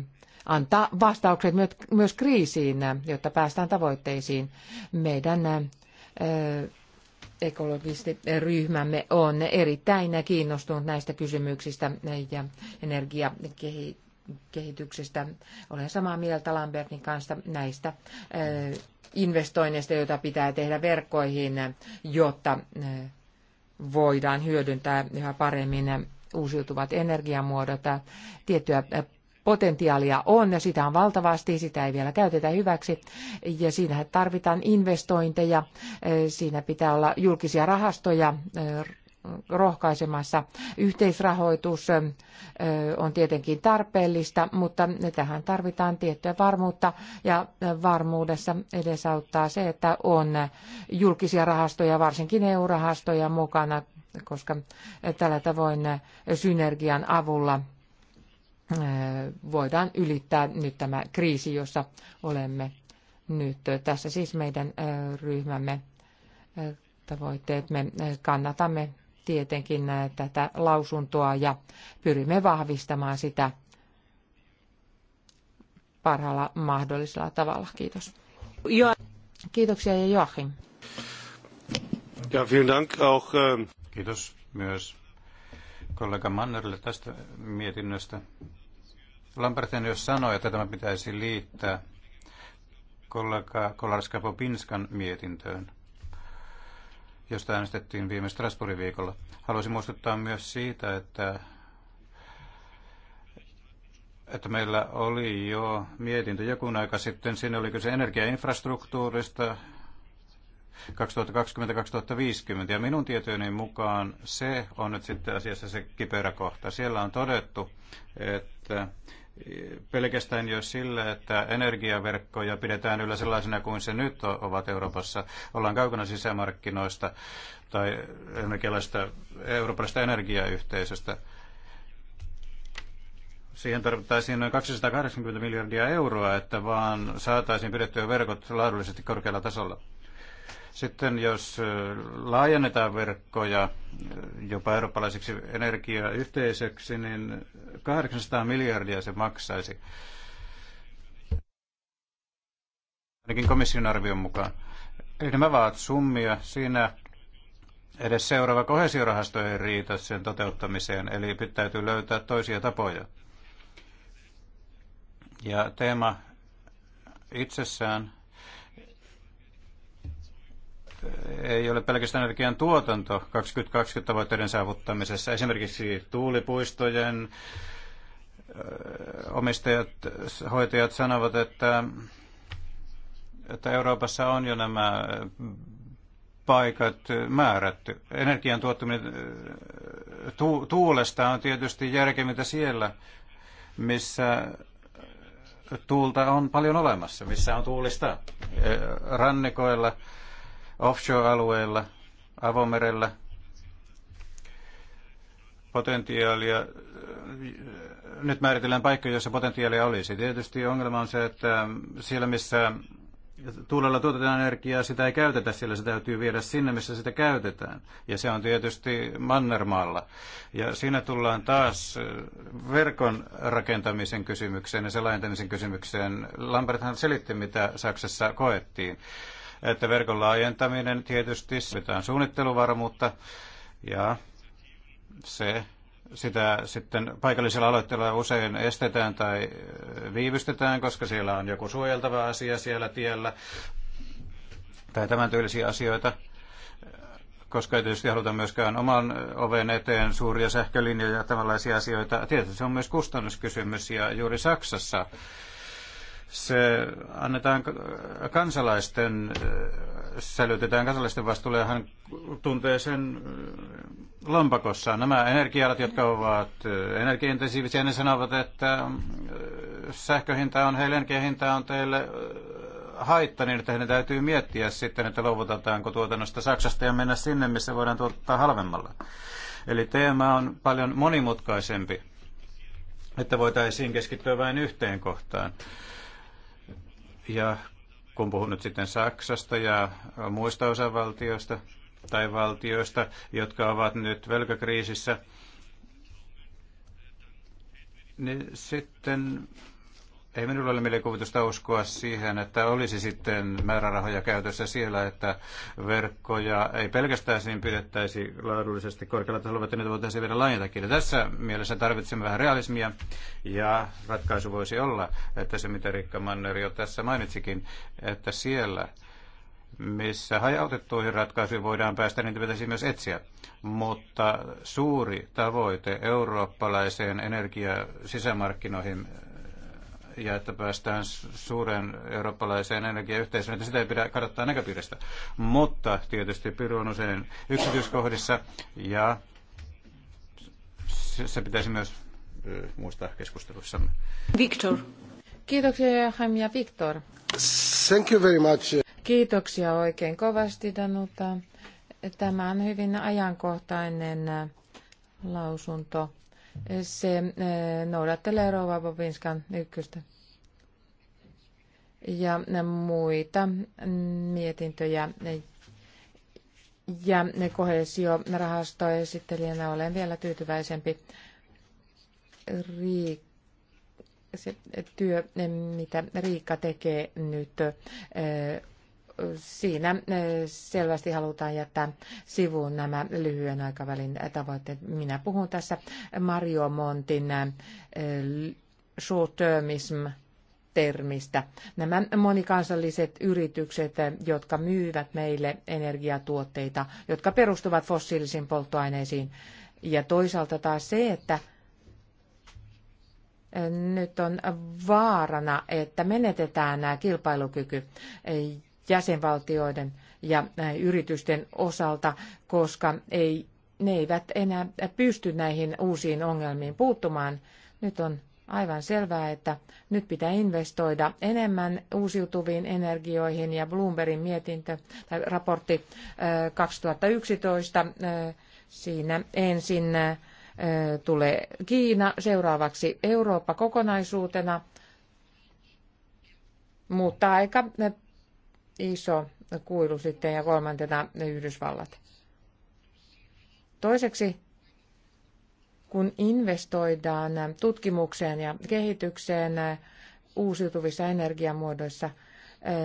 antaa vastaukset myös kriisiin, jotta päästään tavoitteisiin. Meidän eh, ekologistiryhmämme on erittäin kiinnostunut näistä kysymyksistä ja energiakehityksestä. Olen samaa mieltä Lambertin kanssa näistä eh, investoinneista, joita pitää tehdä verkkoihin, jotta voidaan hyödyntää yhä paremmin uusiutuvat energiamuodot. Tiettyä potentiaalia on, sitä on valtavasti, sitä ei vielä käytetä hyväksi, ja siinä tarvitaan investointeja, siinä pitää olla julkisia rahastoja rohkaisemassa. Yhteisrahoitus on tietenkin tarpeellista, mutta tähän tarvitaan tiettyä varmuutta ja varmuudessa edesauttaa se, että on julkisia rahastoja, varsinkin EU-rahastoja mukana koska tällä tavoin synergian avulla eh, voidaan ylittää nyt tämä kriisi, jossa olemme nyt. Tässä siis meidän eh, ryhmämme eh, tavoitteet. Me kannatamme tietenkin tätä lausuntoa ja pyrimme vahvistamaan sitä parhaalla mahdollisella tavalla. Kiitos. Kiitoksia ja Joachim. Ja, vielen Dank auch, äh Kiitos myös kollega Mannerille tästä mietinnöstä. Lambertin jo sanoi, että tämä pitäisi liittää kollega Kolarska Popinskan mietintöön, josta äänestettiin viime Strasbourgin viikolla. Haluaisin muistuttaa myös siitä, että että meillä oli jo mietintö joku aika sitten, siinä oli kyse energiainfrastruktuurista, 2020-2050. Ja minun tietojeni mukaan se on nyt sitten asiassa se kiperä kohta. Siellä on todettu, että pelkästään jo sillä, että energiaverkkoja pidetään yllä sellaisena kuin se nyt ovat Euroopassa, ollaan kaukana sisämarkkinoista tai energialaista eurooppalaisesta energiayhteisöstä. Siihen tarvittaisiin noin 280 miljardia euroa, että vaan saataisiin pidettyä verkot laadullisesti korkealla tasolla. Sitten jos laajennetaan verkkoja jopa eurooppalaiseksi energiayhteisöksi, niin 800 miljardia se maksaisi. Ainakin komission arvion mukaan. Eli nämä vaat summia. Siinä edes seuraava kohesiorahasto ei riitä sen toteuttamiseen, eli pitäytyy löytää toisia tapoja. Ja teema itsessään ei ole pelkästään energian tuotanto 2020 tavoitteiden saavuttamisessa. Esimerkiksi tuulipuistojen omistajat, hoitajat sanovat, että, että Euroopassa on jo nämä paikat määrätty. Energian tuottaminen tuulesta on tietysti järkevintä siellä, missä tuulta on paljon olemassa, missä on tuulista rannikoilla offshore-alueilla, avomerellä, potentiaalia, nyt määritellään paikka, jossa potentiaalia olisi. Tietysti ongelma on se, että siellä missä tuulella tuotetaan energiaa, sitä ei käytetä, sillä se täytyy viedä sinne, missä sitä käytetään. Ja se on tietysti Mannermaalla. Ja siinä tullaan taas verkon rakentamisen kysymykseen ja se laajentamisen kysymykseen. Lamberthan selitti, mitä Saksassa koettiin että verkon laajentaminen tietysti pitää suunnitteluvarmuutta ja se sitä sitten paikallisella aloitteella usein estetään tai viivystetään, koska siellä on joku suojeltava asia siellä tiellä tai tämän tyylisiä asioita koska ei tietysti haluta myöskään oman oven eteen suuria sähkölinjoja ja tällaisia asioita. Tietysti se on myös kustannuskysymys ja juuri Saksassa se annetaan kansalaisten, äh, sälytetään kansalaisten vastuulle ja hän tuntee sen äh, lompakossaan. Nämä energialat, jotka ovat äh, energiintensiivisiä, ne sanovat, että sähköhinta on heille, energiahinta on teille haitta, niin että heidän täytyy miettiä sitten, että luovutetaanko tuotannosta Saksasta ja mennä sinne, missä voidaan tuottaa halvemmalla. Eli teema on paljon monimutkaisempi, että voitaisiin keskittyä vain yhteen kohtaan. Ja kun puhun nyt sitten Saksasta ja muista osavaltioista tai valtioista, jotka ovat nyt velkakriisissä, niin sitten ei minulla ole mielikuvitusta uskoa siihen, että olisi sitten määrärahoja käytössä siellä, että verkkoja ei pelkästään siinä pidettäisi laadullisesti korkealla tasolla, vaan niitä voitaisiin vielä laajentakin. tässä mielessä tarvitsemme vähän realismia ja ratkaisu voisi olla, että se mitä Rikka Manner jo tässä mainitsikin, että siellä missä hajautettuihin ratkaisuihin voidaan päästä, niitä pitäisi myös etsiä. Mutta suuri tavoite eurooppalaiseen energia sisämarkkinoihin ja että päästään suureen eurooppalaiseen energiayhteisöön, että sitä ei pidä kadottaa näköpiiristä. Mutta tietysti Piru on usein yksityiskohdissa ja se pitäisi myös eh, muistaa keskustelussamme. Victor. Kiitoksia Joachim ja Viktor. Thank you very much. Kiitoksia oikein kovasti Danuta. Tämä on hyvin ajankohtainen eh, lausunto se eh, noudattelee Rouva Bobinskan ykköstä ja muita mietintöjä. Ja kohesiorahastoesittelijänä olen vielä tyytyväisempi Riik- se työ, mitä Riikka tekee nyt, eh, siinä eh, selvästi halutaan jättää sivuun nämä lyhyen aikavälin tavoitteet. Minä puhun tässä Mario Montin eh, short-termism termistä. Nämä monikansalliset yritykset, eh, jotka myyvät meille energiatuotteita, jotka perustuvat fossiilisiin polttoaineisiin. Ja toisaalta taas se, että nyt on vaarana, että menetetään kilpailukyky jäsenvaltioiden ja äh, yritysten osalta, koska ei, ne eivät enää pysty näihin uusiin ongelmiin puuttumaan. Nyt on aivan selvää, että nyt pitää investoida enemmän uusiutuviin energioihin ja Bloombergin mietintö tai raportti 2011 äh, äh, siinä ensin tulee Kiina, seuraavaksi Eurooppa kokonaisuutena, mutta aika iso kuilu sitten ja kolmantena Yhdysvallat. Toiseksi, kun investoidaan tutkimukseen ja kehitykseen uusiutuvissa energiamuodoissa,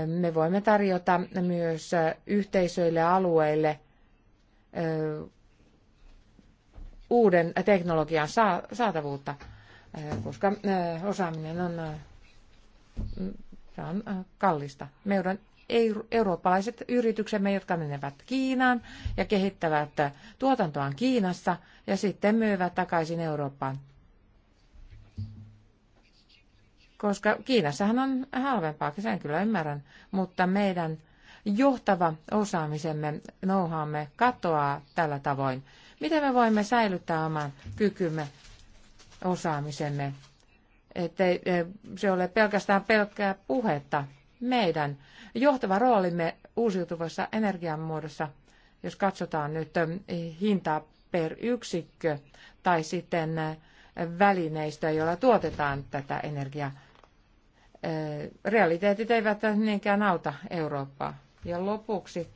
me voimme tarjota myös yhteisöille ja alueille uuden teknologian saatavuutta, koska osaaminen on, on kallista. Meidän eurooppalaiset yrityksemme, jotka menevät Kiinaan ja kehittävät tuotantoaan Kiinassa ja sitten myyvät takaisin Eurooppaan. Koska Kiinassahan on halvempaa, sen kyllä ymmärrän, mutta meidän johtava osaamisemme, nouhaamme katoaa tällä tavoin. Miten me voimme säilyttää oman kykymme, osaamisemme ettei eh, se ole pelkästään pelkkää puhetta meidän johtava roolimme uusiutuvassa energiamuodossa, jos katsotaan nyt hintaa per yksikkö tai sitten välineistöä, jolla tuotetaan tätä energiaa. Realiteetit eivät niinkään auta Eurooppaa. Ja lopuksi,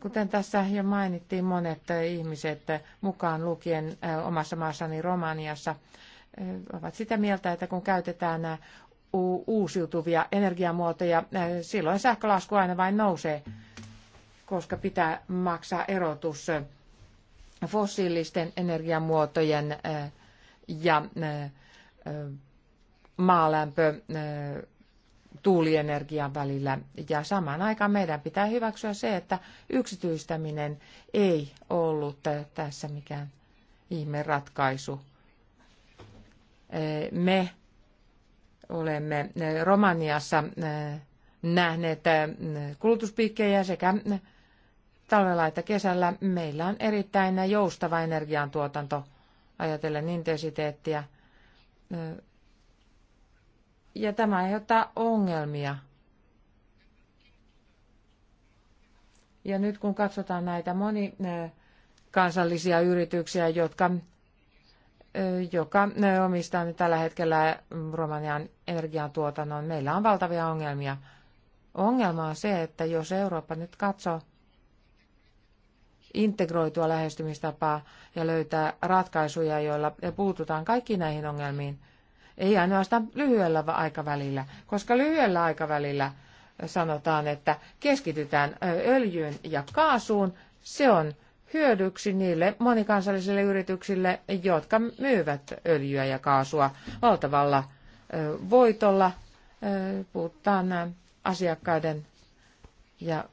kuten tässä jo mainittiin, monet ihmiset mukaan lukien omassa maassani Romaniassa, ovat sitä mieltä, että kun käytetään uusiutuvia energiamuotoja, äh, silloin sähkölasku aina vain nousee, koska pitää maksaa erotus fossiilisten energiamuotojen äh, ja äh, maalämpö tuulienergian välillä. Ja samaan aikaan meidän pitää hyväksyä se, että yksityistäminen ei ollut tässä mikään ihme ratkaisu. Me olemme Romaniassa nähneet kulutuspiikkejä sekä talvella että kesällä. Meillä on erittäin joustava energiantuotanto ajatellen intensiteettiä. Ja tämä aiheuttaa ongelmia. Ja nyt kun katsotaan näitä monikansallisia yrityksiä, jotka joka omistaa nyt tällä hetkellä Romanian energiantuotannon. Meillä on valtavia ongelmia. Ongelma on se, että jos Eurooppa nyt katsoo integroitua lähestymistapaa ja löytää ratkaisuja, joilla puututaan kaikkiin näihin ongelmiin, ei ainoastaan lyhyellä aikavälillä, koska lyhyellä aikavälillä sanotaan, että keskitytään öljyyn ja kaasuun, se on hyödyksi niille monikansallisille yrityksille, jotka myyvät öljyä ja kaasua valtavalla voitolla. Puhutaan asiakkaiden ja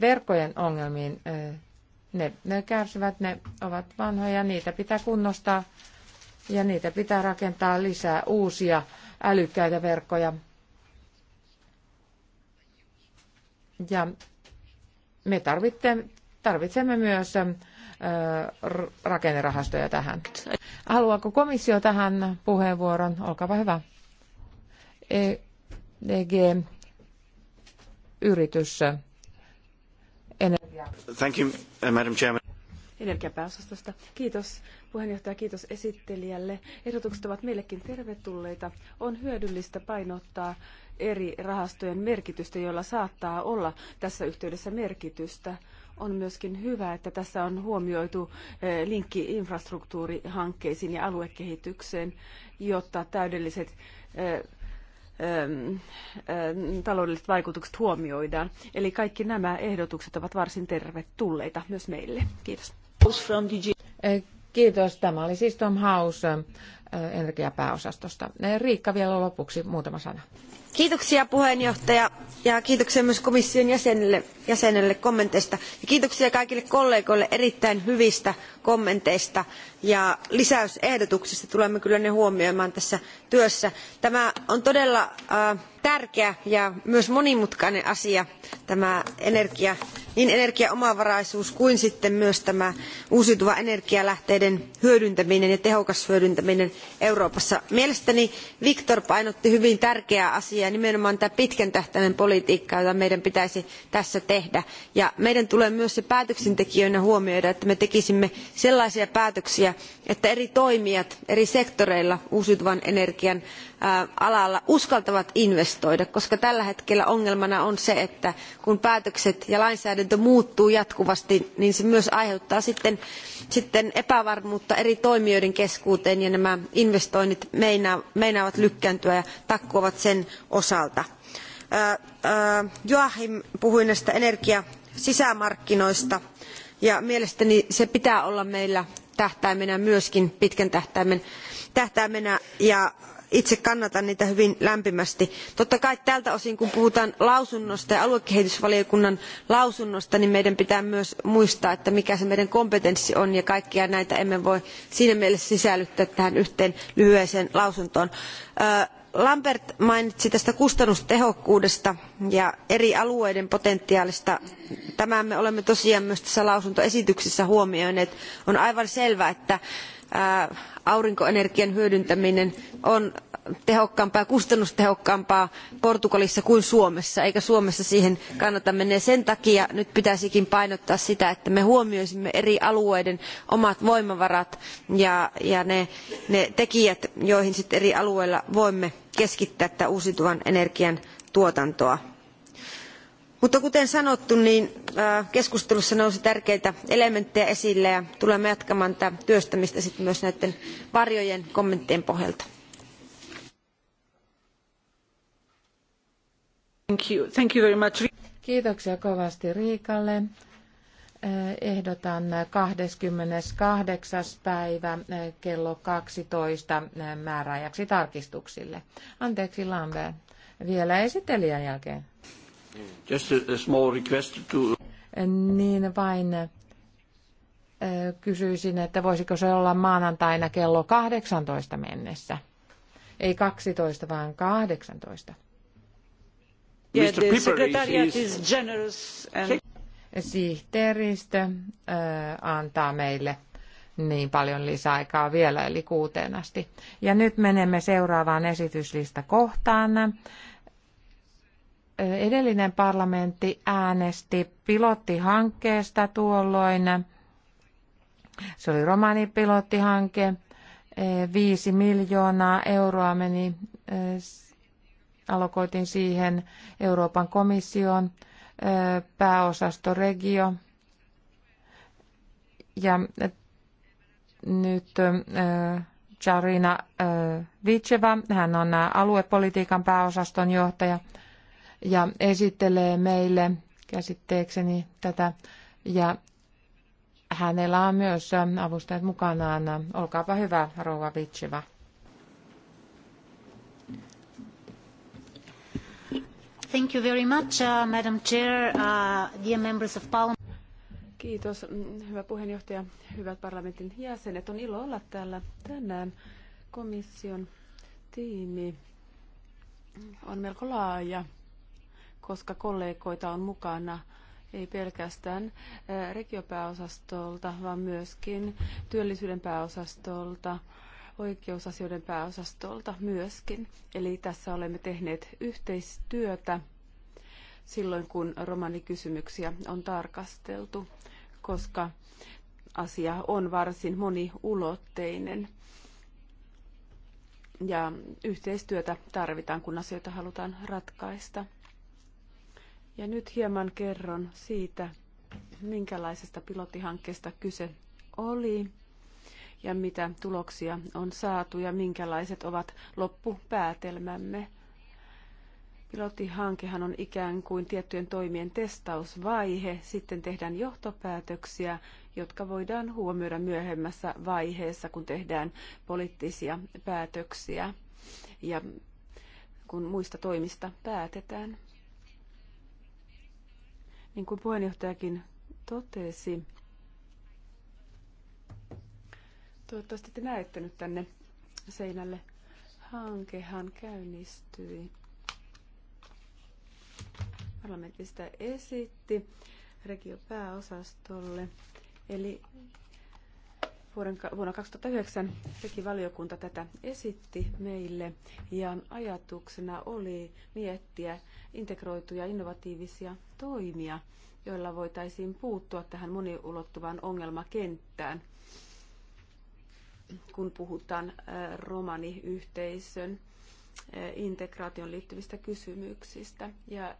verkkojen ongelmiin. Ne, ne kärsivät, ne ovat vanhoja, niitä pitää kunnostaa ja niitä pitää rakentaa lisää uusia älykkäitä verkkoja. Ja me tarvitsemme myös rakennerahastoja tähän. Haluaako komissio tähän puheenvuoron? Olkaapa hyvä. EG yritys energia. Thank you, Madam Chairman. Energiapääosastosta. Kiitos puheenjohtaja, kiitos esittelijälle. Ehdotukset ovat meillekin tervetulleita. On hyödyllistä painottaa eri rahastojen merkitystä, joilla saattaa olla tässä yhteydessä merkitystä. On myöskin hyvä, että tässä on huomioitu eh, linkki infrastruktuurihankkeisiin ja aluekehitykseen, jotta täydelliset eh, taloudelliset vaikutukset huomioidaan. Eli kaikki nämä ehdotukset ovat varsin tervetulleita myös meille. Kiitos. Eh, kiitos. Tämä oli siis Tom House energiapääosastosta. Eh, Riikka vielä lopuksi muutama sana. Kiitoksia puheenjohtaja ja kiitoksia myös komission jäsenelle, jäsenelle kommenteista. Ja kiitoksia kaikille kollegoille erittäin hyvistä kommenteista ja lisäysehdotuksista. Tulemme kyllä ne huomioimaan tässä työssä. Tämä on todella äh, tärkeä ja myös monimutkainen asia, tämä energia, niin energiaomavaraisuus kuin sitten myös tämä uusiutuva energialähteiden hyödyntäminen ja tehokas hyödyntäminen Euroopassa. Mielestäni victor painotti hyvin tärkeää asiaa, nimenomaan tätä pitkän tähtäimen politiikkaa, jota meidän pitäisi tässä tehdä. Ja meidän tulee myös päätöksentekijöinä huomioida, että me tekisimme sellaisia päätöksiä, että eri toimijat eri sektoreilla uusiutuvan energian alalla uskaltavat investoida koska tällä hetkellä ongelmana on se että kun päätökset ja lainsäädäntö muuttuu jatkuvasti niin se myös aiheuttaa sitten, epävarmuutta eri toimijoiden keskuuteen ja nämä investoinnit meinaa, meinaavat lykkääntyä ja takkuavat sen osalta. Joachim puhui näistä energiasisämarkkinoista ja mielestäni se pitää olla meillä tähtäimenä myöskin pitkän tähtäimen tähtäimenä ja itse kannatan niitä hyvin lämpimästi. totta kai tältä osin kun puhutaan lausunnosta ja aluekehitysvaliokunnan lausunnosta niin meidän pitää myös muistaa että mikä se meidän kompetenssi on ja kaikkia näitä emme voi siinä mielessä sisällyttää tähän yhteen lyhyeen lausuntoon. lambert mainitsi tästä kustannustehokkuudesta ja eri alueiden potentiaalista. tämän me olemme tosiaan myös tässä lausuntoesityksessä huomioineet. on aivan selvää että aurinkoenergian hyödyntäminen on tehokkaampaa ja kustannustehokkaampaa portugalissa kuin suomessa eikä suomessa siihen kannata mennä. sen takia nyt pitäisikin painottaa sitä että me huomioisimme eri alueiden omat voimavarat ja, ne, ne tekijät joihin sitten eri alueilla voimme keskittää tätä uusiutuvan energian tuotantoa mutta kuten sanottu niin, keskustelussa nousi tärkeitä elementtejä esille ja tulemme jatkamaan tätä työstämistä sitten myös näiden varjojen kommenttien pohjalta. Kiitoksia kovasti Riikalle. Ehdotan 28. päivä kello 12 määräajaksi tarkistuksille. Anteeksi Lambert, vielä esittelijän jälkeen. Just a, small request to... Niin vain kysyisin, että voisiko se olla maanantaina kello 18 mennessä. Ei 12, vaan 18. Yeah, the secretariat is generous and... Sihteeristö antaa meille niin paljon lisäaikaa vielä, eli kuuteen asti. Ja nyt menemme seuraavaan esityslista kohtaan edellinen parlamentti äänesti pilottihankkeesta tuolloin. Se oli romanipilottihanke. Viisi miljoonaa euroa meni, eh, alokoitin siihen Euroopan komission eh, pääosasto Regio. Ja eh, nyt Jarina Viceva, hän on aluepolitiikan pääosaston johtaja ja esittelee meille käsitteekseni tätä. Ja hänellä on myös avustajat mukanaan. Olkaapa hyvä, rouva Vitsiva. Thank you very much, uh, Madam Chair, uh, dear members of Parliament. Kiitos, hyvä puheenjohtaja, hyvät parlamentin jäsenet. On ilo olla täällä tänään. Komission tiimi on melko laaja koska kollegoita on mukana ei pelkästään eh, regiopääosastolta, vaan myöskin työllisyyden pääosastolta, oikeusasioiden pääosastolta myöskin. Eli tässä olemme tehneet yhteistyötä silloin, kun romanikysymyksiä on tarkasteltu, koska asia on varsin moniulotteinen. Ja yhteistyötä tarvitaan, kun asioita halutaan ratkaista. Ja nyt hieman kerron siitä, minkälaisesta pilottihankkeesta kyse oli ja mitä tuloksia on saatu ja minkälaiset ovat loppupäätelmämme. Pilottihankehan on ikään kuin tiettyjen toimien testausvaihe, sitten tehdään johtopäätöksiä, jotka voidaan huomioida myöhemmässä vaiheessa, kun tehdään poliittisia päätöksiä ja kun muista toimista päätetään. Niin kuin puheenjohtajakin totesi, toivottavasti te näette nyt tänne seinälle. Hankehan käynnistyi. Parlamentti sitä esitti regiopääosastolle. Eli vuoden, vuonna 2009 valiokunta tätä esitti meille ja ajatuksena oli miettiä integroituja innovatiivisia toimia, joilla voitaisiin puuttua tähän moniulottuvaan ongelmakenttään, kun puhutaan äh, romaniyhteisön äh, integraation liittyvistä kysymyksistä. Ja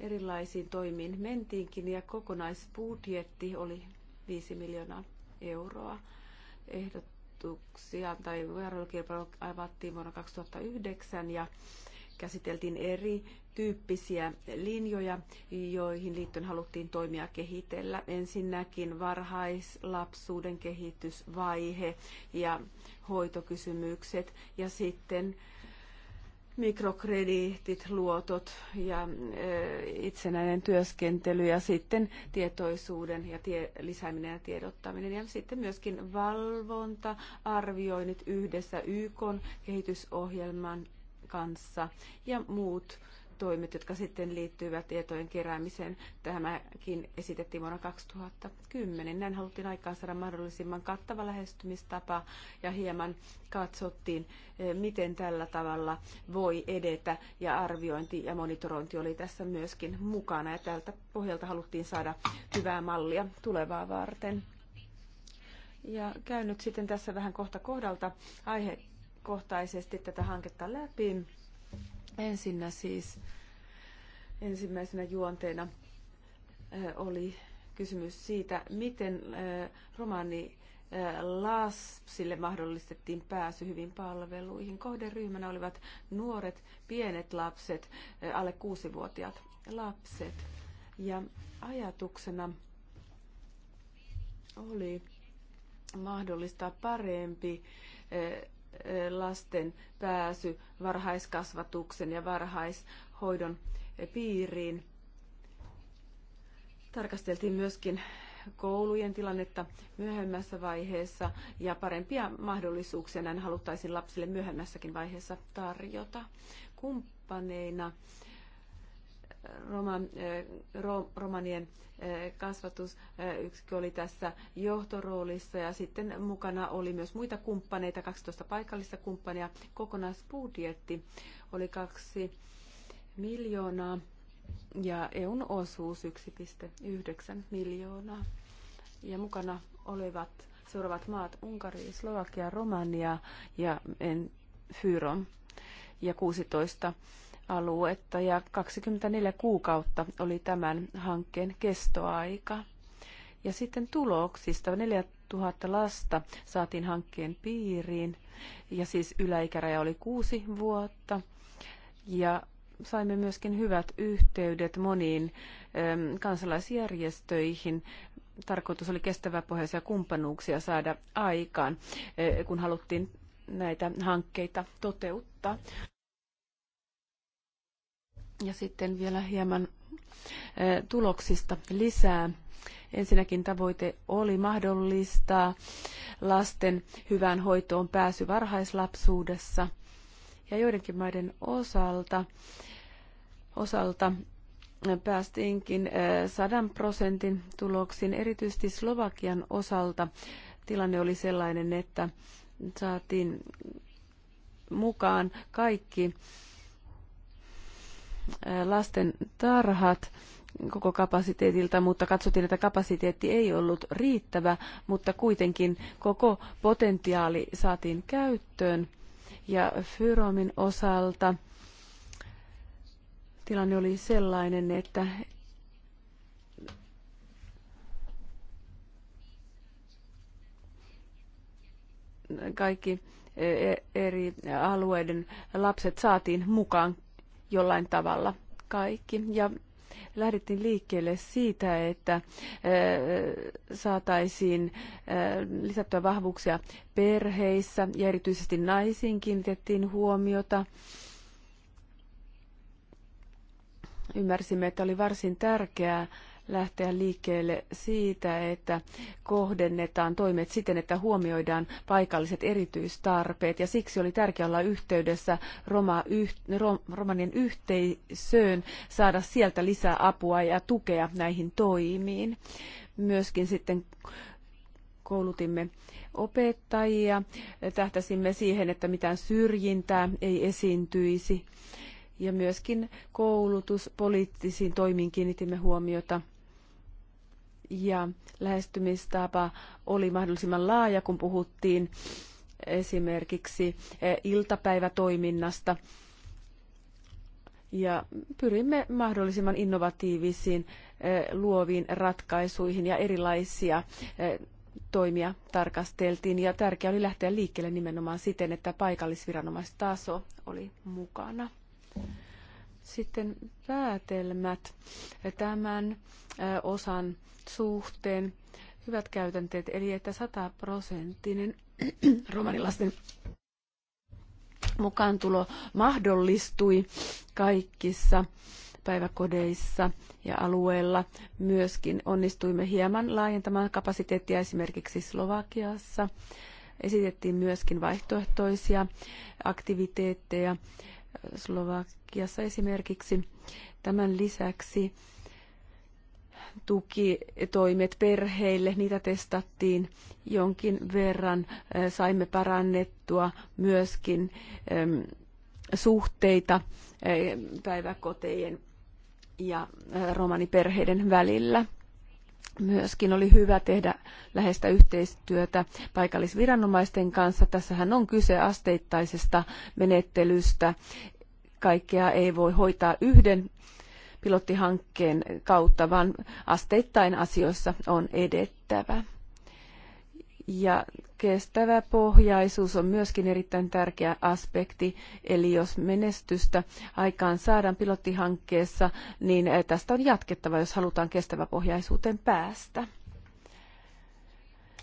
erilaisiin toimiin mentiinkin ja kokonaisbudjetti oli 5 miljoonaa euroa. Ehdotuksia tai vuorokilpailu avattiin vuonna 2009 ja käsiteltiin eri tyyppisiä linjoja, joihin liittyen haluttiin toimia kehitellä. Ensinnäkin varhaislapsuuden kehitysvaihe ja hoitokysymykset ja sitten mikrokrediitit, luotot ja itsenäinen työskentely ja sitten tietoisuuden ja tie, lisääminen ja tiedottaminen ja sitten myöskin valvonta, arvioinnit yhdessä YK kehitysohjelman kanssa ja muut toimet, jotka sitten liittyvät tietojen keräämiseen. Tämäkin esitettiin vuonna 2010. Näin haluttiin aikaan saada mahdollisimman kattava lähestymistapa ja hieman katsottiin, eh, miten tällä tavalla voi edetä ja arviointi ja monitorointi oli tässä myöskin mukana ja tältä pohjalta haluttiin saada hyvää mallia tulevaa varten. Ja käyn nyt sitten tässä vähän kohta kohdalta aihekohtaisesti tätä hanketta läpi Ensinnä siis ensimmäisenä juonteena oli kysymys siitä, miten romaani lapsille mahdollistettiin pääsy hyvin palveluihin. Kohderyhmänä olivat nuoret, pienet lapset, alle kuusivuotiaat lapset. Ja ajatuksena oli mahdollistaa parempi lasten pääsy varhaiskasvatuksen ja varhaishoidon piiriin. Tarkasteltiin myöskin koulujen tilannetta myöhemmässä vaiheessa ja parempia mahdollisuuksia näin haluttaisiin lapsille myöhemmässäkin vaiheessa tarjota. Kumppaneina Roma, eh, ro, romanien eh, kasvatusyksikkö eh, oli tässä johtoroolissa ja sitten mukana oli myös muita kumppaneita, 12 paikallista kumppania. Kokonaisbudjetti oli 2 miljoonaa ja EUn osuus 1,9 miljoonaa. Ja mukana olivat seuraavat maat Unkari, Slovakia, Romania ja Fyrom ja 16 aluetta ja 24 kuukautta oli tämän hankkeen kestoaika. Ja sitten tuloksista 4000 lasta saatiin hankkeen piiriin ja siis yläikäraja oli kuusi vuotta. Ja saimme myöskin hyvät yhteydet moniin ähm, kansalaisjärjestöihin. Tarkoitus oli kestäväpohjaisia kumppanuuksia saada aikaan, äh, kun haluttiin näitä hankkeita toteuttaa. Ja sitten vielä hieman tuloksista lisää. Ensinnäkin tavoite oli mahdollistaa lasten hyvään hoitoon pääsy varhaislapsuudessa. Ja joidenkin maiden osalta, osalta päästiinkin sadan prosentin tuloksiin. Erityisesti Slovakian osalta tilanne oli sellainen, että saatiin mukaan kaikki lasten tarhat koko kapasiteetilta, mutta katsottiin, että kapasiteetti ei ollut riittävä, mutta kuitenkin koko potentiaali saatiin käyttöön. Ja Fyromin osalta tilanne oli sellainen, että kaikki e- eri alueiden lapset saatiin mukaan jollain tavalla kaikki. Ja lähdettiin liikkeelle siitä, että äh, saataisiin äh, lisättyä vahvuuksia perheissä ja erityisesti naisiin kiinnitettiin huomiota. Ymmärsimme, että oli varsin tärkeää lähteä liikkeelle siitä, että kohdennetaan toimet siten, että huomioidaan paikalliset erityistarpeet. Ja siksi oli tärkeää olla yhteydessä Roma, yh, rom, romanien yhteisöön, saada sieltä lisää apua ja tukea näihin toimiin. Myöskin sitten koulutimme opettajia, tähtäsimme siihen, että mitään syrjintää ei esiintyisi ja myöskin koulutuspoliittisiin toimiin kiinnitimme huomiota ja lähestymistapa oli mahdollisimman laaja, kun puhuttiin esimerkiksi eh, iltapäivätoiminnasta. Ja pyrimme mahdollisimman innovatiivisiin eh, luoviin ratkaisuihin ja erilaisia eh, toimia tarkasteltiin. Ja tärkeää oli lähteä liikkeelle nimenomaan siten, että paikallisviranomaistaso oli mukana. Sitten päätelmät tämän osan suhteen. Hyvät käytänteet, eli että sataprosenttinen [clears throat] romanilasten mukaantulo mahdollistui kaikissa päiväkodeissa ja alueilla. Myöskin onnistuimme hieman laajentamaan kapasiteettia esimerkiksi Slovakiassa. Esitettiin myöskin vaihtoehtoisia aktiviteetteja Slovakiassa esimerkiksi. Tämän lisäksi tukitoimet perheille, niitä testattiin jonkin verran. Saimme parannettua myöskin suhteita päiväkotejen ja romaniperheiden välillä. Myöskin oli hyvä tehdä läheistä yhteistyötä paikallisviranomaisten kanssa. Tässähän on kyse asteittaisesta menettelystä. Kaikkea ei voi hoitaa yhden pilottihankkeen kautta, vaan asteittain asioissa on edettävä. Ja kestävä pohjaisuus on myöskin erittäin tärkeä aspekti, eli jos menestystä aikaan saadaan pilottihankkeessa, niin eh, tästä on jatkettava, jos halutaan kestävä pohjaisuuteen päästä.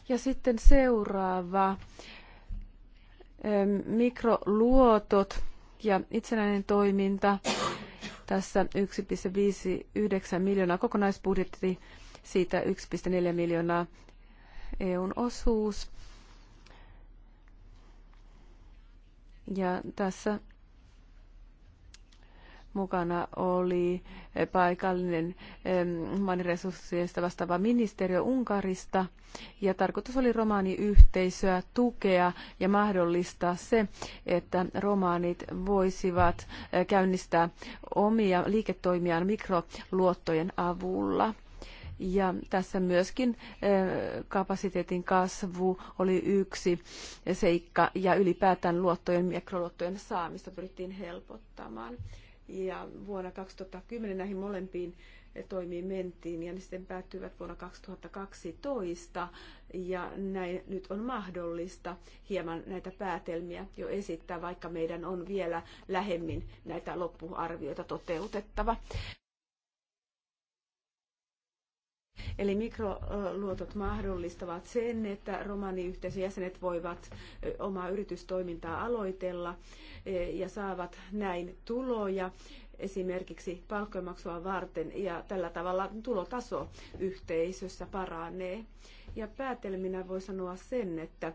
Ja sitten seuraava, eh, mikroluotot ja itsenäinen toiminta. Tässä 1,59 miljoonaa kokonaisbudjetti, siitä 1,4 miljoonaa EUn osuus. Ja tässä mukana oli paikallinen humaniresurssista vastaava ministeriö Unkarista ja tarkoitus oli romaaniyhteisöä tukea ja mahdollistaa se, että romaanit voisivat eh, käynnistää omia liiketoimiaan mikroluottojen avulla. Ja tässä myöskin eh, kapasiteetin kasvu oli yksi seikka ja ylipäätään luottojen, mikroluottojen saamista pyrittiin helpottamaan. Ja vuonna 2010 näihin molempiin eh, toimiin mentiin ja ne sitten päättyivät vuonna 2012 ja näin nyt on mahdollista hieman näitä päätelmiä jo esittää, vaikka meidän on vielä lähemmin näitä loppuarvioita toteutettava. Eli mikroluotot mahdollistavat sen, että romaniyhteisön jäsenet voivat omaa yritystoimintaa aloitella ja saavat näin tuloja esimerkiksi palkkojenmaksua varten ja tällä tavalla tulotaso yhteisössä paranee. Ja päätelminä voi sanoa sen, että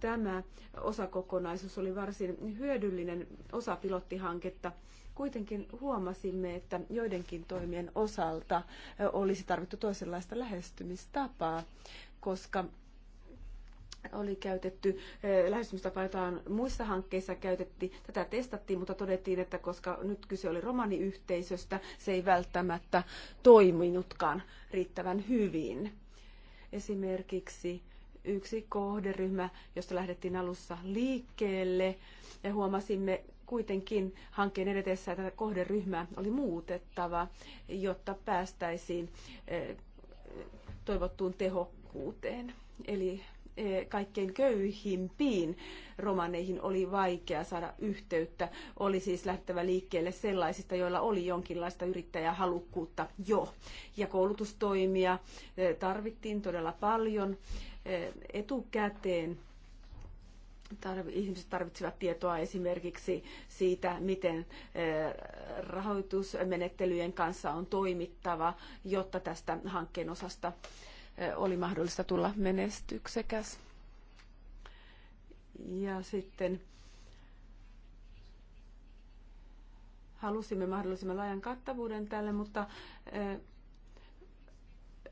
tämä osakokonaisuus oli varsin hyödyllinen osa pilottihanketta Kuitenkin huomasimme, että joidenkin toimien osalta olisi tarvittu toisenlaista lähestymistapaa, koska oli käytetty lähestymistapa, jota on muissa hankkeissa käytetty. Tätä testattiin, mutta todettiin, että koska nyt kyse oli romaniyhteisöstä, se ei välttämättä toiminutkaan riittävän hyvin. Esimerkiksi yksi kohderyhmä, josta lähdettiin alussa liikkeelle ja huomasimme kuitenkin hankkeen edetessä tätä kohderyhmää oli muutettava, jotta päästäisiin eh, toivottuun tehokkuuteen. Eli eh, kaikkein köyhimpiin romaneihin oli vaikea saada yhteyttä. Oli siis lähtevä liikkeelle sellaisista, joilla oli jonkinlaista yrittäjähalukkuutta jo. Ja koulutustoimia eh, tarvittiin todella paljon etukäteen tarv, ihmiset tarvitsevat tietoa esimerkiksi siitä, miten eh, rahoitusmenettelyjen kanssa on toimittava, jotta tästä hankkeen osasta eh, oli mahdollista tulla menestyksekäs. Ja sitten halusimme mahdollisimman laajan kattavuuden tälle, mutta eh,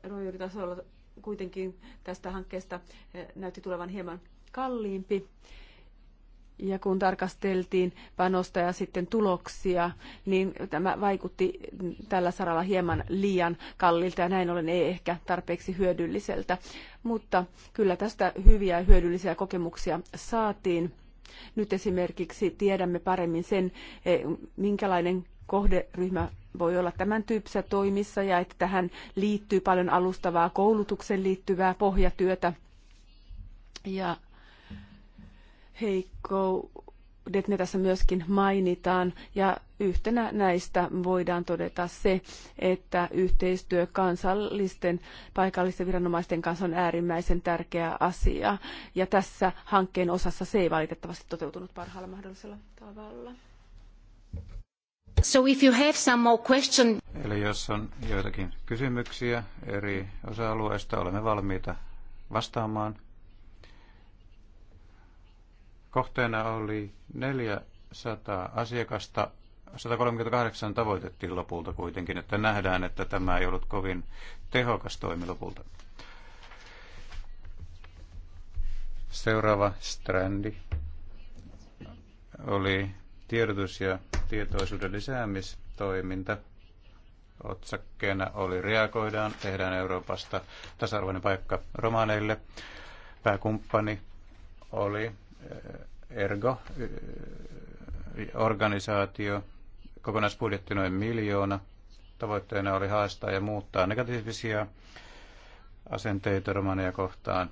ruojuritasolla kuitenkin tästä hankkeesta näytti tulevan hieman kalliimpi. Ja kun tarkasteltiin panosta ja sitten tuloksia, niin tämä vaikutti tällä saralla hieman liian kalliilta ja näin ollen ei ehkä tarpeeksi hyödylliseltä. Mutta kyllä tästä hyviä ja hyödyllisiä kokemuksia saatiin. Nyt esimerkiksi tiedämme paremmin sen, e, minkälainen kohderyhmä voi olla tämän tyyppisessä toimissa ja että tähän liittyy paljon alustavaa koulutuksen liittyvää pohjatyötä. Ja heikkoudet ne tässä myöskin mainitaan ja yhtenä näistä voidaan todeta se, että yhteistyö kansallisten paikallisten viranomaisten kanssa on äärimmäisen tärkeä asia ja tässä hankkeen osassa se ei valitettavasti toteutunut parhaalla mahdollisella tavalla. So if you have some more question... Eli jos on joitakin kysymyksiä eri osa-alueista, olemme valmiita vastaamaan. Kohteena oli 400 asiakasta. 138 tavoitettiin lopulta kuitenkin, että nähdään, että tämä ei ollut kovin tehokas toimi lopulta. Seuraava strändi oli tiedotus- ja tietoisuuden lisäämistoiminta. Otsakkeena oli reagoidaan, tehdään Euroopasta tasa-arvoinen paikka romaneille. Pääkumppani oli Ergo, organisaatio, kokonaisbudjetti noin miljoona. Tavoitteena oli haastaa ja muuttaa negatiivisia asenteita romaneja kohtaan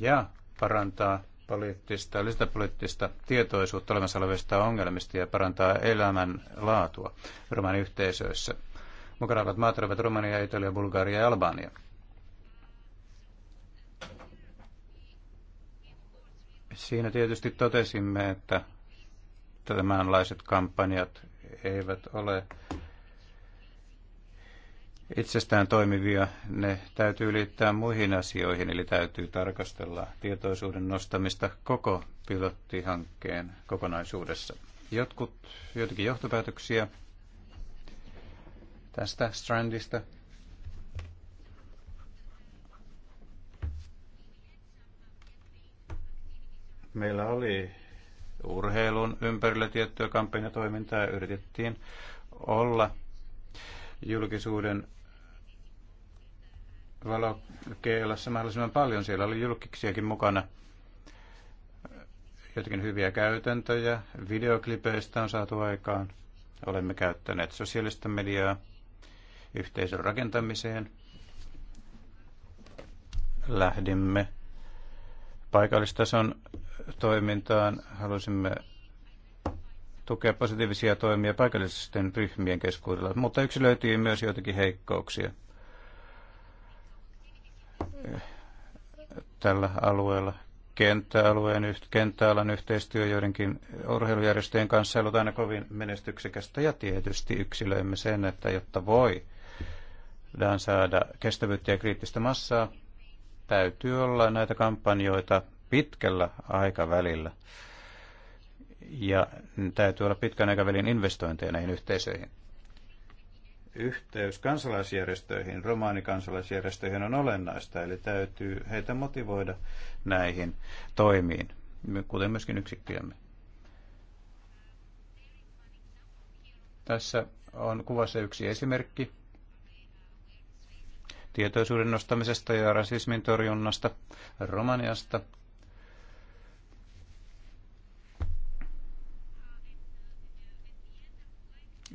ja parantaa poliittista, lisätä poliittista tietoisuutta olemassa olevista ongelmista ja parantaa elämän laatua romaniyhteisöissä. Mukana ovat maat olivat Romania, Italia, Bulgaria ja Albania. Siinä tietysti totesimme, että tämänlaiset kampanjat eivät ole itsestään toimivia, ne täytyy liittää muihin asioihin, eli täytyy tarkastella tietoisuuden nostamista koko pilottihankkeen kokonaisuudessa. Jotkut, joitakin johtopäätöksiä tästä strandista. Meillä oli urheilun ympärillä tiettyä kampanjatoimintaa ja yritettiin olla julkisuuden valokeilassa mahdollisimman paljon. Siellä oli julkisiakin mukana jotenkin hyviä käytäntöjä. Videoklipeistä on saatu aikaan. Olemme käyttäneet sosiaalista mediaa yhteisön rakentamiseen. Lähdimme paikallistason toimintaan. Halusimme tukea positiivisia toimia paikallisten ryhmien keskuudella, mutta yksilöityi myös joitakin heikkouksia tällä alueella. Kenttäalueen, kenttäalan yhteistyö joidenkin urheilujärjestöjen kanssa ei ollut aina kovin menestyksekästä ja tietysti yksilöimme sen, että jotta voi saada kestävyyttä ja kriittistä massaa, täytyy olla näitä kampanjoita pitkällä aikavälillä. Ja täytyy olla pitkän aikavälin investointeja näihin yhteisöihin. Yhteys kansalaisjärjestöihin, romaanikansalaisjärjestöihin on olennaista, eli täytyy heitä motivoida näihin toimiin, kuten myöskin yksikköjämme. Tässä on kuvassa yksi esimerkki tietoisuuden nostamisesta ja rasismin torjunnasta Romaniasta –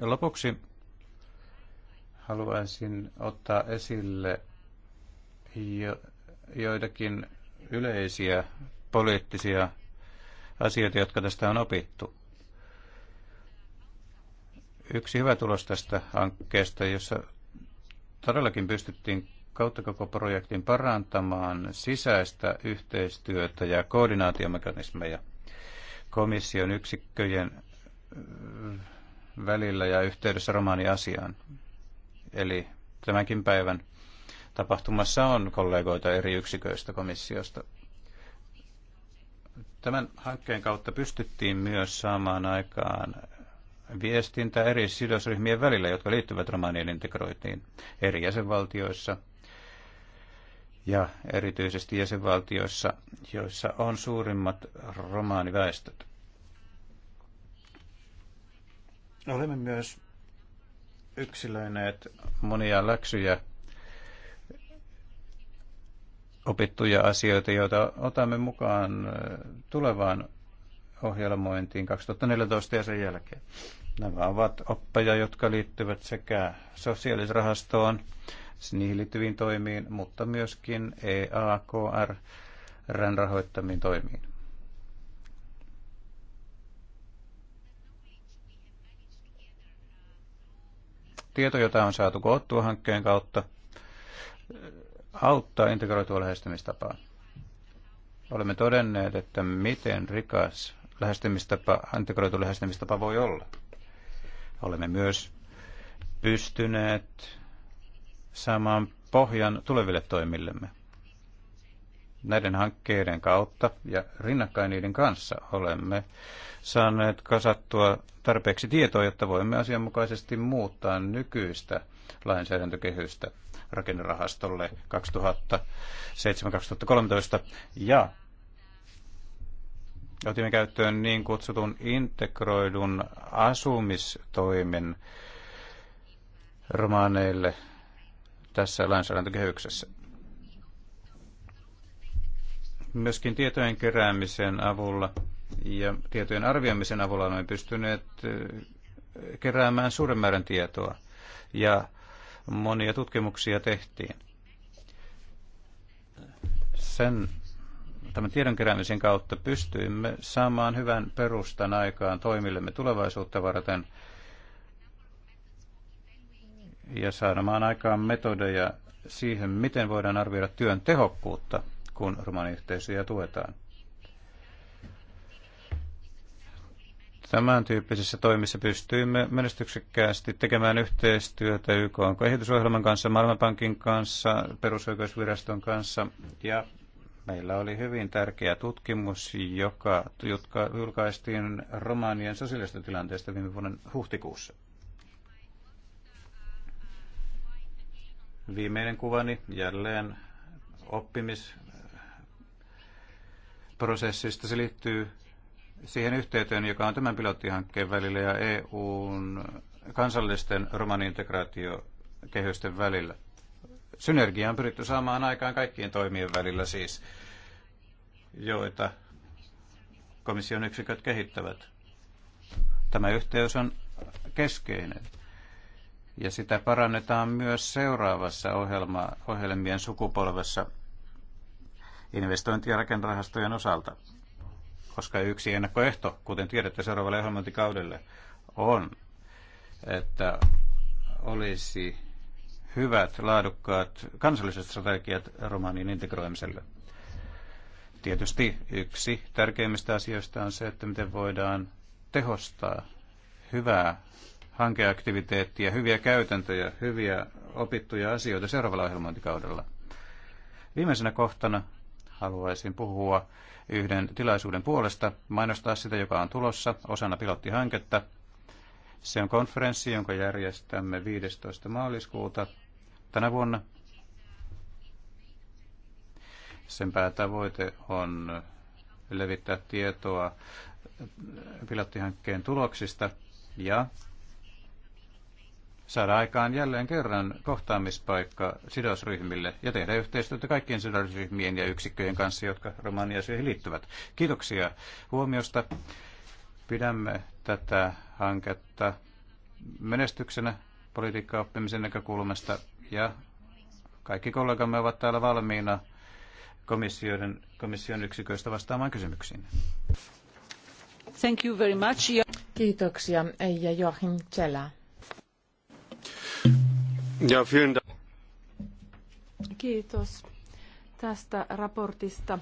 Lopuksi haluaisin ottaa esille jo, joitakin yleisiä poliittisia asioita, jotka tästä on opittu. Yksi hyvä tulos tästä hankkeesta, jossa todellakin pystyttiin kautta koko projektin parantamaan sisäistä yhteistyötä ja koordinaatiomekanismeja komission yksikköjen välillä ja yhteydessä romaaniasiaan. Eli tämänkin päivän tapahtumassa on kollegoita eri yksiköistä komissiosta. Tämän hankkeen kautta pystyttiin myös saamaan aikaan viestintä eri sidosryhmien välillä, jotka liittyvät romaanien integroitiin eri jäsenvaltioissa ja erityisesti jäsenvaltioissa, joissa on suurimmat romaaniväestöt. Olemme myös yksilöineet monia läksyjä, opittuja asioita, joita otamme mukaan eh, tulevaan ohjelmointiin 2014 ja sen jälkeen. Nämä ovat oppeja, jotka liittyvät sekä sosiaalisrahastoon, siis niihin liittyviin toimiin, mutta myöskin EAKR rahoittamiin toimiin. tieto, jota on saatu koottua hankkeen kautta, auttaa integroitua lähestymistapaa. Olemme todenneet, että miten rikas lähestymistapa, integroitu lähestymistapa voi olla. Olemme myös pystyneet saamaan pohjan tuleville toimillemme. Näiden hankkeiden kautta ja rinnakkain niiden kanssa olemme saaneet kasattua tarpeeksi tietoa, jotta voimme asianmukaisesti muuttaa nykyistä lainsäädäntökehystä rakennerahastolle 2007-2013 ja otimme käyttöön niin kutsutun integroidun asumistoimen romaaneille tässä lainsäädäntökehyksessä. Myöskin tietojen keräämisen avulla ja tietojen arvioimisen avulla olemme pystyneet keräämään suuren määrän tietoa ja monia tutkimuksia tehtiin. Sen, tämän tiedon keräämisen kautta pystyimme saamaan hyvän perustan aikaan toimillemme tulevaisuutta varten ja saamaan aikaan metodeja siihen, miten voidaan arvioida työn tehokkuutta – kun romaniyhteisöjä tuetaan. Tämän tyyppisissä toimissa pystyimme menestyksekkäästi tekemään yhteistyötä YK on kehitysohjelman kanssa, Maailmanpankin kanssa, perusoikeusviraston kanssa ja meillä oli hyvin tärkeä tutkimus, joka, jotka julkaistiin romaanien sosiaalista tilanteesta viime vuoden huhtikuussa. Viimeinen kuvani jälleen oppimis prosessista. Se liittyy siihen yhteyteen, joka on tämän pilottihankkeen välillä ja EUn kansallisten romaniintegraatiokehysten välillä. Synergia on pyritty saamaan aikaan kaikkien toimien välillä siis, joita komission yksiköt kehittävät. Tämä yhteys on keskeinen. Ja sitä parannetaan myös seuraavassa ohjelma, ohjelmien sukupolvessa – investointi- ja rakennerahastojen osalta, koska yksi ennakkoehto, kuten tiedätte seuraavalle ohjelmointikaudelle, on, että olisi hyvät, laadukkaat kansalliset strategiat romanin integroimiselle. Tietysti yksi tärkeimmistä asioista on se, että miten voidaan tehostaa hyvää hankeaktiviteettia, hyviä käytäntöjä, hyviä opittuja asioita seuraavalla ohjelmointikaudella. Viimeisenä kohtana haluaisin puhua yhden tilaisuuden puolesta, mainostaa sitä, joka on tulossa osana pilottihanketta. Se on konferenssi, jonka järjestämme 15. maaliskuuta tänä vuonna. Sen päätavoite on levittää tietoa pilottihankkeen tuloksista ja saada aikaan jälleen kerran kohtaamispaikka sidosryhmille ja tehdä yhteistyötä kaikkien sidosryhmien ja yksikköjen kanssa, jotka romaniasioihin liittyvät. Kiitoksia huomiosta. Pidämme tätä hanketta menestyksenä politiikkaoppimisen näkökulmasta ja kaikki kollegamme ovat täällä valmiina komissioiden, komission yksiköistä vastaamaan kysymyksiin. Thank you very much. Kiitoksia ja Joachim Tsela. Ja, vielen Dank. Kiitos tästä raportista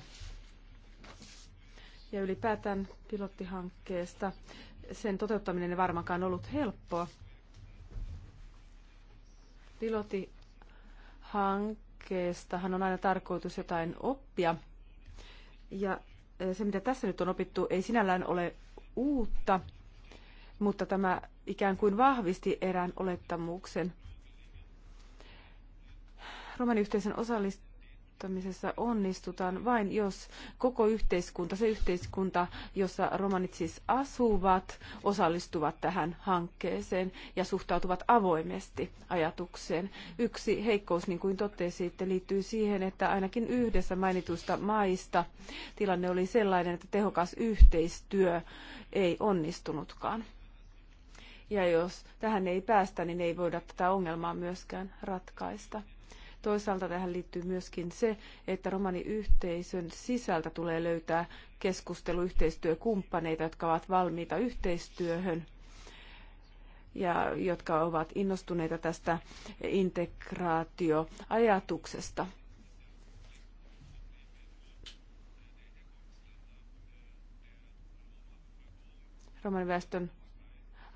ja ylipäätään pilottihankkeesta. Sen toteuttaminen ei varmaankaan ollut helppoa. Pilottihankkeestahan on aina tarkoitus jotain oppia. Ja se, mitä tässä nyt on opittu, ei sinällään ole uutta, mutta tämä ikään kuin vahvisti erään olettamuksen. Romaniyhteisön osallistamisessa onnistutaan vain, jos koko yhteiskunta, se yhteiskunta, jossa romanit siis asuvat, osallistuvat tähän hankkeeseen ja suhtautuvat avoimesti ajatukseen. Yksi heikkous, niin kuin totesitte, liittyy siihen, että ainakin yhdessä mainituista maista tilanne oli sellainen, että tehokas yhteistyö ei onnistunutkaan. Ja jos tähän ei päästä, niin ei voida tätä ongelmaa myöskään ratkaista. Toisaalta tähän liittyy myöskin se, että romaniyhteisön sisältä tulee löytää keskusteluyhteistyökumppaneita, jotka ovat valmiita yhteistyöhön ja jotka ovat innostuneita tästä integraatioajatuksesta. romaniväestön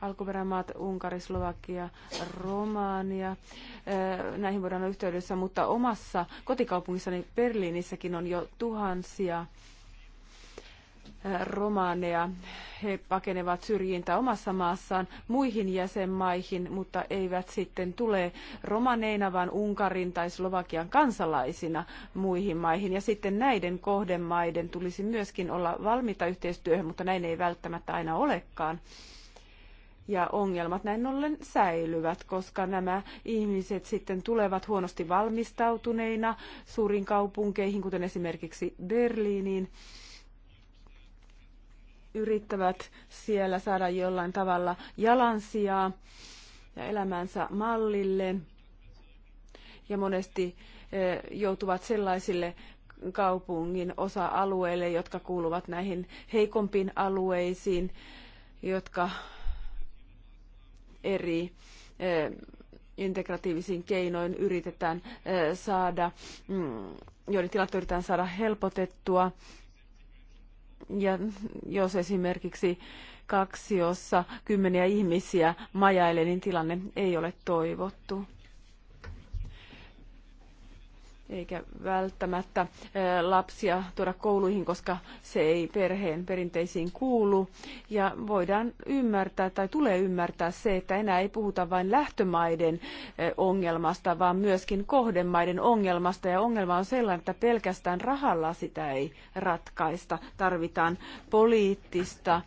alkuperämaat Unkari, Slovakia, Romania. Näihin voidaan olla yhteydessä, mutta omassa kotikaupungissani Berliinissäkin on jo tuhansia romaaneja. He pakenevat syrjintä omassa maassaan muihin jäsenmaihin, mutta eivät sitten tule romaneina, vaan Unkarin tai Slovakian kansalaisina muihin maihin. Ja sitten näiden kohdemaiden tulisi myöskin olla valmiita yhteistyöhön, mutta näin ei välttämättä aina olekaan ja ongelmat näin ollen säilyvät, koska nämä ihmiset sitten tulevat huonosti valmistautuneina suuriin kaupunkeihin, kuten esimerkiksi Berliiniin, yrittävät siellä saada jollain tavalla jalansijaa ja elämänsä mallille Ja monesti eh, joutuvat sellaisille kaupungin osa-alueille, jotka kuuluvat näihin heikompiin alueisiin, jotka eri eh, integratiivisiin keinoin yritetään eh, saada, mm, joiden tilat yritetään saada helpotettua. Ja jos esimerkiksi kaksiossa kymmeniä ihmisiä majailee, niin tilanne ei ole toivottu eikä välttämättä lapsia tuoda kouluihin, koska se ei perheen perinteisiin kuulu. Ja voidaan ymmärtää tai tulee ymmärtää se, että enää ei puhuta vain lähtömaiden ongelmasta, vaan myöskin kohdemaiden ongelmasta. Ja ongelma on sellainen, että pelkästään rahalla sitä ei ratkaista. Tarvitaan poliittista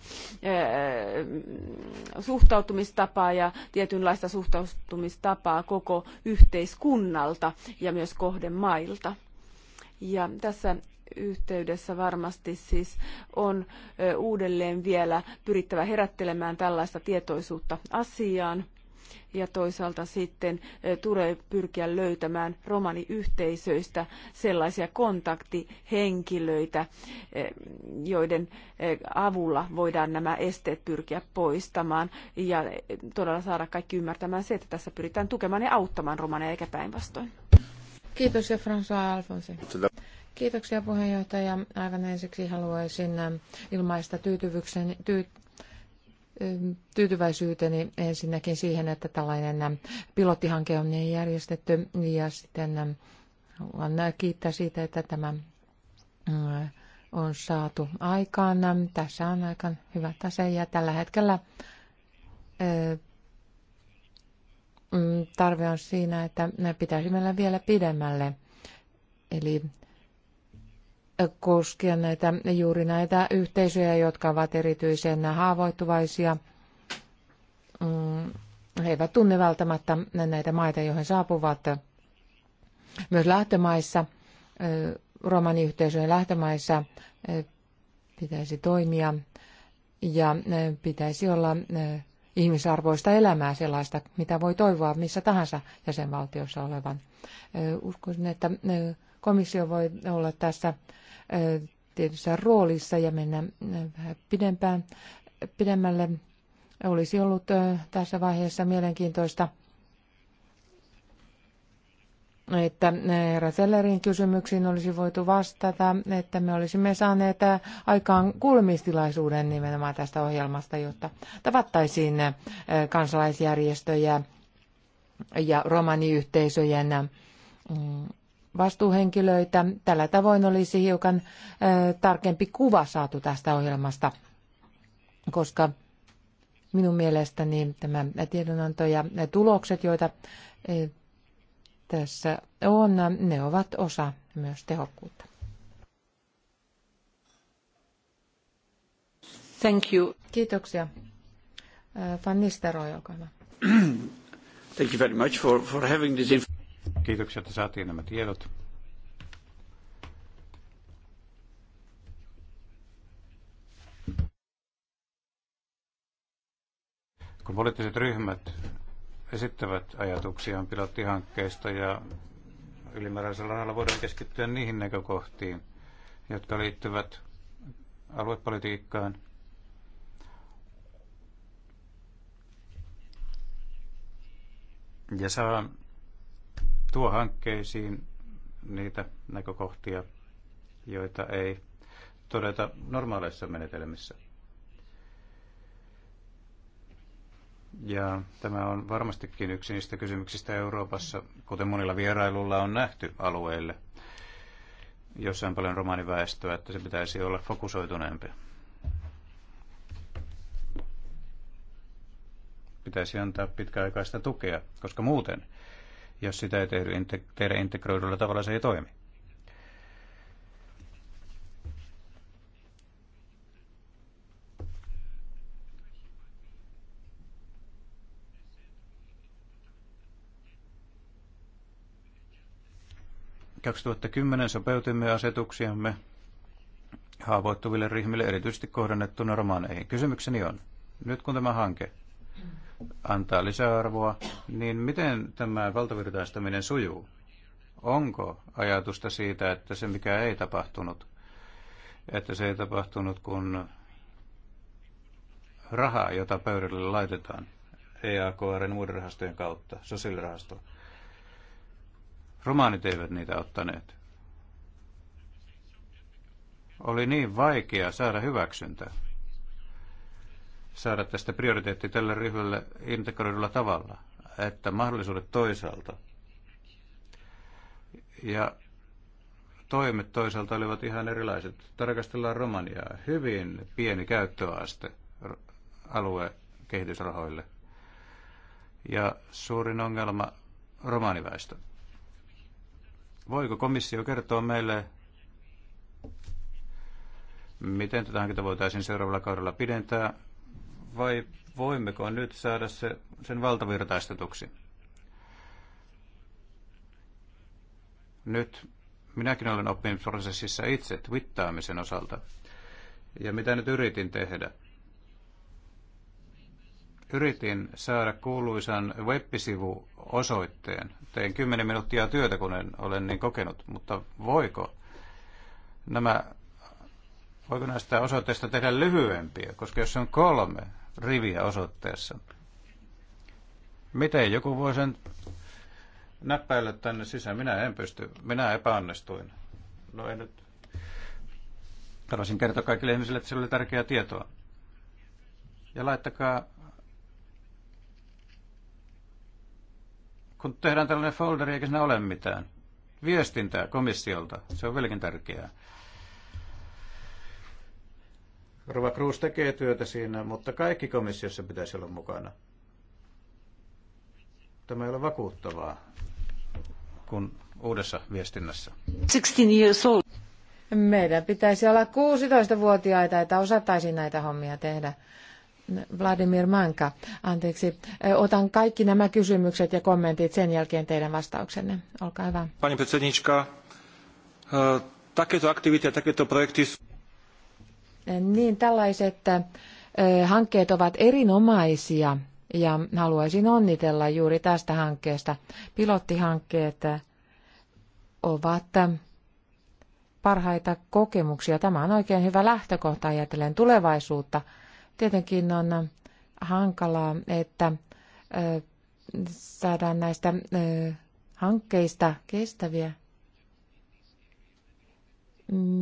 suhtautumistapaa ja tietynlaista suhtautumistapaa koko yhteiskunnalta ja myös kohdemaiden mailta. Ja tässä yhteydessä varmasti siis on uudelleen vielä pyrittävä herättelemään tällaista tietoisuutta asiaan. Ja toisaalta sitten tulee pyrkiä löytämään romaniyhteisöistä sellaisia kontaktihenkilöitä, joiden avulla voidaan nämä esteet pyrkiä poistamaan ja todella saada kaikki ymmärtämään se, että tässä pyritään tukemaan ja auttamaan romaneja eikä päinvastoin. Kiitos ja François Alfonsi. Kiitoksia puheenjohtaja. Aivan ensiksi haluaisin ähm, ilmaista tyytyvyksen, ty, ähm, tyytyväisyyteni ensinnäkin siihen, että tällainen ähm, pilottihanke on niin järjestetty ja sitten haluan äh, kiittää siitä, että tämä äh, on saatu aikaan. Tässä on aika hyvä tase ja tällä hetkellä äh, Mm, tarve on siinä, että pitäisi mennä vielä pidemmälle. Eli koskien näitä, juuri näitä yhteisöjä, jotka ovat erityisen haavoittuvaisia. Mm, he eivät tunne välttämättä näitä maita, joihin saapuvat. Myös lähtömaissa, romaniyhteisöjen lähtömaissa pitäisi toimia ja pitäisi olla ihmisarvoista elämää sellaista, mitä voi toivoa missä tahansa jäsenvaltiossa olevan. Uskoisin, että komissio voi olla tässä tietyssä roolissa ja mennä vähän pidempään, pidemmälle. Olisi ollut tässä vaiheessa mielenkiintoista että herra Sellerin kysymyksiin olisi voitu vastata, että me olisimme saaneet aikaan kuulemistilaisuuden nimenomaan tästä ohjelmasta, jotta tavattaisiin eh, kansalaisjärjestöjä ja romaniyhteisöjen mm, vastuuhenkilöitä. Tällä tavoin olisi hiukan eh, tarkempi kuva saatu tästä ohjelmasta, koska minun mielestäni tämä tiedonanto ja tulokset, joita eh, tässä on, ne ovat osa myös tehokkuutta. Thank you. Kiitoksia. Äh, Van Nistelrooy, olkaa hyvä. [clears throat] Thank you very much for, for having this Kiitoksia, että saatiin nämä tiedot. kun poliittiset ryhmät esittävät ajatuksiaan pilottihankkeista ja ylimääräisellä rahalla voidaan keskittyä niihin näkökohtiin, jotka liittyvät aluepolitiikkaan. Ja saa tuo hankkeisiin niitä näkökohtia, joita ei todeta normaaleissa menetelmissä. Ja tämä on varmastikin yksi niistä kysymyksistä Euroopassa, kuten monilla vierailulla on nähty alueille, jossa on paljon romaaniväestöä, että se pitäisi olla fokusoituneempi. Pitäisi antaa pitkäaikaista tukea, koska muuten, jos sitä ei tehdä integroidulla tavalla, se ei toimi. 2010 sopeutimme asetuksiamme haavoittuville ryhmille, erityisesti kohdennettuna romaaneihin. Kysymykseni on, nyt kun tämä hanke antaa lisäarvoa, niin miten tämä valtavirtaistaminen sujuu? Onko ajatusta siitä, että se mikä ei tapahtunut, että se ei tapahtunut, kun rahaa, jota pöydälle laitetaan EAKRn muiden rahastojen kautta, sosiaalirahastoon, Romaanit eivät niitä ottaneet. Oli niin vaikea saada hyväksyntä saada tästä prioriteetti tälle ryhmälle integroidulla tavalla, että mahdollisuudet toisaalta ja toimet toisaalta olivat ihan erilaiset. Tarkastellaan Romaniaa. Hyvin pieni käyttöaste alue kehitysrahoille. Ja suurin ongelma romaniväestö. Voiko komissio kertoa meille, miten tätä hanketta voitaisiin seuraavalla kaudella pidentää, vai voimmeko nyt saada se, sen valtavirtaistetuksi? Nyt minäkin olen prosessissa itse twittaamisen osalta. Ja mitä nyt yritin tehdä? yritin saada kuuluisan web-sivuosoitteen. Tein 10 minuuttia työtä, kun en olen niin kokenut, mutta voiko nämä voiko näistä osoitteista tehdä lyhyempiä, koska jos on kolme riviä osoitteessa, miten joku voi sen näppäillä tänne sisään? Minä en pysty, minä epäonnistuin. No en nyt. Haluaisin kertoa kaikille ihmisille, että se oli tärkeää tietoa. Ja laittakaa kun tehdään tällainen folderi eikä siinä ole mitään. Viestintää komissiolta, se on vieläkin tärkeää. Rova Cruz tekee työtä siinä, mutta kaikki komissiossa pitäisi olla mukana. Tämä ei ole vakuuttavaa kuin uudessa viestinnässä. 16 years old. Meidän pitäisi olla 16-vuotiaita, että osattaisiin näitä hommia tehdä. Vladimir Manka, anteeksi. E, otan kaikki nämä kysymykset ja kommentit sen jälkeen teidän vastauksenne. Olkaa hyvä. Pani predsednička, e, takéto ja takéto e, Niin, tällaiset hankkeet ovat erinomaisia ja haluaisin onnitella juuri tästä hankkeesta. Pilottihankkeet ovat parhaita kokemuksia. Tämä on oikein hyvä lähtökohta ajatellen tulevaisuutta – Tietenkin on äh, hankalaa, että äh, saadaan näistä äh, hankkeista kestäviä.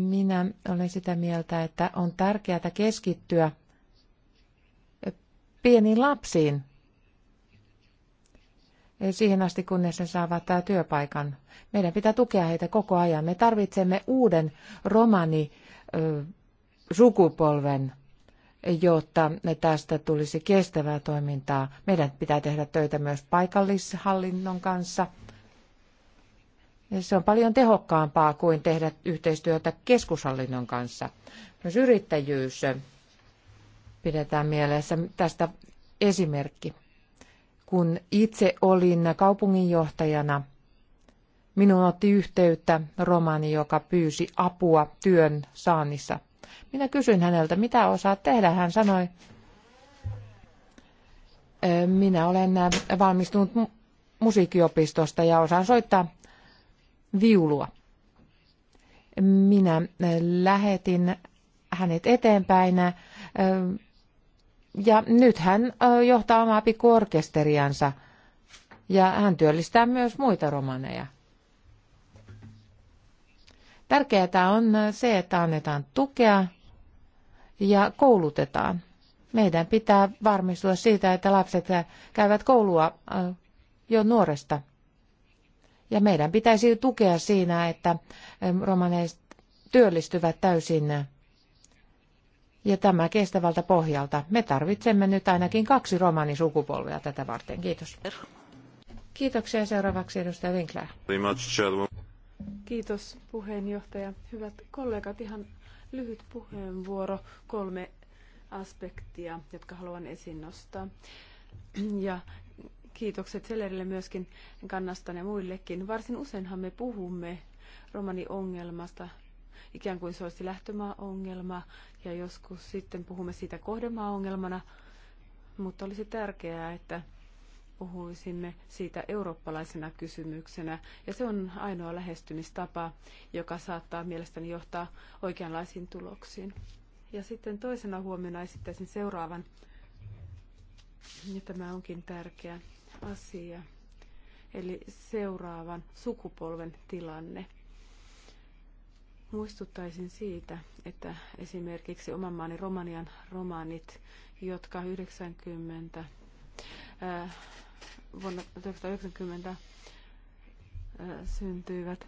Minä olen sitä mieltä, että on tärkeää keskittyä pieniin lapsiin siihen asti, kunnes ne saavat tämä työpaikan. Meidän pitää tukea heitä koko ajan. Me tarvitsemme uuden romani sukupolven jotta tästä tulisi kestävää toimintaa. Meidän pitää tehdä töitä myös paikallishallinnon kanssa. Se on paljon tehokkaampaa kuin tehdä yhteistyötä keskushallinnon kanssa. Myös yrittäjyys pidetään mielessä tästä esimerkki. Kun itse olin kaupunginjohtajana, minun otti yhteyttä romani, joka pyysi apua työn saannissa minä kysyin häneltä, mitä osaat tehdä. Hän sanoi, minä olen valmistunut musiikkiopistosta ja osaan soittaa viulua. Minä lähetin hänet eteenpäin ja nyt hän johtaa omaa pikkuorkesteriansa ja hän työllistää myös muita romaneja. Tärkeää on se, että annetaan tukea ja koulutetaan. Meidän pitää varmistua siitä, että lapset käyvät koulua äh, jo nuoresta. Ja meidän pitäisi tukea siinä, että ähm, romaneiset työllistyvät täysin ja tämä kestävältä pohjalta. Me tarvitsemme nyt ainakin kaksi romanisukupolvea tätä varten. Kiitos. Kiitoksia seuraavaksi edustaja Winkler. Kiitos puheenjohtaja. Hyvät kollegat, ihan lyhyt puheenvuoro, kolme aspektia, jotka haluan esiin nostaa. Ja kiitokset Sellerille myöskin kannastan ja muillekin. Varsin useinhan me puhumme romaniongelmasta, ikään kuin se olisi lähtömaa-ongelma, ja joskus sitten puhumme siitä kohdemaa-ongelmana, mutta olisi tärkeää, että puhuisimme siitä eurooppalaisena kysymyksenä. Ja se on ainoa lähestymistapa, joka saattaa mielestäni johtaa oikeanlaisiin tuloksiin. Ja sitten toisena huomiona esittäisin seuraavan. Ja tämä onkin tärkeä asia. Eli seuraavan sukupolven tilanne. Muistuttaisin siitä, että esimerkiksi oman maani Romanian romanit, jotka 90 vuonna 1990 syntyivät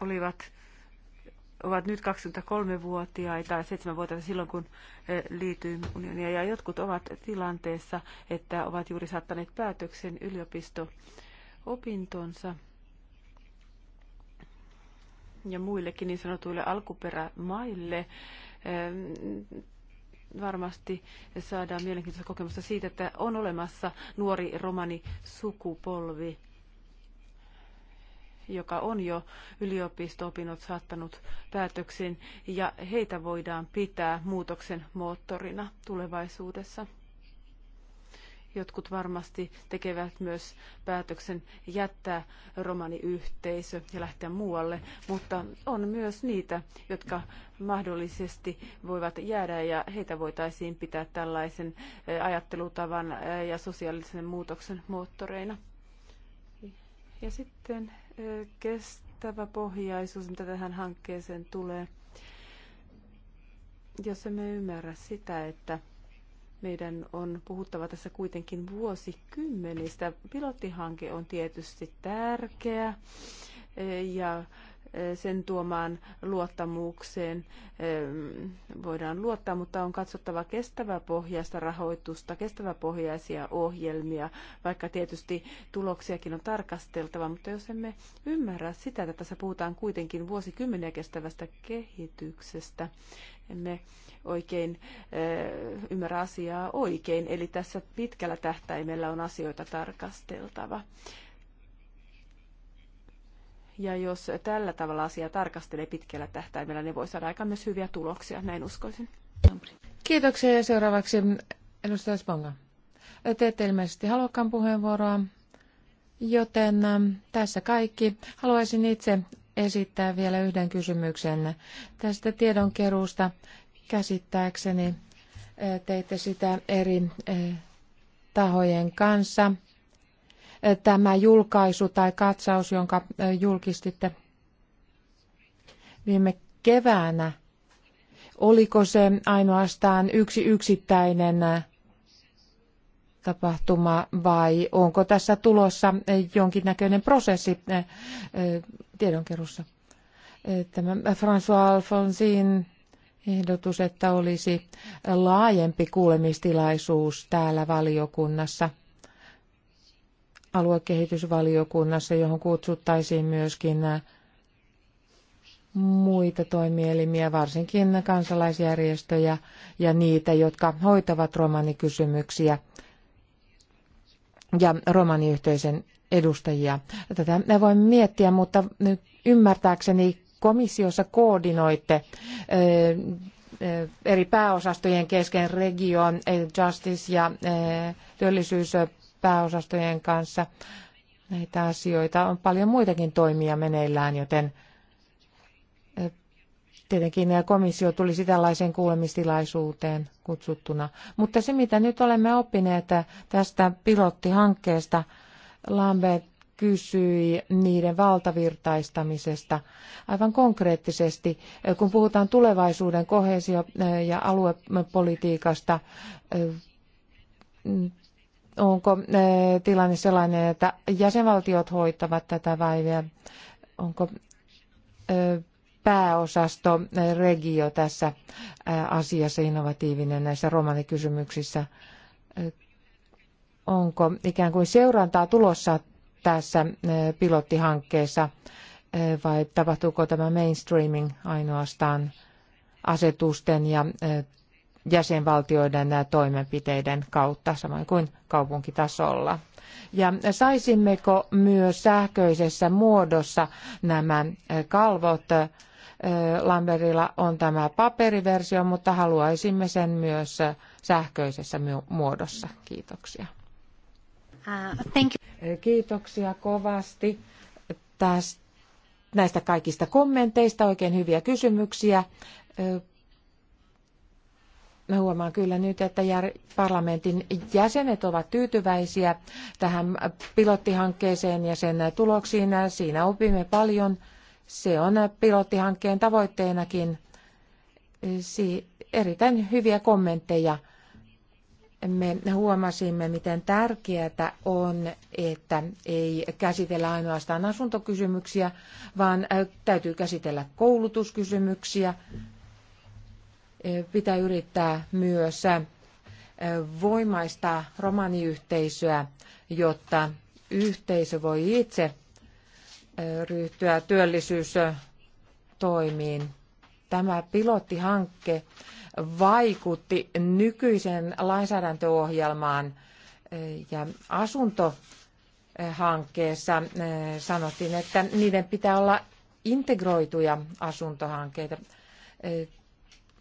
olivat ovat nyt 23-vuotiaita ja 7-vuotiaita silloin, kun liityin unionia. Ja jotkut ovat tilanteessa, että ovat juuri saattaneet päätöksen yliopisto-opintonsa ja muillekin niin sanotuille alkuperämaille varmasti saadaan mielenkiintoista kokemusta siitä, että on olemassa nuori romani sukupolvi, joka on jo yliopisto-opinnot saattanut päätöksiin, ja heitä voidaan pitää muutoksen moottorina tulevaisuudessa. Jotkut varmasti tekevät myös päätöksen jättää romaniyhteisö ja lähteä muualle, mutta on myös niitä, jotka mahdollisesti voivat jäädä ja heitä voitaisiin pitää tällaisen eh, ajattelutavan eh, ja sosiaalisen muutoksen moottoreina. Ja sitten eh, kestävä pohjaisuus, mitä tähän hankkeeseen tulee. Jos emme ymmärrä sitä, että meidän on puhuttava tässä kuitenkin vuosikymmenistä. Pilottihanke on tietysti tärkeä eh, ja eh, sen tuomaan luottamukseen eh, voidaan luottaa, mutta on katsottava pohjaista rahoitusta, kestäväpohjaisia ohjelmia, vaikka tietysti tuloksiakin on tarkasteltava, mutta jos emme ymmärrä sitä, että tässä puhutaan kuitenkin vuosikymmeniä kestävästä kehityksestä, emme oikein eh, ymmärrä asiaa oikein. Eli tässä pitkällä tähtäimellä on asioita tarkasteltava. Ja jos tällä tavalla asiaa tarkastelee pitkällä tähtäimellä, niin voi saada aika myös hyviä tuloksia, näin uskoisin. Kiitoksia ja seuraavaksi edustaja Sponga. Te ette ilmeisesti haluakaan puheenvuoroa, joten eh, tässä kaikki. Haluaisin itse esittää vielä yhden kysymyksen tästä tiedonkeruusta. Käsittääkseni eh, teitte sitä eri eh, tahojen kanssa. Eh, tämä julkaisu tai katsaus, jonka julkistitte viime keväänä, oliko se ainoastaan yksi yksittäinen tapahtuma vai onko tässä tulossa jonkinnäköinen prosessi tiedonkerussa. Eh, tämä François Alfonsin ehdotus, että olisi laajempi kuulemistilaisuus täällä valiokunnassa, aluekehitysvaliokunnassa, johon kutsuttaisiin myöskin muita toimielimiä, varsinkin kansalaisjärjestöjä ja niitä, jotka hoitavat romanikysymyksiä ja romaniyhteisön edustajia. Tätä me voimme miettiä, mutta ymmärtääkseni komissiossa koordinoitte eh, eh, eri pääosastojen kesken region, eh, justice ja työllisyyspääosastojen kanssa näitä asioita. On paljon muitakin toimia meneillään, joten tietenkin komissio tulisi tällaiseen kuulemistilaisuuteen kutsuttuna. Mutta se, mitä nyt olemme oppineet tästä pilottihankkeesta, Lambert kysyi niiden valtavirtaistamisesta. Aivan konkreettisesti, kun puhutaan tulevaisuuden kohesio- ja aluepolitiikasta, onko eh, tilanne sellainen, että jäsenvaltiot hoitavat tätä vai onko eh, pääosasto eh, regio tässä asiassa innovatiivinen näissä romanikysymyksissä? onko ikään kuin seurantaa tulossa tässä pilottihankkeessa vai tapahtuuko tämä mainstreaming ainoastaan asetusten ja jäsenvaltioiden toimenpiteiden kautta, samoin kuin kaupunkitasolla. Ja saisimmeko myös sähköisessä muodossa nämä kalvot? Lamberilla on tämä paperiversio, mutta haluaisimme sen myös sähköisessä muodossa. Kiitoksia. Uh, thank you. Kiitoksia kovasti tästä, näistä kaikista kommenteista. Oikein hyviä kysymyksiä. Mä huomaan kyllä nyt, että parlamentin jäsenet ovat tyytyväisiä tähän pilottihankkeeseen ja sen tuloksiin. Siinä opimme paljon. Se on pilottihankkeen tavoitteenakin. Si- erittäin hyviä kommentteja me huomasimme, miten tärkeää on, että ei käsitellä ainoastaan asuntokysymyksiä, vaan täytyy käsitellä koulutuskysymyksiä. Pitää yrittää myös voimaistaa romaniyhteisöä, jotta yhteisö voi itse ryhtyä työllisyystoimiin. Tämä pilottihanke vaikutti nykyisen lainsäädäntöohjelmaan eh, ja asuntohankkeessa eh, sanottiin, että niiden pitää olla integroituja asuntohankkeita. Eh,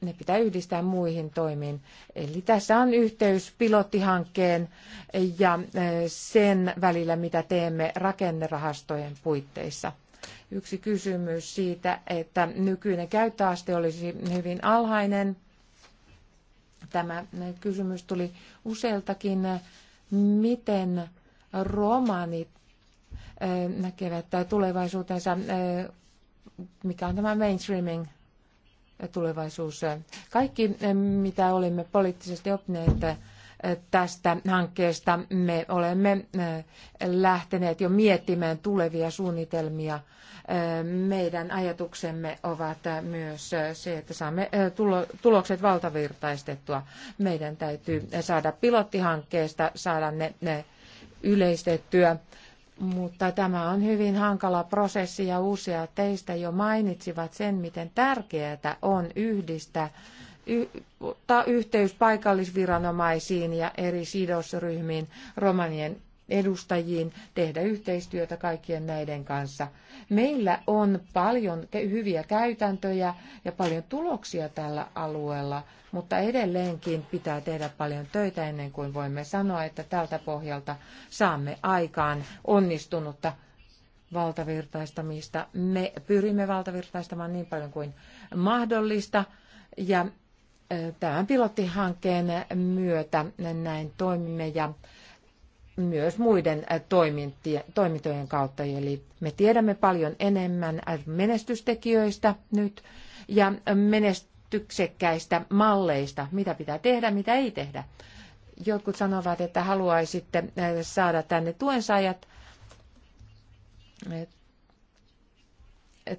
ne pitää yhdistää muihin toimiin. Eli tässä on yhteys pilottihankkeen ja sen välillä, mitä teemme rakennerahastojen puitteissa yksi kysymys siitä, että nykyinen käyttöaste olisi hyvin alhainen. Tämä kysymys tuli useiltakin, miten romaanit näkevät tulevaisuutensa, mikä on tämä mainstreaming tulevaisuus. Kaikki, mitä olimme poliittisesti oppineet tästä hankkeesta. Me olemme lähteneet jo miettimään tulevia suunnitelmia. Meidän ajatuksemme ovat myös se, että saamme tulokset valtavirtaistettua. Meidän täytyy saada pilottihankkeesta, saada ne, ne yleistettyä. Mutta tämä on hyvin hankala prosessi ja useat teistä jo mainitsivat sen, miten tärkeää on yhdistää ottaa yhteys paikallisviranomaisiin ja eri sidosryhmiin, romanien edustajiin, tehdä yhteistyötä kaikkien näiden kanssa. Meillä on paljon hyviä käytäntöjä ja paljon tuloksia tällä alueella, mutta edelleenkin pitää tehdä paljon töitä ennen kuin voimme sanoa, että tältä pohjalta saamme aikaan onnistunutta valtavirtaistamista. Me pyrimme valtavirtaistamaan niin paljon kuin mahdollista ja tämän pilottihankkeen myötä näin toimimme ja myös muiden toimintojen kautta. Eli me tiedämme paljon enemmän menestystekijöistä nyt ja menestyksekkäistä malleista, mitä pitää tehdä, mitä ei tehdä. Jotkut sanovat, että haluaisitte saada tänne tuensaajat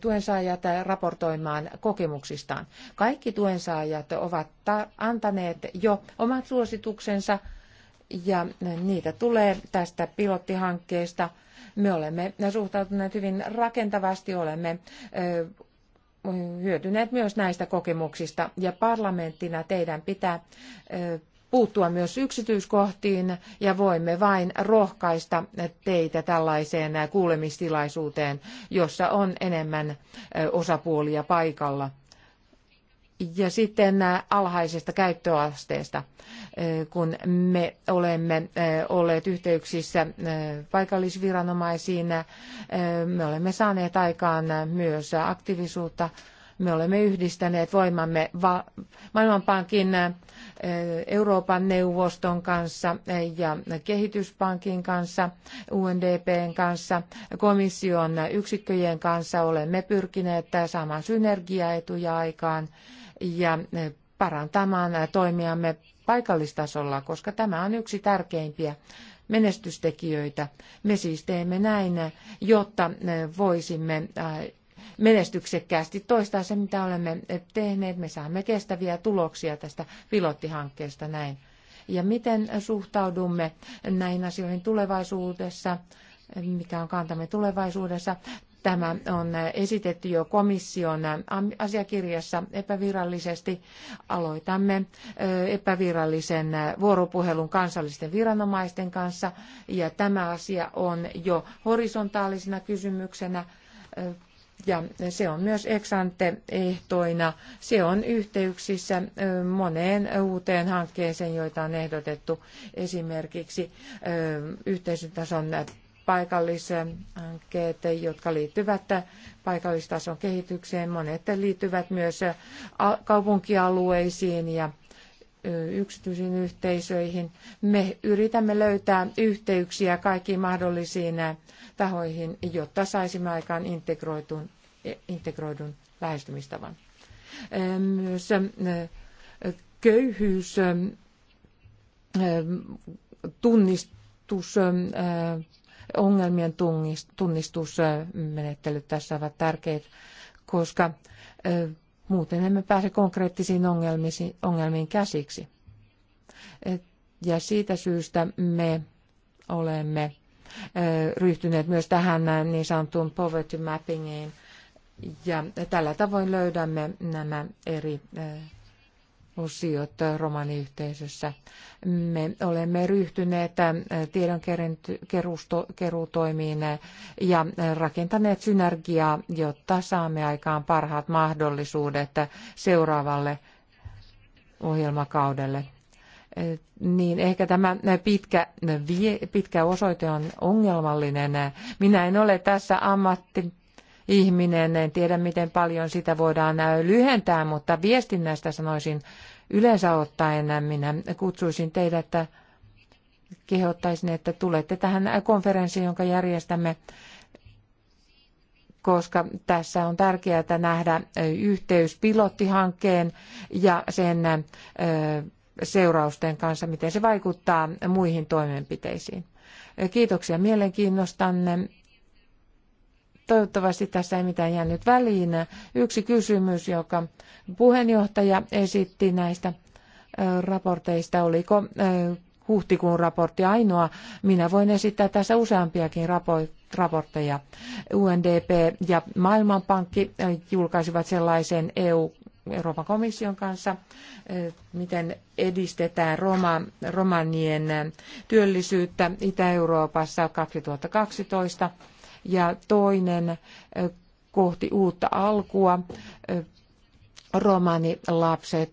tuensaajat raportoimaan kokemuksistaan. Kaikki tuensaajat ovat antaneet jo omat suosituksensa ja niitä tulee tästä pilottihankkeesta. Me olemme suhtautuneet hyvin rakentavasti, olemme hyötyneet myös näistä kokemuksista ja parlamenttina teidän pitää puuttua myös yksityiskohtiin ja voimme vain rohkaista teitä tällaiseen kuulemistilaisuuteen, jossa on enemmän osapuolia paikalla. Ja sitten alhaisesta käyttöasteesta, kun me olemme olleet yhteyksissä paikallisviranomaisiin, me olemme saaneet aikaan myös aktiivisuutta. Me olemme yhdistäneet voimamme Maailmanpankin Eh, Euroopan neuvoston kanssa eh, ja kehityspankin kanssa, UNDPn kanssa, komission yksikköjen kanssa olemme pyrkineet eh, saamaan synergiaetuja aikaan ja parantamaan toimiamme paikallistasolla, koska tämä on yksi tärkeimpiä menestystekijöitä. Me siis teemme näin, jotta voisimme menestyksekkäästi toistaa se, mitä olemme tehneet. Me saamme kestäviä tuloksia tästä pilottihankkeesta näin. Ja miten suhtaudumme näihin asioihin tulevaisuudessa, mikä on kantamme tulevaisuudessa. Tämä on esitetty jo komission asiakirjassa epävirallisesti. Aloitamme epävirallisen vuoropuhelun kansallisten viranomaisten kanssa ja tämä asia on jo horisontaalisena kysymyksenä ja se on myös eksante-ehtoina. Se on yhteyksissä moneen uuteen hankkeeseen, joita on ehdotettu esimerkiksi yhteisötason paikallishankkeet, jotka liittyvät paikallistason kehitykseen. Monet liittyvät myös kaupunkialueisiin ja yksityisiin yhteisöihin. Me yritämme löytää yhteyksiä kaikkiin mahdollisiin äh, tahoihin, jotta saisimme aikaan integroidun, e, integroidun lähestymistavan. Myös köyhyys tunnistus ongelmien tunnistusmenettelyt tässä ovat tärkeitä, koska Muuten emme pääse konkreettisiin ongelmiin käsiksi. Ja siitä syystä me olemme ryhtyneet myös tähän niin sanottuun poverty mappingiin. Ja tällä tavoin löydämme nämä eri osiot romaniyhteisössä. Me olemme ryhtyneet tiedonkeruutoimiin ja rakentaneet synergiaa, jotta saamme aikaan parhaat mahdollisuudet seuraavalle ohjelmakaudelle. Niin ehkä tämä pitkä, pitkä osoite on ongelmallinen. Minä en ole tässä ammatti ihminen. En tiedä, miten paljon sitä voidaan lyhentää, mutta viestinnästä sanoisin yleensä ottaen, minä kutsuisin teidät, että kehottaisin, että tulette tähän konferenssiin, jonka järjestämme, koska tässä on tärkeää nähdä yhteys pilottihankkeen ja sen seurausten kanssa, miten se vaikuttaa muihin toimenpiteisiin. Kiitoksia mielenkiinnostanne Toivottavasti tässä ei mitään jäänyt väliin. Yksi kysymys, joka puheenjohtaja esitti näistä raporteista, oliko huhtikuun raportti ainoa. Minä voin esittää tässä useampiakin raportteja. UNDP ja Maailmanpankki julkaisivat sellaisen EU Euroopan komission kanssa, miten edistetään Roma, romanien työllisyyttä Itä-Euroopassa 2012 ja toinen kohti uutta alkua. Romanilapset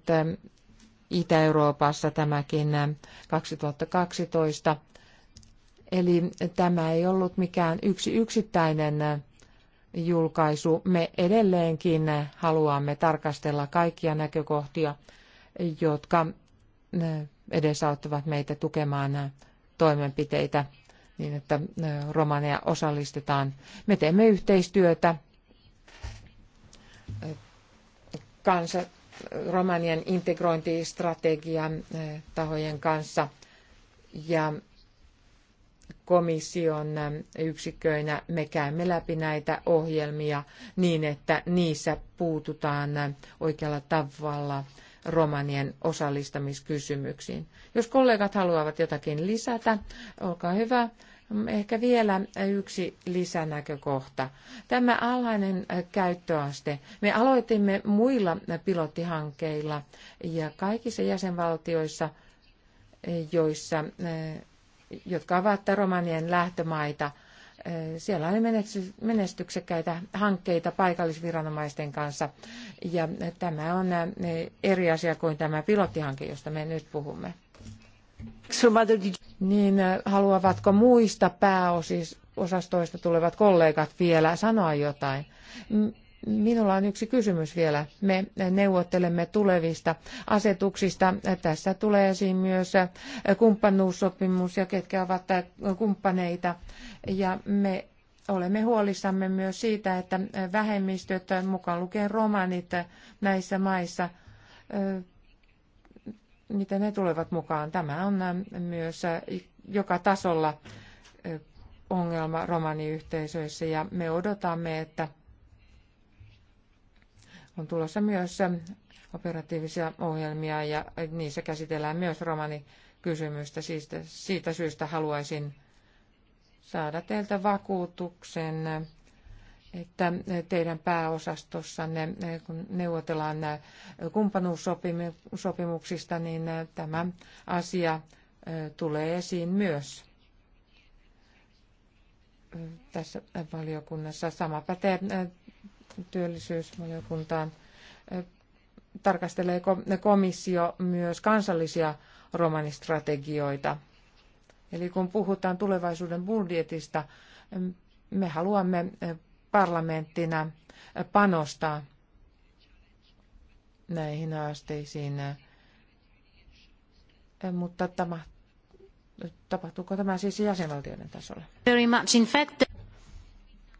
Itä-Euroopassa tämäkin 2012. Eli tämä ei ollut mikään yksi yksittäinen julkaisu. Me edelleenkin haluamme tarkastella kaikkia näkökohtia, jotka edesauttavat meitä tukemaan toimenpiteitä niin että romaneja osallistetaan. Me teemme yhteistyötä kansa, romanian integrointistrategian tahojen kanssa ja komission yksiköinä me käymme läpi näitä ohjelmia niin, että niissä puututaan oikealla tavalla romanien osallistamiskysymyksiin. Jos kollegat haluavat jotakin lisätä, olkaa hyvä. Ehkä vielä yksi lisänäkökohta. Tämä alhainen käyttöaste. Me aloitimme muilla pilottihankkeilla ja kaikissa jäsenvaltioissa, joissa, eh, jotka ovat romanien lähtömaita, eh, siellä oli menestyksekkäitä hankkeita paikallisviranomaisten kanssa. Ja tämä on eh, eri asia kuin tämä pilottihanke, josta me nyt puhumme niin äh, haluavatko muista pääosastoista tulevat kollegat vielä sanoa jotain? Minulla on yksi kysymys vielä. Me neuvottelemme tulevista asetuksista. Tässä tulee esiin myös äh, kumppanuussopimus ja ketkä ovat äh, kumppaneita. Ja me olemme huolissamme myös siitä, että vähemmistöt, mukaan lukien romanit näissä maissa, miten ne tulevat mukaan. Tämä on myös joka tasolla ongelma romaniyhteisöissä ja me odotamme, että on tulossa myös operatiivisia ohjelmia ja niissä käsitellään myös romanikysymystä. Siitä syystä haluaisin saada teiltä vakuutuksen että teidän pääosastossanne, kun neuvotellaan kumppanuussopimuksista, niin tämä asia tulee esiin myös tässä valiokunnassa. Sama pätee työllisyysvaliokuntaan. Tarkasteleeko komissio myös kansallisia romanistrategioita? Eli kun puhutaan tulevaisuuden budjetista, me haluamme parlamenttina panostaa näihin haasteisiin. Mutta tämä, tapahtuuko tämä siis jäsenvaltioiden tasolla? Very much in fact.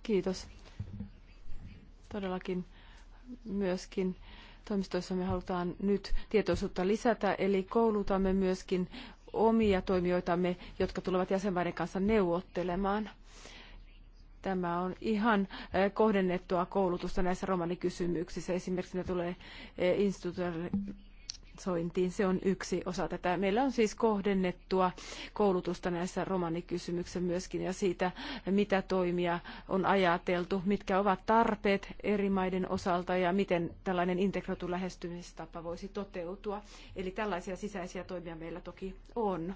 Kiitos. Todellakin myöskin toimistoissa me halutaan nyt tietoisuutta lisätä, eli koulutamme myöskin omia toimijoitamme, jotka tulevat jäsenmaiden kanssa neuvottelemaan tämä on ihan eh, kohdennettua koulutusta näissä romanikysymyksissä. Esimerkiksi ne tulee eh, institutionalisointiin. se on yksi osa tätä. Meillä on siis kohdennettua koulutusta näissä romanikysymyksissä myöskin ja siitä, eh, mitä toimia on ajateltu, mitkä ovat tarpeet eri maiden osalta ja miten tällainen integroitu lähestymistapa voisi toteutua. Eli tällaisia sisäisiä toimia meillä toki on.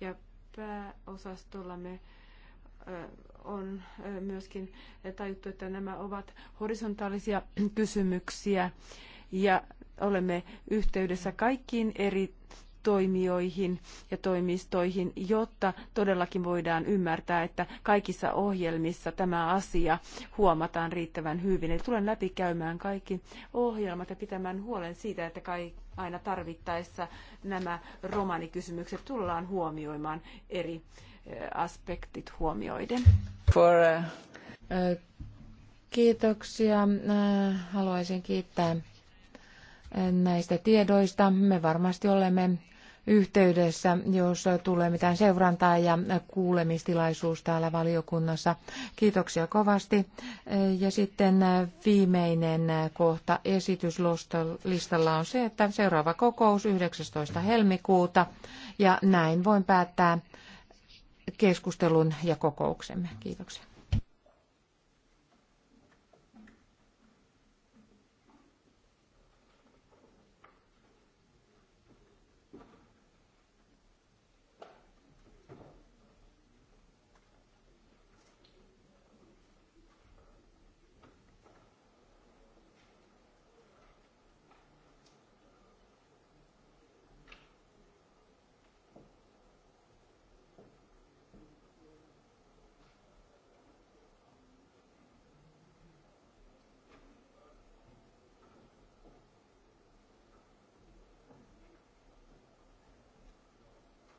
ja pääosastollamme on myöskin tajuttu, että nämä ovat horisontaalisia kysymyksiä ja olemme yhteydessä kaikkiin eri toimijoihin ja toimistoihin, jotta todellakin voidaan ymmärtää, että kaikissa ohjelmissa tämä asia huomataan riittävän hyvin. Eli tulen läpikäymään kaikki ohjelmat ja pitämään huolen siitä, että kai aina tarvittaessa nämä romanikysymykset tullaan huomioimaan eri eh, aspektit huomioiden. For, uh... Kiitoksia. Haluaisin kiittää näistä tiedoista. Me varmasti olemme yhteydessä, jos tulee mitään seurantaa ja kuulemistilaisuus täällä valiokunnassa. Kiitoksia kovasti. Ja sitten viimeinen kohta esityslistalla on se, että seuraava kokous 19. helmikuuta ja näin voin päättää keskustelun ja kokouksemme. Kiitoksia.